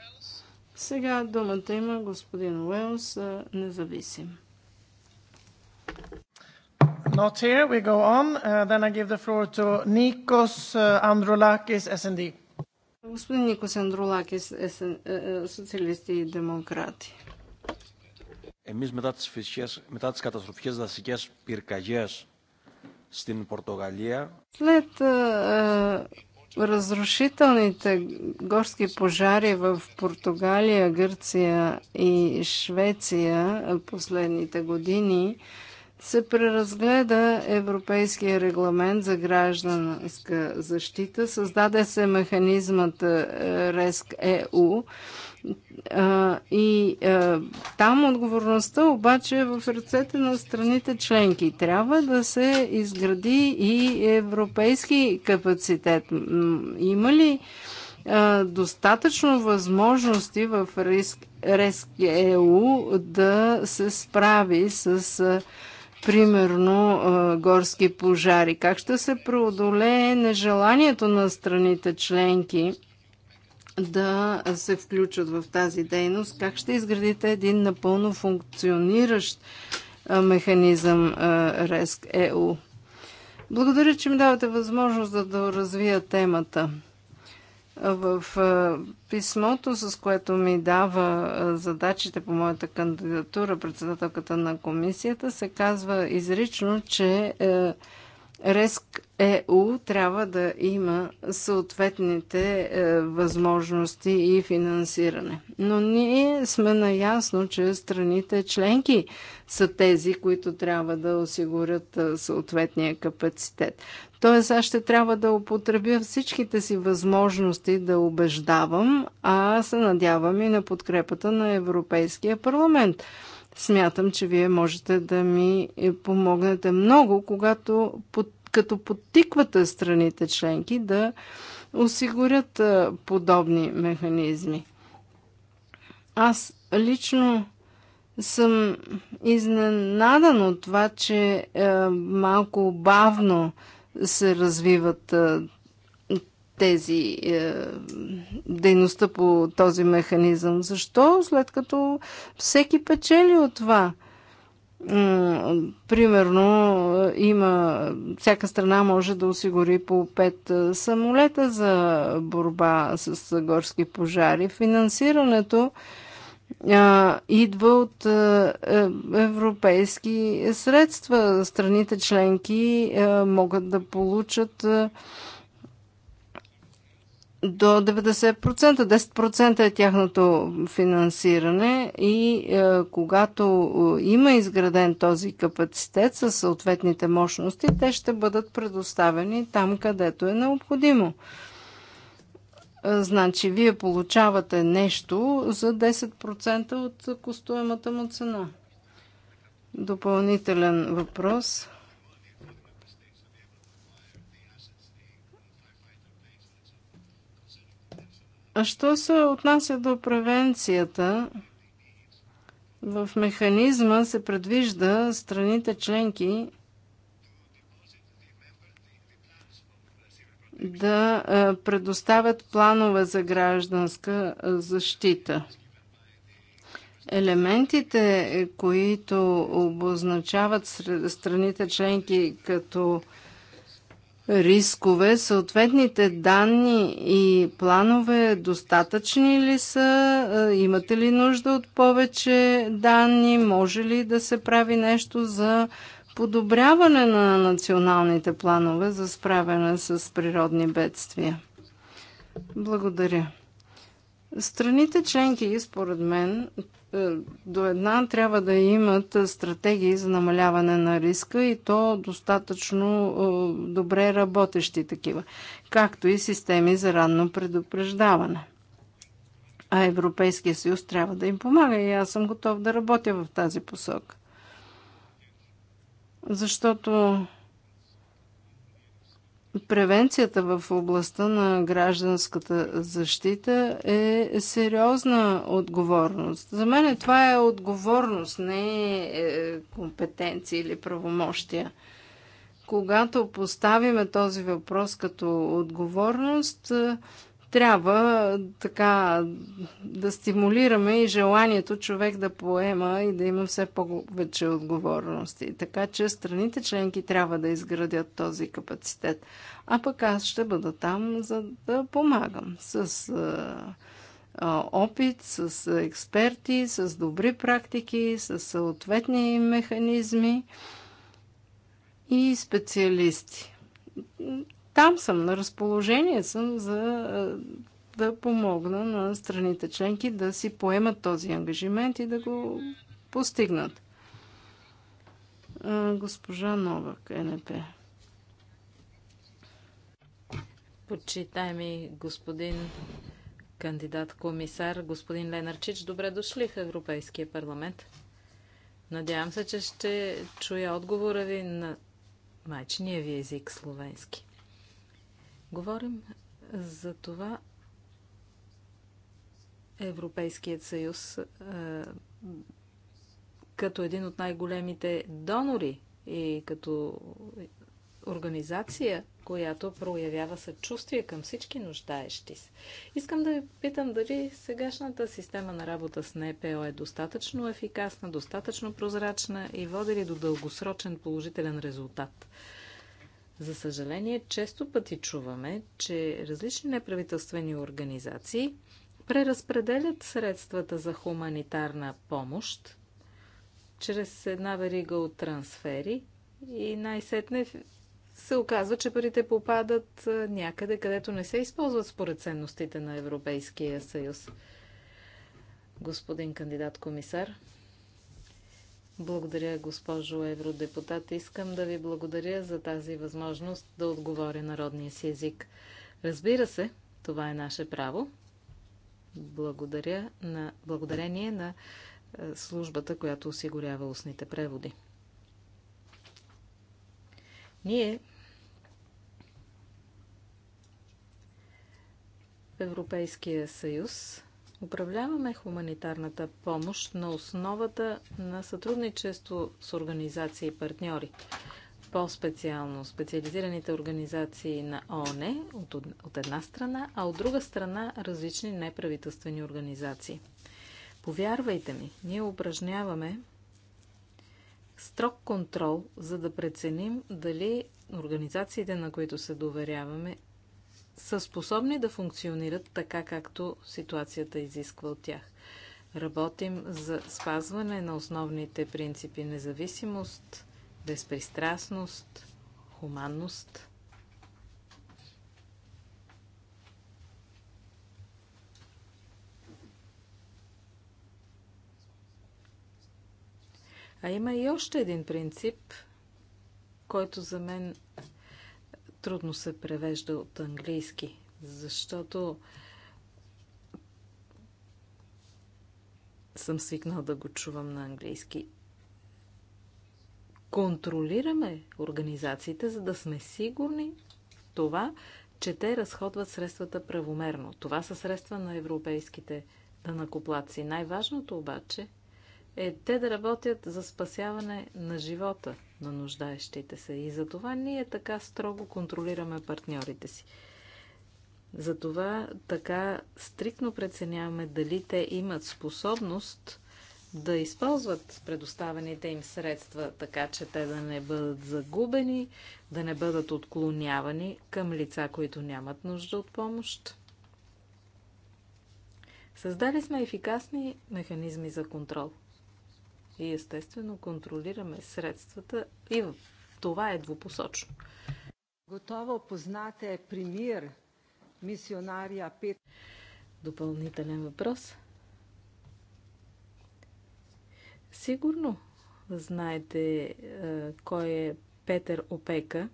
Сега думата има господин Уелс, независим. Not here. We go on. Uh, then I give the floor to Nikos uh, Androulakis, S&D. Господин Никос Андролакис, е, е, социалисти и демократи. Εμείς μετά τις, φυσικές, μετά τις καταστροφικές δασικές πυρκαγιές στην Португалия. След е, е, разрушителните горски пожари в Португалия, Гърция и Швеция последните години, е, се преразгледа Европейския регламент за гражданска защита. Създаде се механизмът РЕСК-ЕУ и е, там отговорността обаче е в ръцете на страните членки. Трябва да се изгради и европейски капацитет. Има ли е, достатъчно възможности в РЕСК-ЕУ да се справи с е, примерно горски пожари? Как ще се преодолее нежеланието на страните членки да се включат в тази дейност? Как ще изградите един напълно функциониращ механизъм РЕСК-ЕУ? Благодаря, че ми давате възможност да, да развия темата. В писмото, с което ми дава задачите по моята кандидатура, председателката на комисията, се казва изрично, че е, Реск ЕУ трябва да има съответните е, възможности и финансиране. Но ние сме наясно, че страните членки са тези, които трябва да осигурят е, съответния капацитет. Тоест, аз ще трябва да употребя всичките си възможности да убеждавам, а се надявам и на подкрепата на Европейския парламент. Смятам, че вие можете да ми помогнете много, когато под, като подтиквате страните членки да осигурят подобни механизми. Аз лично съм изненадан от това, че малко бавно се развиват тези е, дейността по този механизъм? Защо? След като всеки печели от това. Примерно е, има, всяка страна може да осигури по 5 е, самолета за борба с горски пожари. Финансирането а, е, идва от а, европейски средства. Страните членки а, могат да получат а, до 90%, 10% е тяхното финансиране и е, когато е, има изграден този капацитет със съответните мощности, те ще бъдат предоставени там, където е необходимо. Е, значи, вие получавате нещо за 10% от костоемата му цена. Допълнителен въпрос. А що се отнася до превенцията, в механизма се предвижда страните членки да е, предоставят планове за гражданска е, защита. Елементите, е, които обозначават страните членки като рискове, съответните данни и планове достатъчни ли са? Имате ли нужда от повече данни? Може ли да се прави нещо за подобряване на националните планове за справяне с природни бедствия? Благодаря. Страните членки, според мен, е, до една трябва да имат стратегии за намаляване на риска и то достатъчно е, добре работещи такива, както и системи за ранно предупреждаване. А Европейския съюз трябва да им помага и аз съм готов да работя в тази посока. Защото превенцията в областта на гражданската защита е сериозна отговорност. За мен това е отговорност, не е, е компетенция или правомощия. Когато поставиме този въпрос като отговорност, трябва така да стимулираме и желанието човек да поема и да има все повече отговорности. Така че страните членки трябва да изградят този капацитет. А пък аз ще бъда там, за да помагам с опит, с експерти, с добри практики, с съответни механизми и специалисти там съм, на разположение съм за е, да помогна на страните членки да си поемат този ангажимент и да го постигнат. Е, госпожа Новак, НП. ми господин кандидат-комисар, господин Ленарчич, добре дошли в Европейския парламент. Надявам се, че ще чуя отговора ви на майчиния ви език словенски. Говорим за това Европейският съюз е, като един от най-големите донори и като организация, която проявява съчувствие към всички нуждаещи се. Искам да ви питам дали сегашната система на работа с НПО е достатъчно ефикасна, достатъчно прозрачна и води ли до дългосрочен положителен резултат. За съжаление, често пъти чуваме, че различни неправителствени организации преразпределят средствата за хуманитарна помощ чрез една верига от трансфери и най-сетне се оказва, че парите попадат някъде, където не се използват според ценностите на Европейския съюз. Господин кандидат комисар, благодаря, госпожо евродепутат. Искам да ви благодаря за тази възможност да отговоря народния си език. Разбира се, това е наше право. Благодаря на, благодарение на е, службата, която осигурява устните преводи. Ние в Европейския съюз Управляваме хуманитарната помощ на основата на сътрудничество с организации и партньори. По-специално специализираните организации на ООН от една страна, а от друга страна различни неправителствени организации. Повярвайте ми, ние упражняваме строг контрол, за да преценим дали организациите, на които се доверяваме, са способни да функционират така, както ситуацията изисква от тях. Работим за спазване на основните принципи независимост, безпристрастност, хуманност. А има и още един принцип, който за мен трудно се превежда от английски, защото съм свикнал да го чувам на английски. Контролираме организациите, за да сме сигурни в това, че те разходват средствата правомерно. Това са средства на европейските данакоплаци. Най-важното обаче е те да работят за спасяване на живота – на нуждаещите се. И за това ние така строго контролираме партньорите си. Затова така стриктно преценяваме дали те имат способност да използват предоставените им средства, така че те да не бъдат загубени, да не бъдат отклонявани към лица, които нямат нужда от помощ. Създали сме ефикасни механизми за контрол – и естествено контролираме средствата и това е двупосочно. Готово познате пример мисионария Пет. Допълнителен въпрос. Сигурно знаете е, кой е Петър Опека,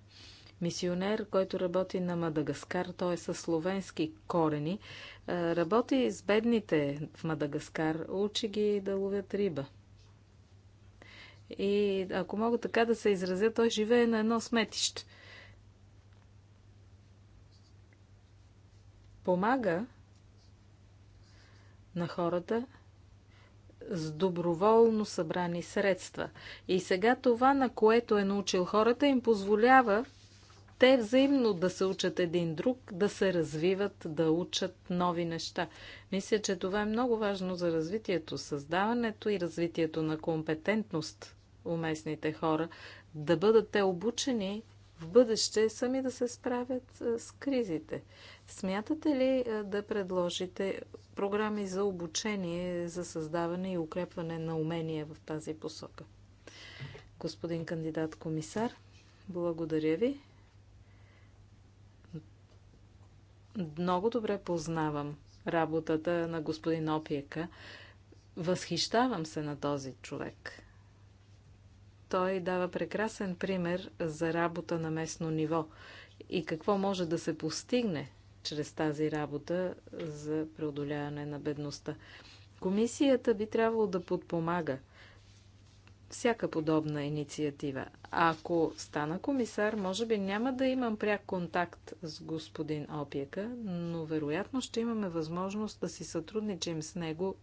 мисионер, който работи на Мадагаскар. Той е със словенски корени. Е, работи с бедните в Мадагаскар. Учи ги да ловят риба. И ако мога така да се изразя, той живее на едно сметище. Помага на хората с доброволно събрани средства. И сега това, на което е научил хората, им позволява те взаимно да се учат един друг, да се развиват, да учат нови неща. Мисля, че това е много важно за развитието, създаването и развитието на компетентност уместните хора, да бъдат те обучени в бъдеще сами да се справят с кризите. Смятате ли да предложите програми за обучение, за създаване и укрепване на умения в тази посока? Господин кандидат комисар, благодаря ви. Много добре познавам работата на господин Опиека. Възхищавам се на този човек. Той дава прекрасен пример за работа на местно ниво и какво може да се постигне чрез тази работа за преодоляване на бедността. Комисията би трябвало да подпомага всяка подобна инициатива. А ако стана комисар, може би няма да имам пряк контакт с господин Опиека, но вероятно ще имаме възможност да си сътрудничим с него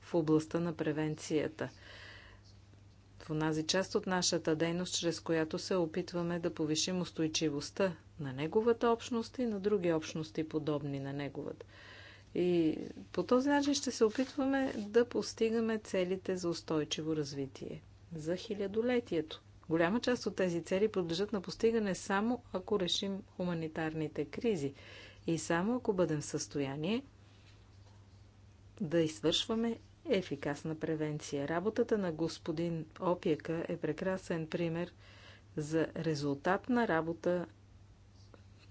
в областта на превенцията в онази част от нашата дейност, чрез която се опитваме да повишим устойчивостта на неговата общност и на други общности, подобни на неговата. И по този начин ще се опитваме да постигаме целите за устойчиво развитие, за хилядолетието. Голяма част от тези цели подлежат на постигане само ако решим хуманитарните кризи и само ако бъдем в състояние да извършваме ефикасна превенция. Работата на господин Опиека е прекрасен пример за резултатна работа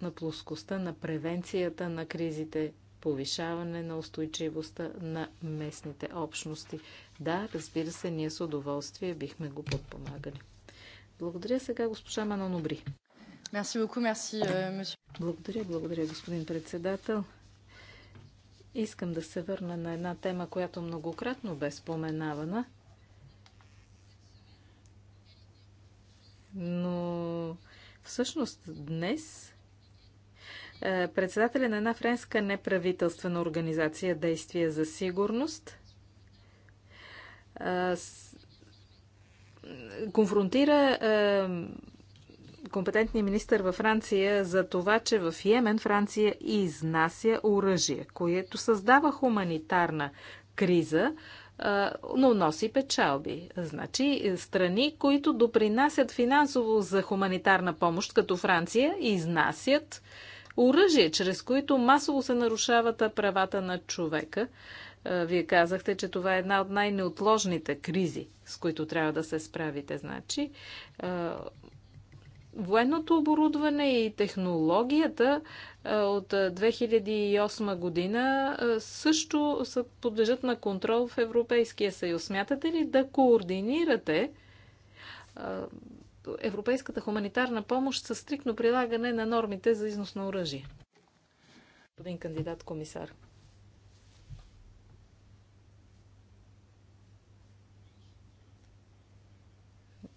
на плоскостта на превенцията на кризите, повишаване на устойчивостта на местните общности. Да, разбира се, ние с удоволствие бихме го подпомагали. Благодаря сега госпожа Манонобри. Euh, благодаря, благодаря, господин председател. Искам да се върна на една тема, която многократно бе споменавана, но всъщност днес е, председателя на една френска неправителствена организация Действия за сигурност е, конфронтира е, компетентния министр във Франция за това, че в Йемен Франция изнася оръжие, което създава хуманитарна криза, но носи печалби. Значи страни, които допринасят финансово за хуманитарна помощ, като Франция, изнасят оръжие, чрез които масово се нарушават правата на човека. Вие казахте, че това е една от най-неотложните кризи, с които трябва да се справите. Значи, военното оборудване и технологията от 2008 година също са подлежат на контрол в Европейския съюз. Смятате ли да координирате европейската хуманитарна помощ със стрикно прилагане на нормите за износ на оръжие? Господин кандидат комисар.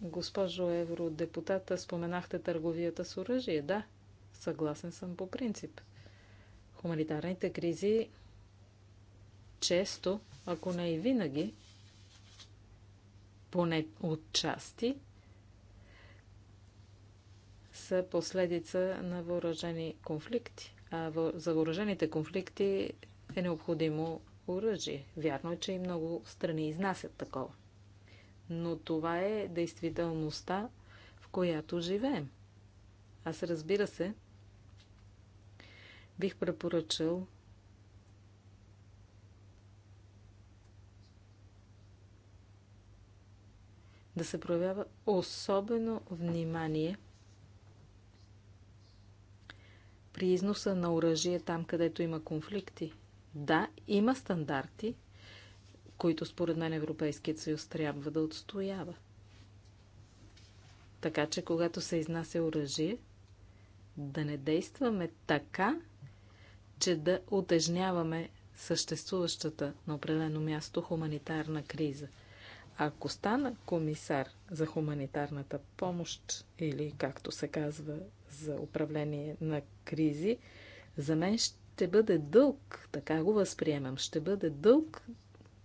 Госпожо евродепутата, споменахте търговията с оръжие. Да, съгласен съм по принцип. Хуманитарните кризи често, ако не и винаги, поне от части, са последица на въоръжени конфликти. А за въоръжените конфликти е необходимо оръжие. Вярно е, че и много страни изнасят такова но това е действителността, в която живеем. Аз разбира се, бих препоръчал да се проявява особено внимание при износа на оръжие там, където има конфликти. Да, има стандарти, които според мен Европейският съюз трябва да отстоява. Така че, когато се изнася оръжие, да не действаме така, че да отежняваме съществуващата на определено място хуманитарна криза. Ако стана комисар за хуманитарната помощ или, както се казва, за управление на кризи, за мен ще бъде дълг, така го възприемам, ще бъде дълг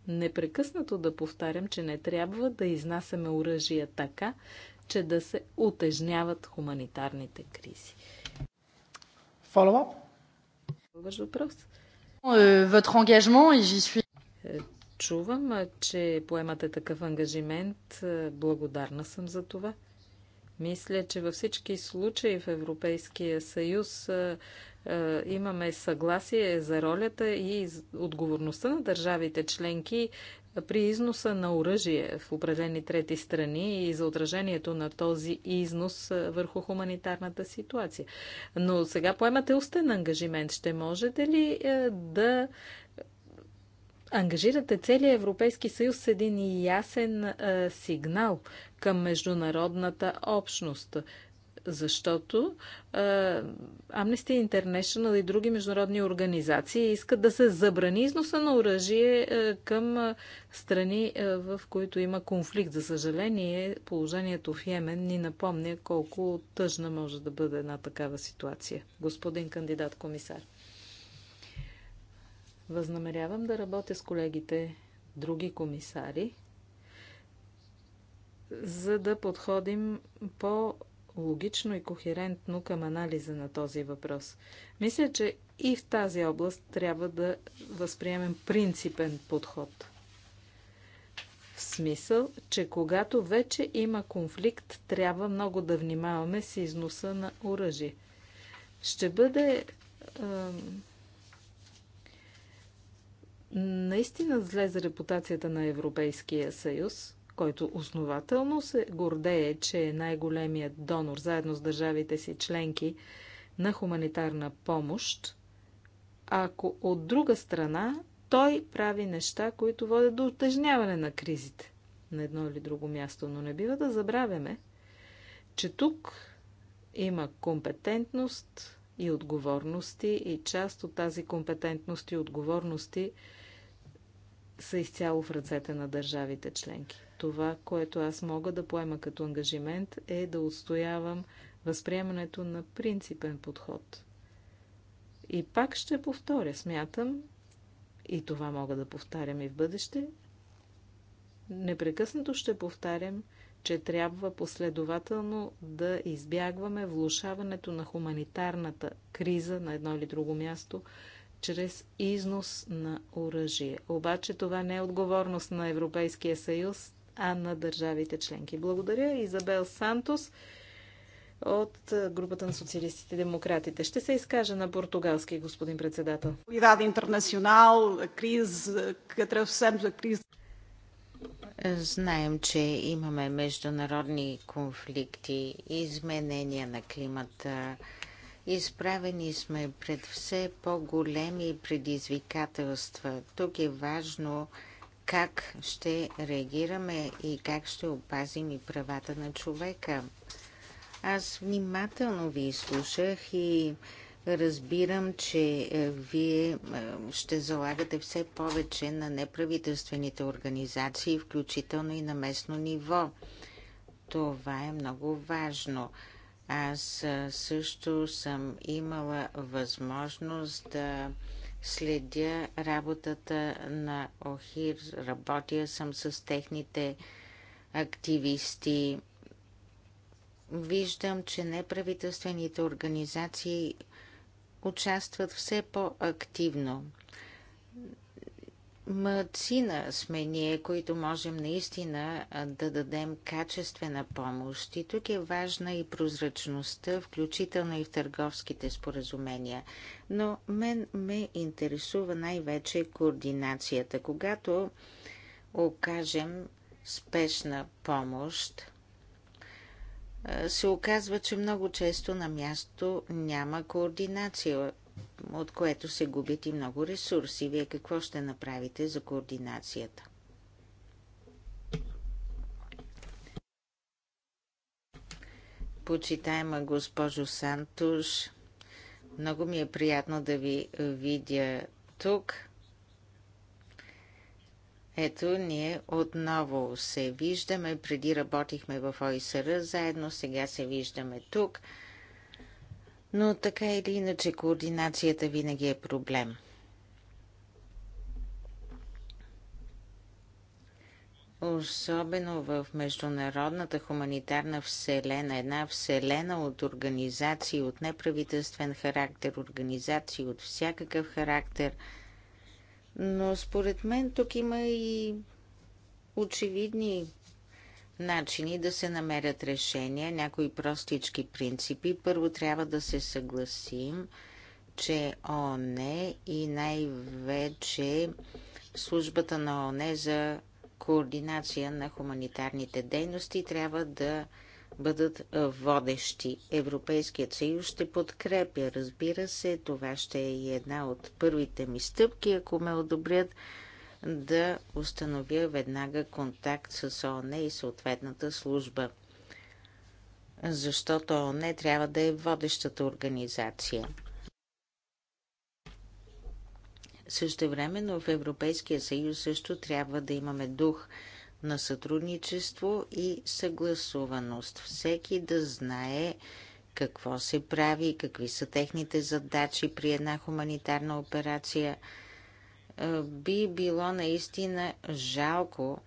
непрекъснато да повтарям, че не трябва да изнасяме оръжия така, че да се утежняват хуманитарните кризи. follow Ваш въпрос. Е, votre ангажмент и жи suis... Е, чувам, е, че поемате такъв ангажимент. Благодарна съм за това. Мисля, че във всички случаи в Европейския съюз е, имаме съгласие за ролята и отговорността на държавите членки при износа на оръжие в определени трети страни и за отражението на този износ е, върху хуманитарната ситуация. Но сега поемате устен ангажимент. Ще можете ли е, да ангажирате целият Европейски съюз с един ясен сигнал към международната общност? защото Amnesty International и други международни организации искат да се забрани износа на оръжие към страни, в които има конфликт. За съжаление, положението в Йемен ни напомня колко тъжна може да бъде една такава ситуация. Господин кандидат комисар. Възнамерявам да работя с колегите други комисари, за да подходим по логично и кохерентно към анализа на този въпрос. Мисля, че и в тази област трябва да възприемем принципен подход. В смисъл, че когато вече има конфликт, трябва много да внимаваме с износа на оръжие. Ще бъде е, наистина зле за репутацията на Европейския съюз, който основателно се гордее, че е най-големият донор заедно с държавите си членки на хуманитарна помощ, ако от друга страна той прави неща, които водят до отъжняване на кризите на едно или друго място. Но не бива да забравяме, че тук има компетентност и отговорности и част от тази компетентност и отговорности са изцяло в ръцете на държавите членки. Това, което аз мога да поема като ангажимент, е да отстоявам възприемането на принципен подход. И пак ще повторя, смятам, и това мога да повтарям и в бъдеще, непрекъснато ще повтарям, че трябва последователно да избягваме влушаването на хуманитарната криза на едно или друго място чрез износ на оръжие. Обаче това не е отговорност на Европейския съюз, а на държавите членки. Благодаря, Изабел Сантос от групата на социалистите и демократите. Ще се изкаже на португалски, господин председател. Солидар интернационал, криз, криз. Знаем, че имаме международни конфликти, изменения на климата. Изправени сме пред все по-големи предизвикателства. Тук е важно как ще реагираме и как ще опазим и правата на човека. Аз внимателно ви слушах и разбирам, че е, вие е, ще залагате все повече на неправителствените организации, включително и на местно ниво. Това е много важно. Аз е, също съм имала възможност да следя работата на ОХИР, работя съм с техните активисти. Виждам, че неправителствените организации участват все по-активно Мъцина сме ние, които можем наистина да дадем качествена помощ. И тук е важна и прозрачността, включително и в търговските споразумения. Но мен ме интересува най-вече координацията. Когато окажем спешна помощ, се оказва, че много често на място няма координация от което се губят и много ресурси. Вие какво ще направите за координацията? Почитаема госпожо Сантуш, много ми е приятно да ви видя тук. Ето, ние отново се виждаме. Преди работихме в ОИСР, заедно сега се виждаме тук но така или иначе координацията винаги е проблем. Особено в международната хуманитарна вселена, една вселена от организации от неправителствен характер, организации от всякакъв характер. Но според мен тук има и очевидни начини да се намерят решения, някои простички принципи. Първо трябва да се съгласим, че ООН и най-вече службата на ООН за координация на хуманитарните дейности трябва да бъдат водещи. Европейският съюз ще подкрепя, разбира се, това ще е и една от първите ми стъпки, ако ме одобрят да установя веднага контакт с ООН и съответната служба. Защото ООН трябва да е водещата организация. Същевременно в Европейския съюз също трябва да имаме дух на сътрудничество и съгласуваност. Всеки да знае какво се прави, какви са техните задачи при една хуманитарна операция – е, би било наистина жалко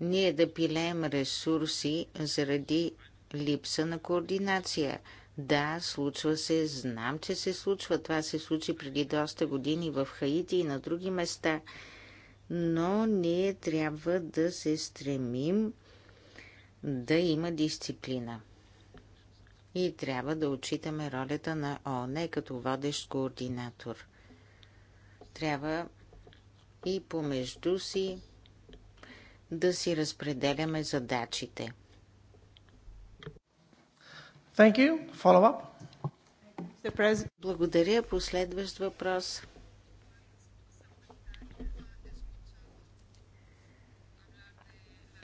ние да пилеем ресурси заради липса на координация. Да, случва се, знам, че се случва. Това се случи преди доста години в Хаити и на други места. Но ние трябва да се стремим да има дисциплина. И трябва да отчитаме ролята на ОНЕ като водещ координатор – трябва и помежду си да си разпределяме задачите. Thank you. Follow up. Благодаря. Последващ въпрос.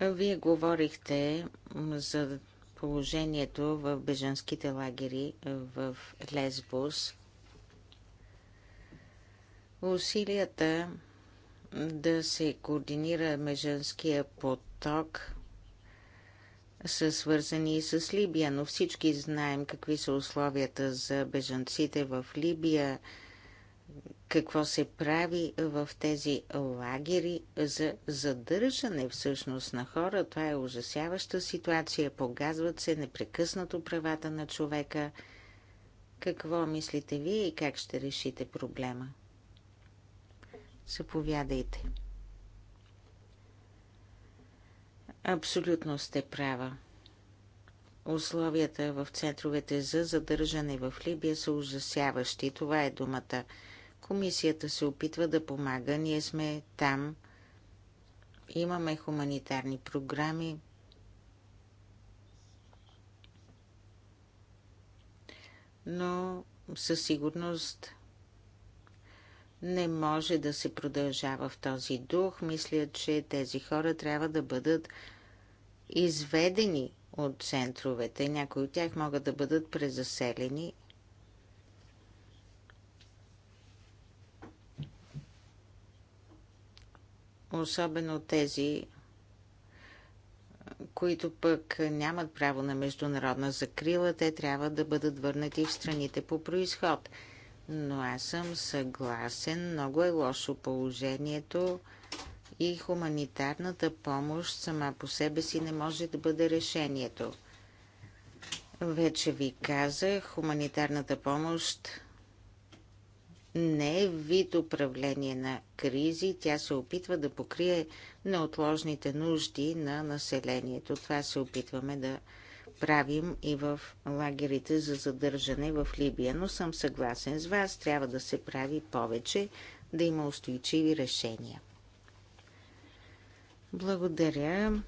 Вие говорихте за положението в бежанските лагери в Лесбос. Усилията да се координира меженския поток са свързани и с Либия, но всички знаем какви са условията за бежанците в Либия, какво се прави в тези лагери за задържане всъщност на хора. Това е ужасяваща ситуация. Погазват се непрекъснато правата на човека. Какво мислите вие и как ще решите проблема? Заповядайте. Абсолютно сте права. Условията в центровете за задържане в Либия са ужасяващи. Това е думата. Комисията се опитва да помага. Ние сме там. Имаме хуманитарни програми. Но със сигурност не може да се продължава в този дух. Мисля, че тези хора трябва да бъдат изведени от центровете. Някои от тях могат да бъдат презаселени. Особено тези, които пък нямат право на международна закрила, те трябва да бъдат върнати в страните по происход – но аз съм съгласен. Много е лошо положението и хуманитарната помощ сама по себе си не може да бъде решението. Вече ви казах, хуманитарната помощ не е вид управление на кризи, тя се опитва да покрие неотложните нужди на населението. Това се опитваме да правим и в лагерите за задържане в Либия, но съм съгласен с вас, трябва да се прави повече, да има устойчиви решения. Благодаря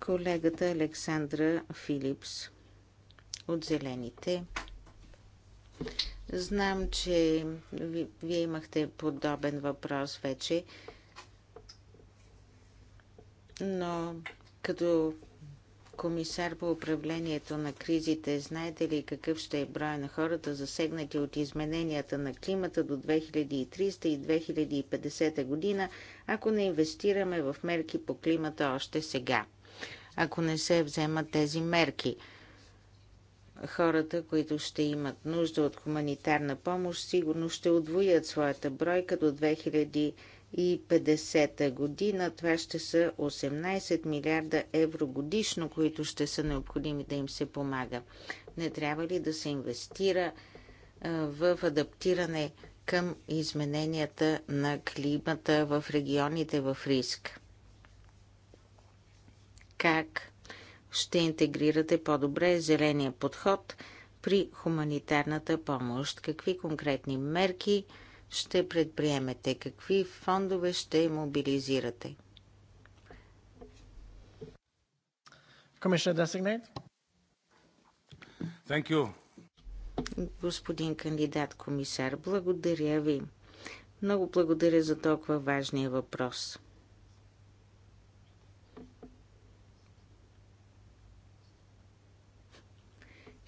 колегата Александра Филипс от Зелените. Знам, че вие имахте подобен въпрос вече, но като комисар по управлението на кризите, знаете ли какъв ще е броя на хората засегнати от измененията на климата до 2300 и 2050 година, ако не инвестираме в мерки по климата още сега? Ако не се вземат тези мерки, хората, които ще имат нужда от хуманитарна помощ, сигурно ще удвоят своята бройка до 2050 2050 година. Това ще са 18 милиарда евро годишно, които ще са необходими да им се помага. Не трябва ли да се инвестира в адаптиране към измененията на климата в регионите в риск? Как ще интегрирате по-добре зеления подход при хуманитарната помощ? Какви конкретни мерки – ще предприемете? Какви фондове ще мобилизирате? Господин кандидат комисар, благодаря ви. Много благодаря за толкова важния въпрос.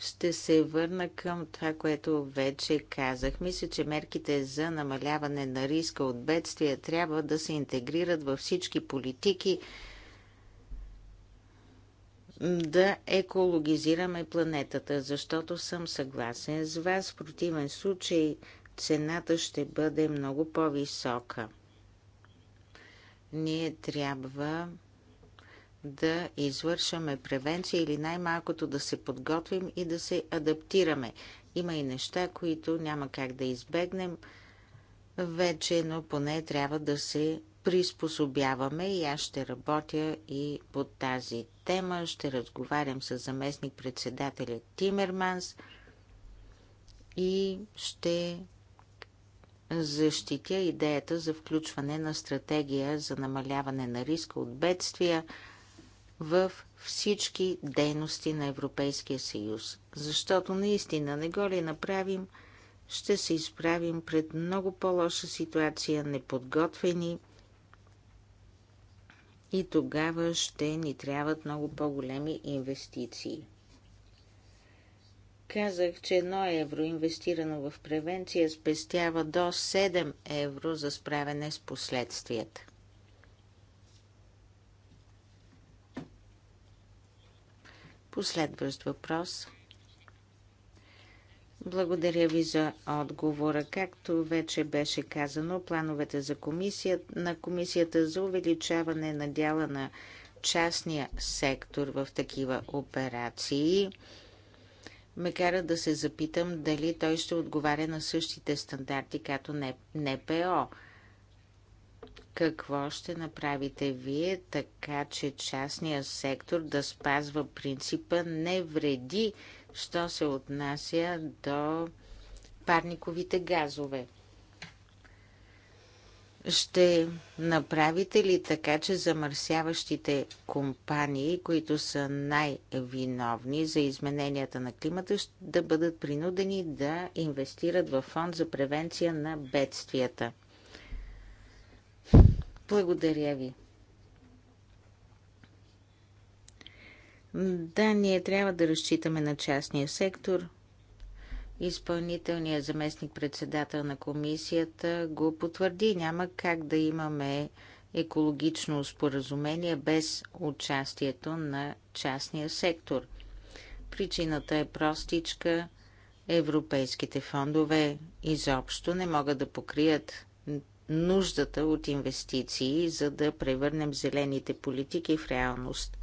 Ще се върна към това, което вече казах. Мисля, че мерките за намаляване на риска от бедствия трябва да се интегрират във всички политики, да екологизираме планетата, защото съм съгласен с вас. В противен случай цената ще бъде много по-висока. Ние трябва да извършваме превенция или най-малкото да се подготвим и да се адаптираме. Има и неща, които няма как да избегнем вече, но поне трябва да се приспособяваме и аз ще работя и по тази тема. Ще разговарям с заместник председателя Тимерманс и ще защитя идеята за включване на стратегия за намаляване на риска от бедствия – в всички дейности на Европейския съюз. Защото наистина не го ли направим, ще се изправим пред много по-лоша ситуация, неподготвени и тогава ще ни трябват много по-големи инвестиции. Казах, че едно евро, инвестирано в превенция, спестява до 7 евро за справяне с последствията. Последващ въпрос. Благодаря ви за отговора. Както вече беше казано, плановете за комисия, на комисията за увеличаване на дяла на частния сектор в такива операции ме кара да се запитам дали той ще отговаря на същите стандарти като НПО. Какво ще направите вие така, че частният сектор да спазва принципа не вреди, що се отнася до парниковите газове? Ще направите ли така, че замърсяващите компании, които са най-виновни за измененията на климата, да бъдат принудени да инвестират в фонд за превенция на бедствията? Благодаря ви. Да, ние трябва да разчитаме на частния сектор. Изпълнителният заместник-председател на комисията го потвърди. Няма как да имаме екологично споразумение без участието на частния сектор. Причината е простичка. Европейските фондове изобщо не могат да покрият нуждата от инвестиции, за да превърнем зелените политики в реалност.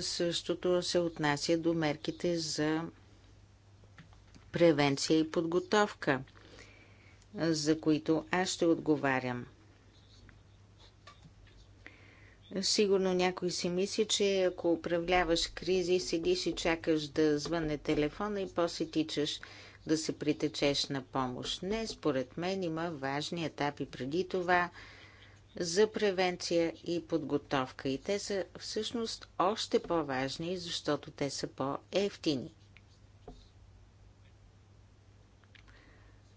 Същото се отнася до мерките за превенция и подготовка, за които аз ще отговарям. Сигурно някой си мисли, че ако управляваш кризи, седиш и чакаш да звънне телефона и после тичаш да се притечеш на помощ. Не, според мен има важни етапи преди това за превенция и подготовка. И те са всъщност още по-важни, защото те са по-ефтини.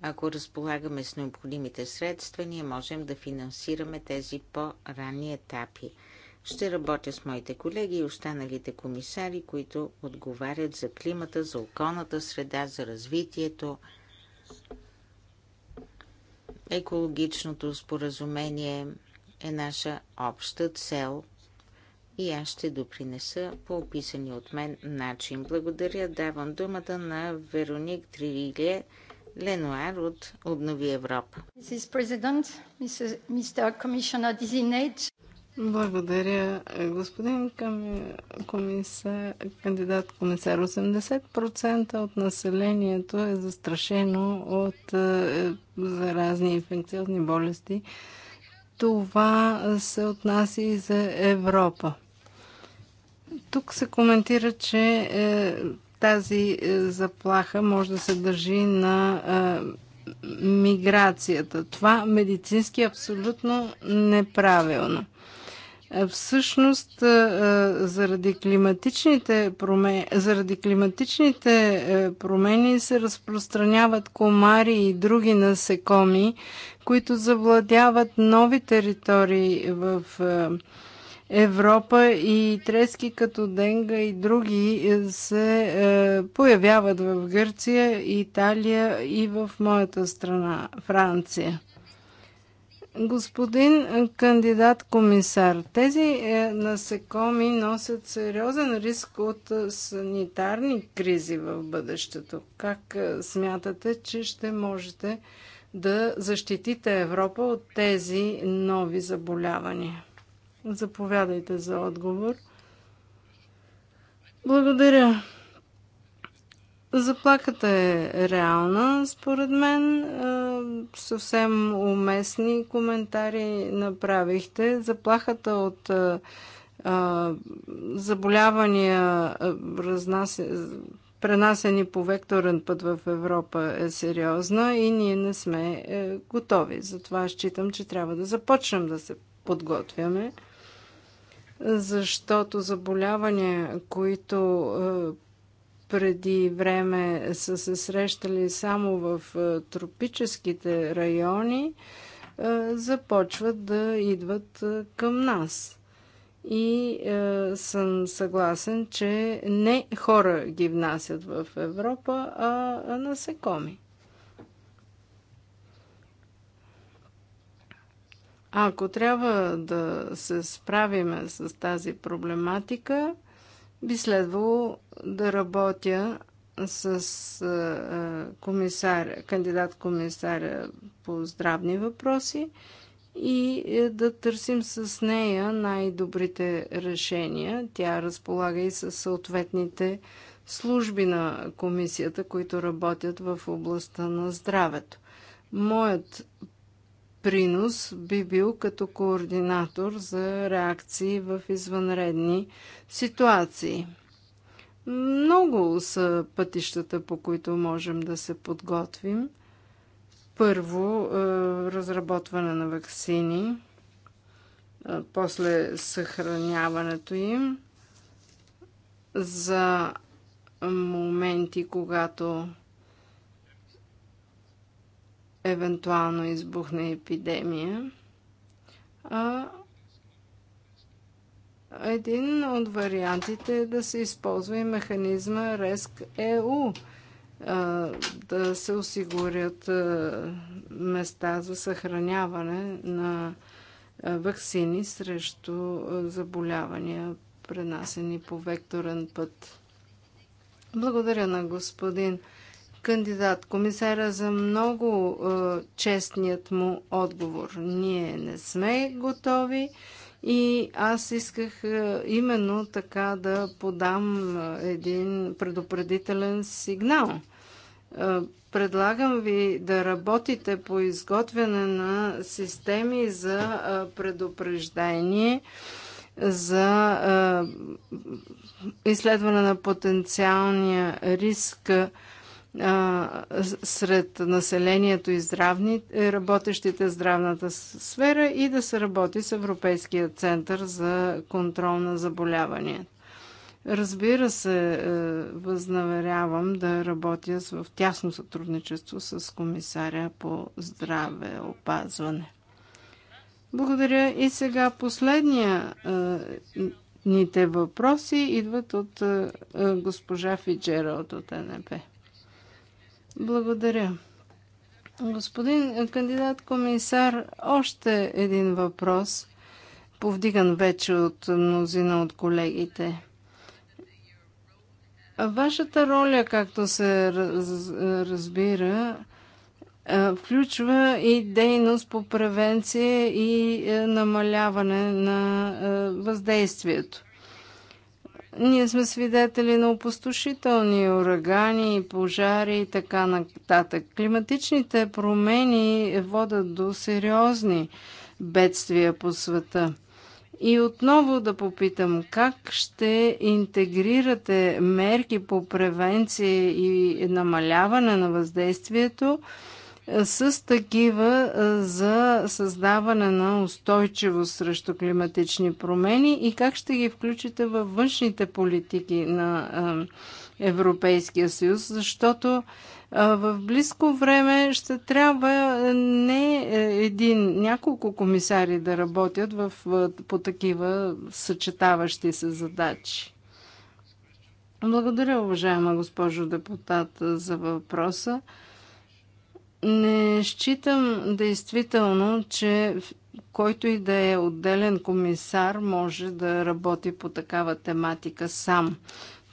Ако разполагаме с необходимите средства, ние можем да финансираме тези по-ранни етапи – ще работя с моите колеги и останалите комисари, които отговарят за климата, за околната среда, за развитието, екологичното споразумение е наша обща цел и аз ще допринеса по описани от мен начин. Благодаря, давам думата на Вероник Трилие Ленуар от Обнови Европа. Благодаря, господин комисар, кандидат комисар. 80% от населението е застрашено от е, заразни инфекциозни болести. Това се отнася и за Европа. Тук се коментира, че е, тази е, заплаха може да се държи на миграцията. Това медицински е абсолютно неправилно. Е, всъщност, е, е, заради климатичните, промени, заради климатичните промени се разпространяват комари и други насекоми, които завладяват нови територии в Европа и трески като Денга и други се появяват в Гърция, Италия и в моята страна Франция. Господин е, кандидат комисар, тези е, насекоми носят сериозен риск от е, санитарни кризи в бъдещето. Как смятате, че ще можете да защитите Европа от тези нови заболявания? Заповядайте за отговор. Благодаря. Заплахата е реална, според мен. Е, съвсем уместни коментари направихте. Заплахата от е, е, заболявания, пренасени по векторен път в Европа, е сериозна и ние не сме готови. Затова считам, че трябва да започнем да се подготвяме, защото заболявания, които преди време са се срещали само в е, тропическите райони, е, започват да идват е, към нас. И е, съм съгласен, че не хора ги внасят в Европа, а, а насекоми. Ако трябва да се справиме с тази проблематика, би следвало да работя с комисар, кандидат комисаря по здравни въпроси и е, да търсим с нея най-добрите решения. Тя разполага и с съответните служби на комисията, които работят в областта на здравето. Моят принос би бил като координатор за реакции в извънредни ситуации. Много са пътищата, по които можем да се подготвим. Първо, е, разработване на вакцини, е, после съхраняването им за моменти, когато евентуално избухне епидемия. А един от вариантите е да се използва и механизма RESC EU, да се осигурят места за съхраняване на вакцини срещу заболявания, пренасени по векторен път. Благодаря на господин кандидат комисаря за много е, честният му отговор. Ние не сме готови и аз исках е, именно така да подам е, един предупредителен сигнал. Е, предлагам ви да работите по изготвяне на системи за е, предупреждение за е, изследване на потенциалния риск сред населението и здравни, е, работещите в здравната сфера и да се работи с Европейския център за контрол на заболяванията. Разбира се, е, възнамерявам да работя в тясно сътрудничество с комисаря по здраве опазване. Благодаря. И сега последния е, ните въпроси идват от госпожа Фиджера от НП. Благодаря. Господин кандидат комисар, още един въпрос, повдиган вече от мнозина от колегите. Вашата роля, както се разбира, е, включва и дейност по превенция и е, намаляване на е, въздействието. Ние сме свидетели на опустошителни урагани, пожари и така нататък. Климатичните промени водат до сериозни бедствия по света. И отново да попитам, как ще интегрирате мерки по превенция и намаляване на въздействието с такива за създаване на устойчивост срещу климатични промени и как ще ги включите във външните политики на Европейския съюз, защото в близко време ще трябва не е, един, няколко комисари да работят в, по такива съчетаващи се задачи. Благодаря, уважаема госпожо депутат, за въпроса. Не считам действително, че който и да е отделен комисар може да работи по такава тематика сам.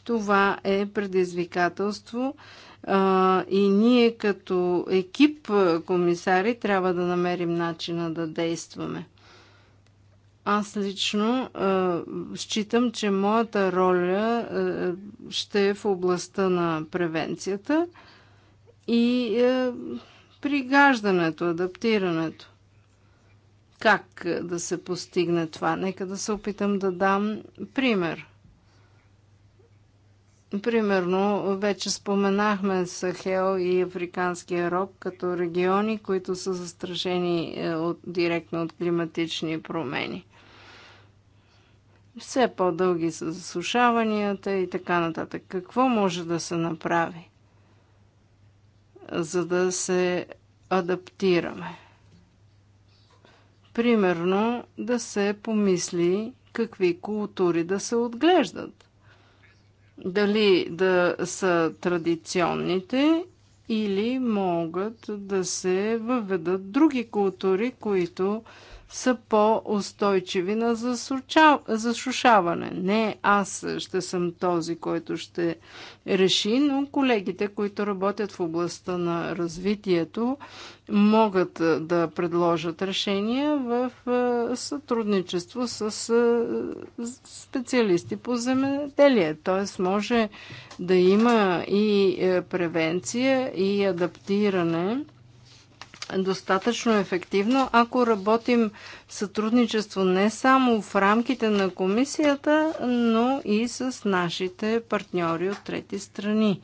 Това е предизвикателство а, и ние като екип комисари трябва да намерим начина да действаме. Аз лично а, считам, че моята роля а, ще е в областта на превенцията и а, пригаждането, адаптирането. Как да се постигне това? Нека да се опитам да дам пример. Примерно, вече споменахме Сахел и Африканския рог като региони, които са застрашени е, от, директно от климатични промени. Все по-дълги са засушаванията и така нататък. Какво може да се направи? за да се адаптираме. Примерно да се помисли какви култури да се отглеждат. Дали да са традиционните или могат да се въведат други култури, които са по-устойчиви на засушаване. Не аз ще съм този, който ще реши, но колегите, които работят в областта на развитието, могат да предложат решения в сътрудничество с специалисти по земеделие. Т.е. може да има и превенция, и адаптиране достатъчно ефективно, ако работим в сътрудничество не само в рамките на комисията, но и с нашите партньори от трети страни.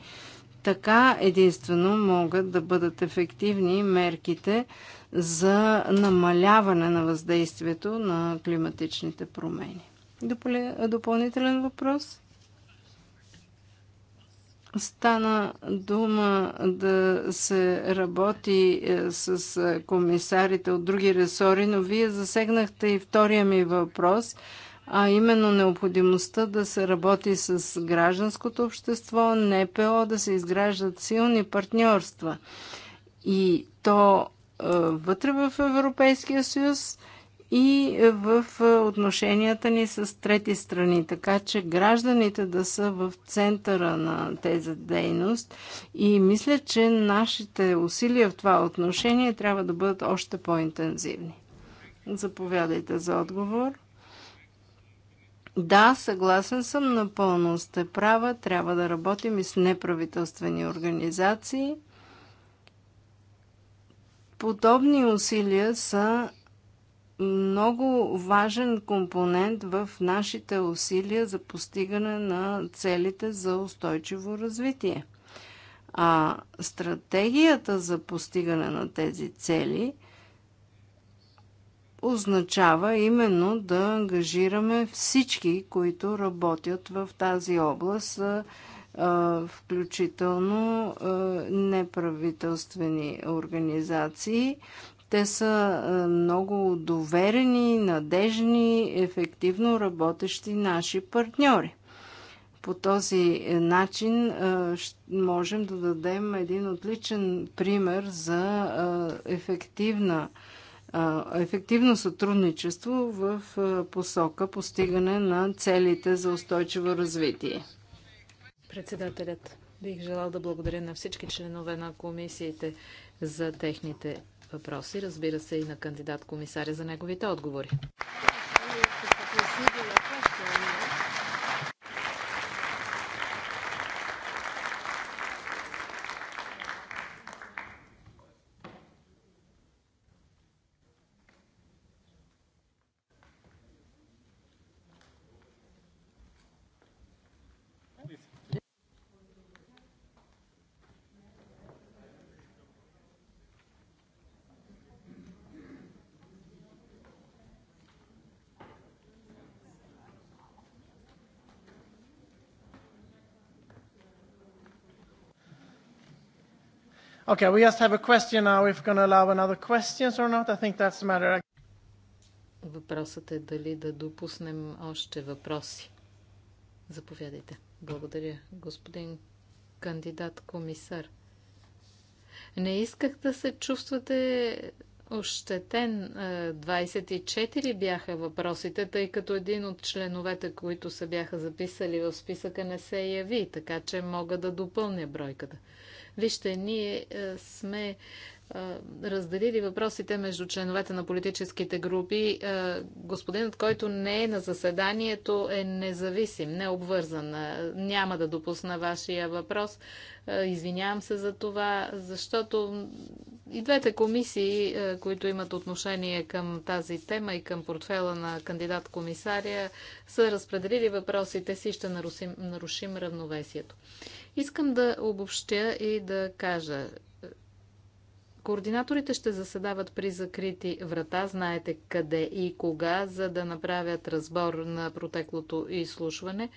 Така единствено могат да бъдат ефективни мерките за намаляване на въздействието на климатичните промени. Допълнителен въпрос? Стана дума да се работи е, с е, комисарите от други ресори, но вие засегнахте и втория ми въпрос, а именно необходимостта да се работи с гражданското общество, НПО, да се изграждат силни партньорства. И то е, вътре в Европейския съюз – и в отношенията ни с трети страни, така че гражданите да са в центъра на тези дейност и мисля, че нашите усилия в това отношение трябва да бъдат още по-интензивни. Заповядайте за отговор. Да, съгласен съм, напълно сте права. Трябва да работим и с неправителствени организации. Подобни усилия са много важен компонент в нашите усилия за постигане на целите за устойчиво развитие. А стратегията за постигане на тези цели означава именно да ангажираме всички, които работят в тази област, включително неправителствени организации, те са е, много доверени, надежни, ефективно работещи наши партньори. По този е, начин е, можем да дадем един отличен пример за ефективна ефективно сътрудничество в посока постигане на целите за устойчиво развитие. Председателят, бих желал да благодаря на всички членове на комисиите за техните въпроси, разбира се и на кандидат комисаря за неговите отговори. Okay, we just have a question now if we're going to allow another questions or not. I think that's the matter. Въпросът е дали да допуснем още въпроси. Заповядайте. Благодаря, господин кандидат комисар. Не исках да се чувствате ощетен. 24 е, бяха въпросите, тъй като един от членовете, които се бяха записали в списъка, не се яви, така че мога да допълня бройката. Вижте, ние е, сме разделили въпросите между членовете на политическите групи. Господинът, който не е на заседанието, е независим, не обвързан. Няма да допусна вашия въпрос. Извинявам се за това, защото и двете комисии, които имат отношение към тази тема и към портфела на кандидат-комисария, са разпределили въпросите си и ще нарушим, нарушим равновесието. Искам да обобщя и да кажа, Координаторите ще заседават при закрити врата, знаете къде и кога, за да направят разбор на протеклото изслушване.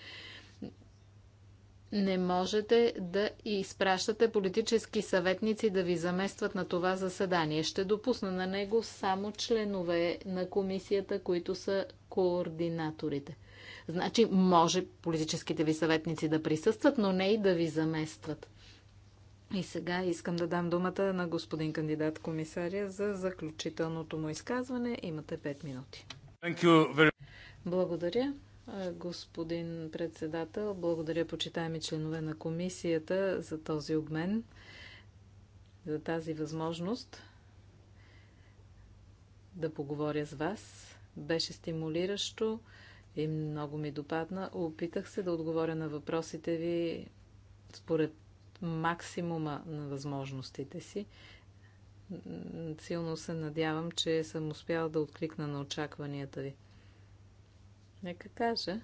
Не можете да изпращате политически съветници да ви заместват на това заседание. Ще допусна на него само членове на комисията, които са координаторите. Значи, може политическите ви съветници да присъстват, но не и да ви заместват. И сега искам да дам думата на господин кандидат комисаря за заключителното му изказване. Имате 5 минути. Благодаря. Господин председател, благодаря почитаеми членове на комисията за този обмен, за тази възможност да поговоря с вас. Беше стимулиращо и много ми допадна. Опитах се да отговоря на въпросите ви според максимума на възможностите си. Силно се надявам, че съм успяла да откликна на очакванията ви. Нека кажа,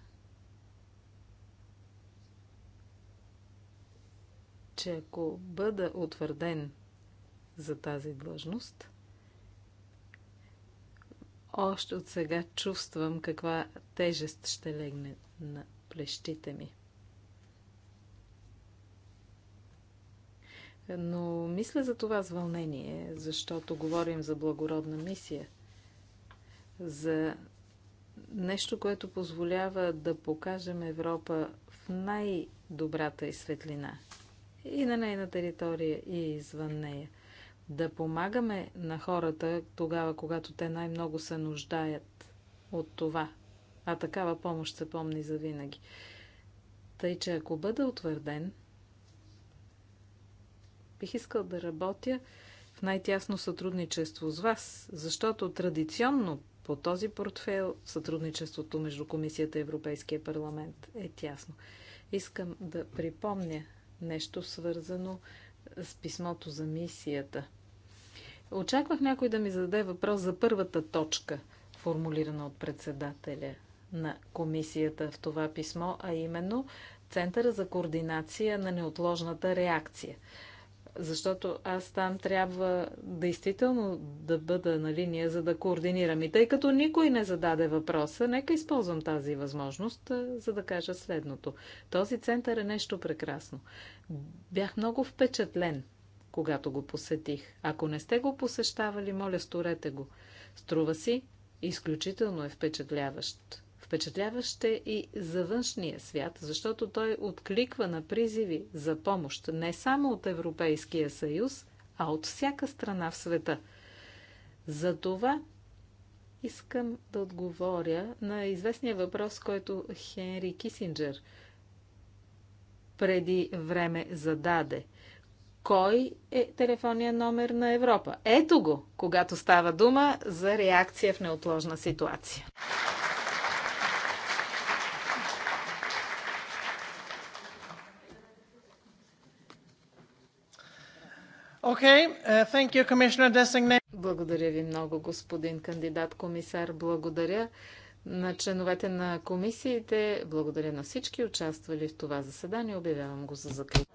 че ако бъда утвърден за тази длъжност, още от сега чувствам каква тежест ще легне на плещите ми. Но мисля за това с вълнение, защото говорим за благородна мисия, за нещо, което позволява да покажем Европа в най-добрата и светлина. И на нейна територия, и извън нея. Да помагаме на хората тогава, когато те най-много се нуждаят от това. А такава помощ се помни завинаги. Тъй, че ако бъда утвърден, бих искал да работя в най-тясно сътрудничество с вас, защото традиционно по този портфел сътрудничеството между Комисията и Европейския парламент е тясно. Искам да припомня нещо свързано с писмото за мисията. Очаквах някой да ми зададе въпрос за първата точка, формулирана от председателя на комисията в това писмо, а именно Центъра за координация на неотложната реакция защото аз там трябва действително да бъда на линия, за да координирам. И тъй като никой не зададе въпроса, нека използвам тази възможност, за да кажа следното. Този център е нещо прекрасно. Бях много впечатлен, когато го посетих. Ако не сте го посещавали, моля, сторете го. Струва си, изключително е впечатляващ. Впечатляващ и за външния свят, защото той откликва на призиви за помощ не само от Европейския съюз, а от всяка страна в света. За това искам да отговоря на известния въпрос, който Хенри Кисинджер преди време зададе. Кой е телефонния номер на Европа? Ето го, когато става дума за реакция в неотложна ситуация. Okay, uh, thank you, Commissioner Designate. Благодаря ви много, господин кандидат комисар. Благодаря на членовете на комисиите. Благодаря на всички участвали в това заседание. Обявявам го за закрито.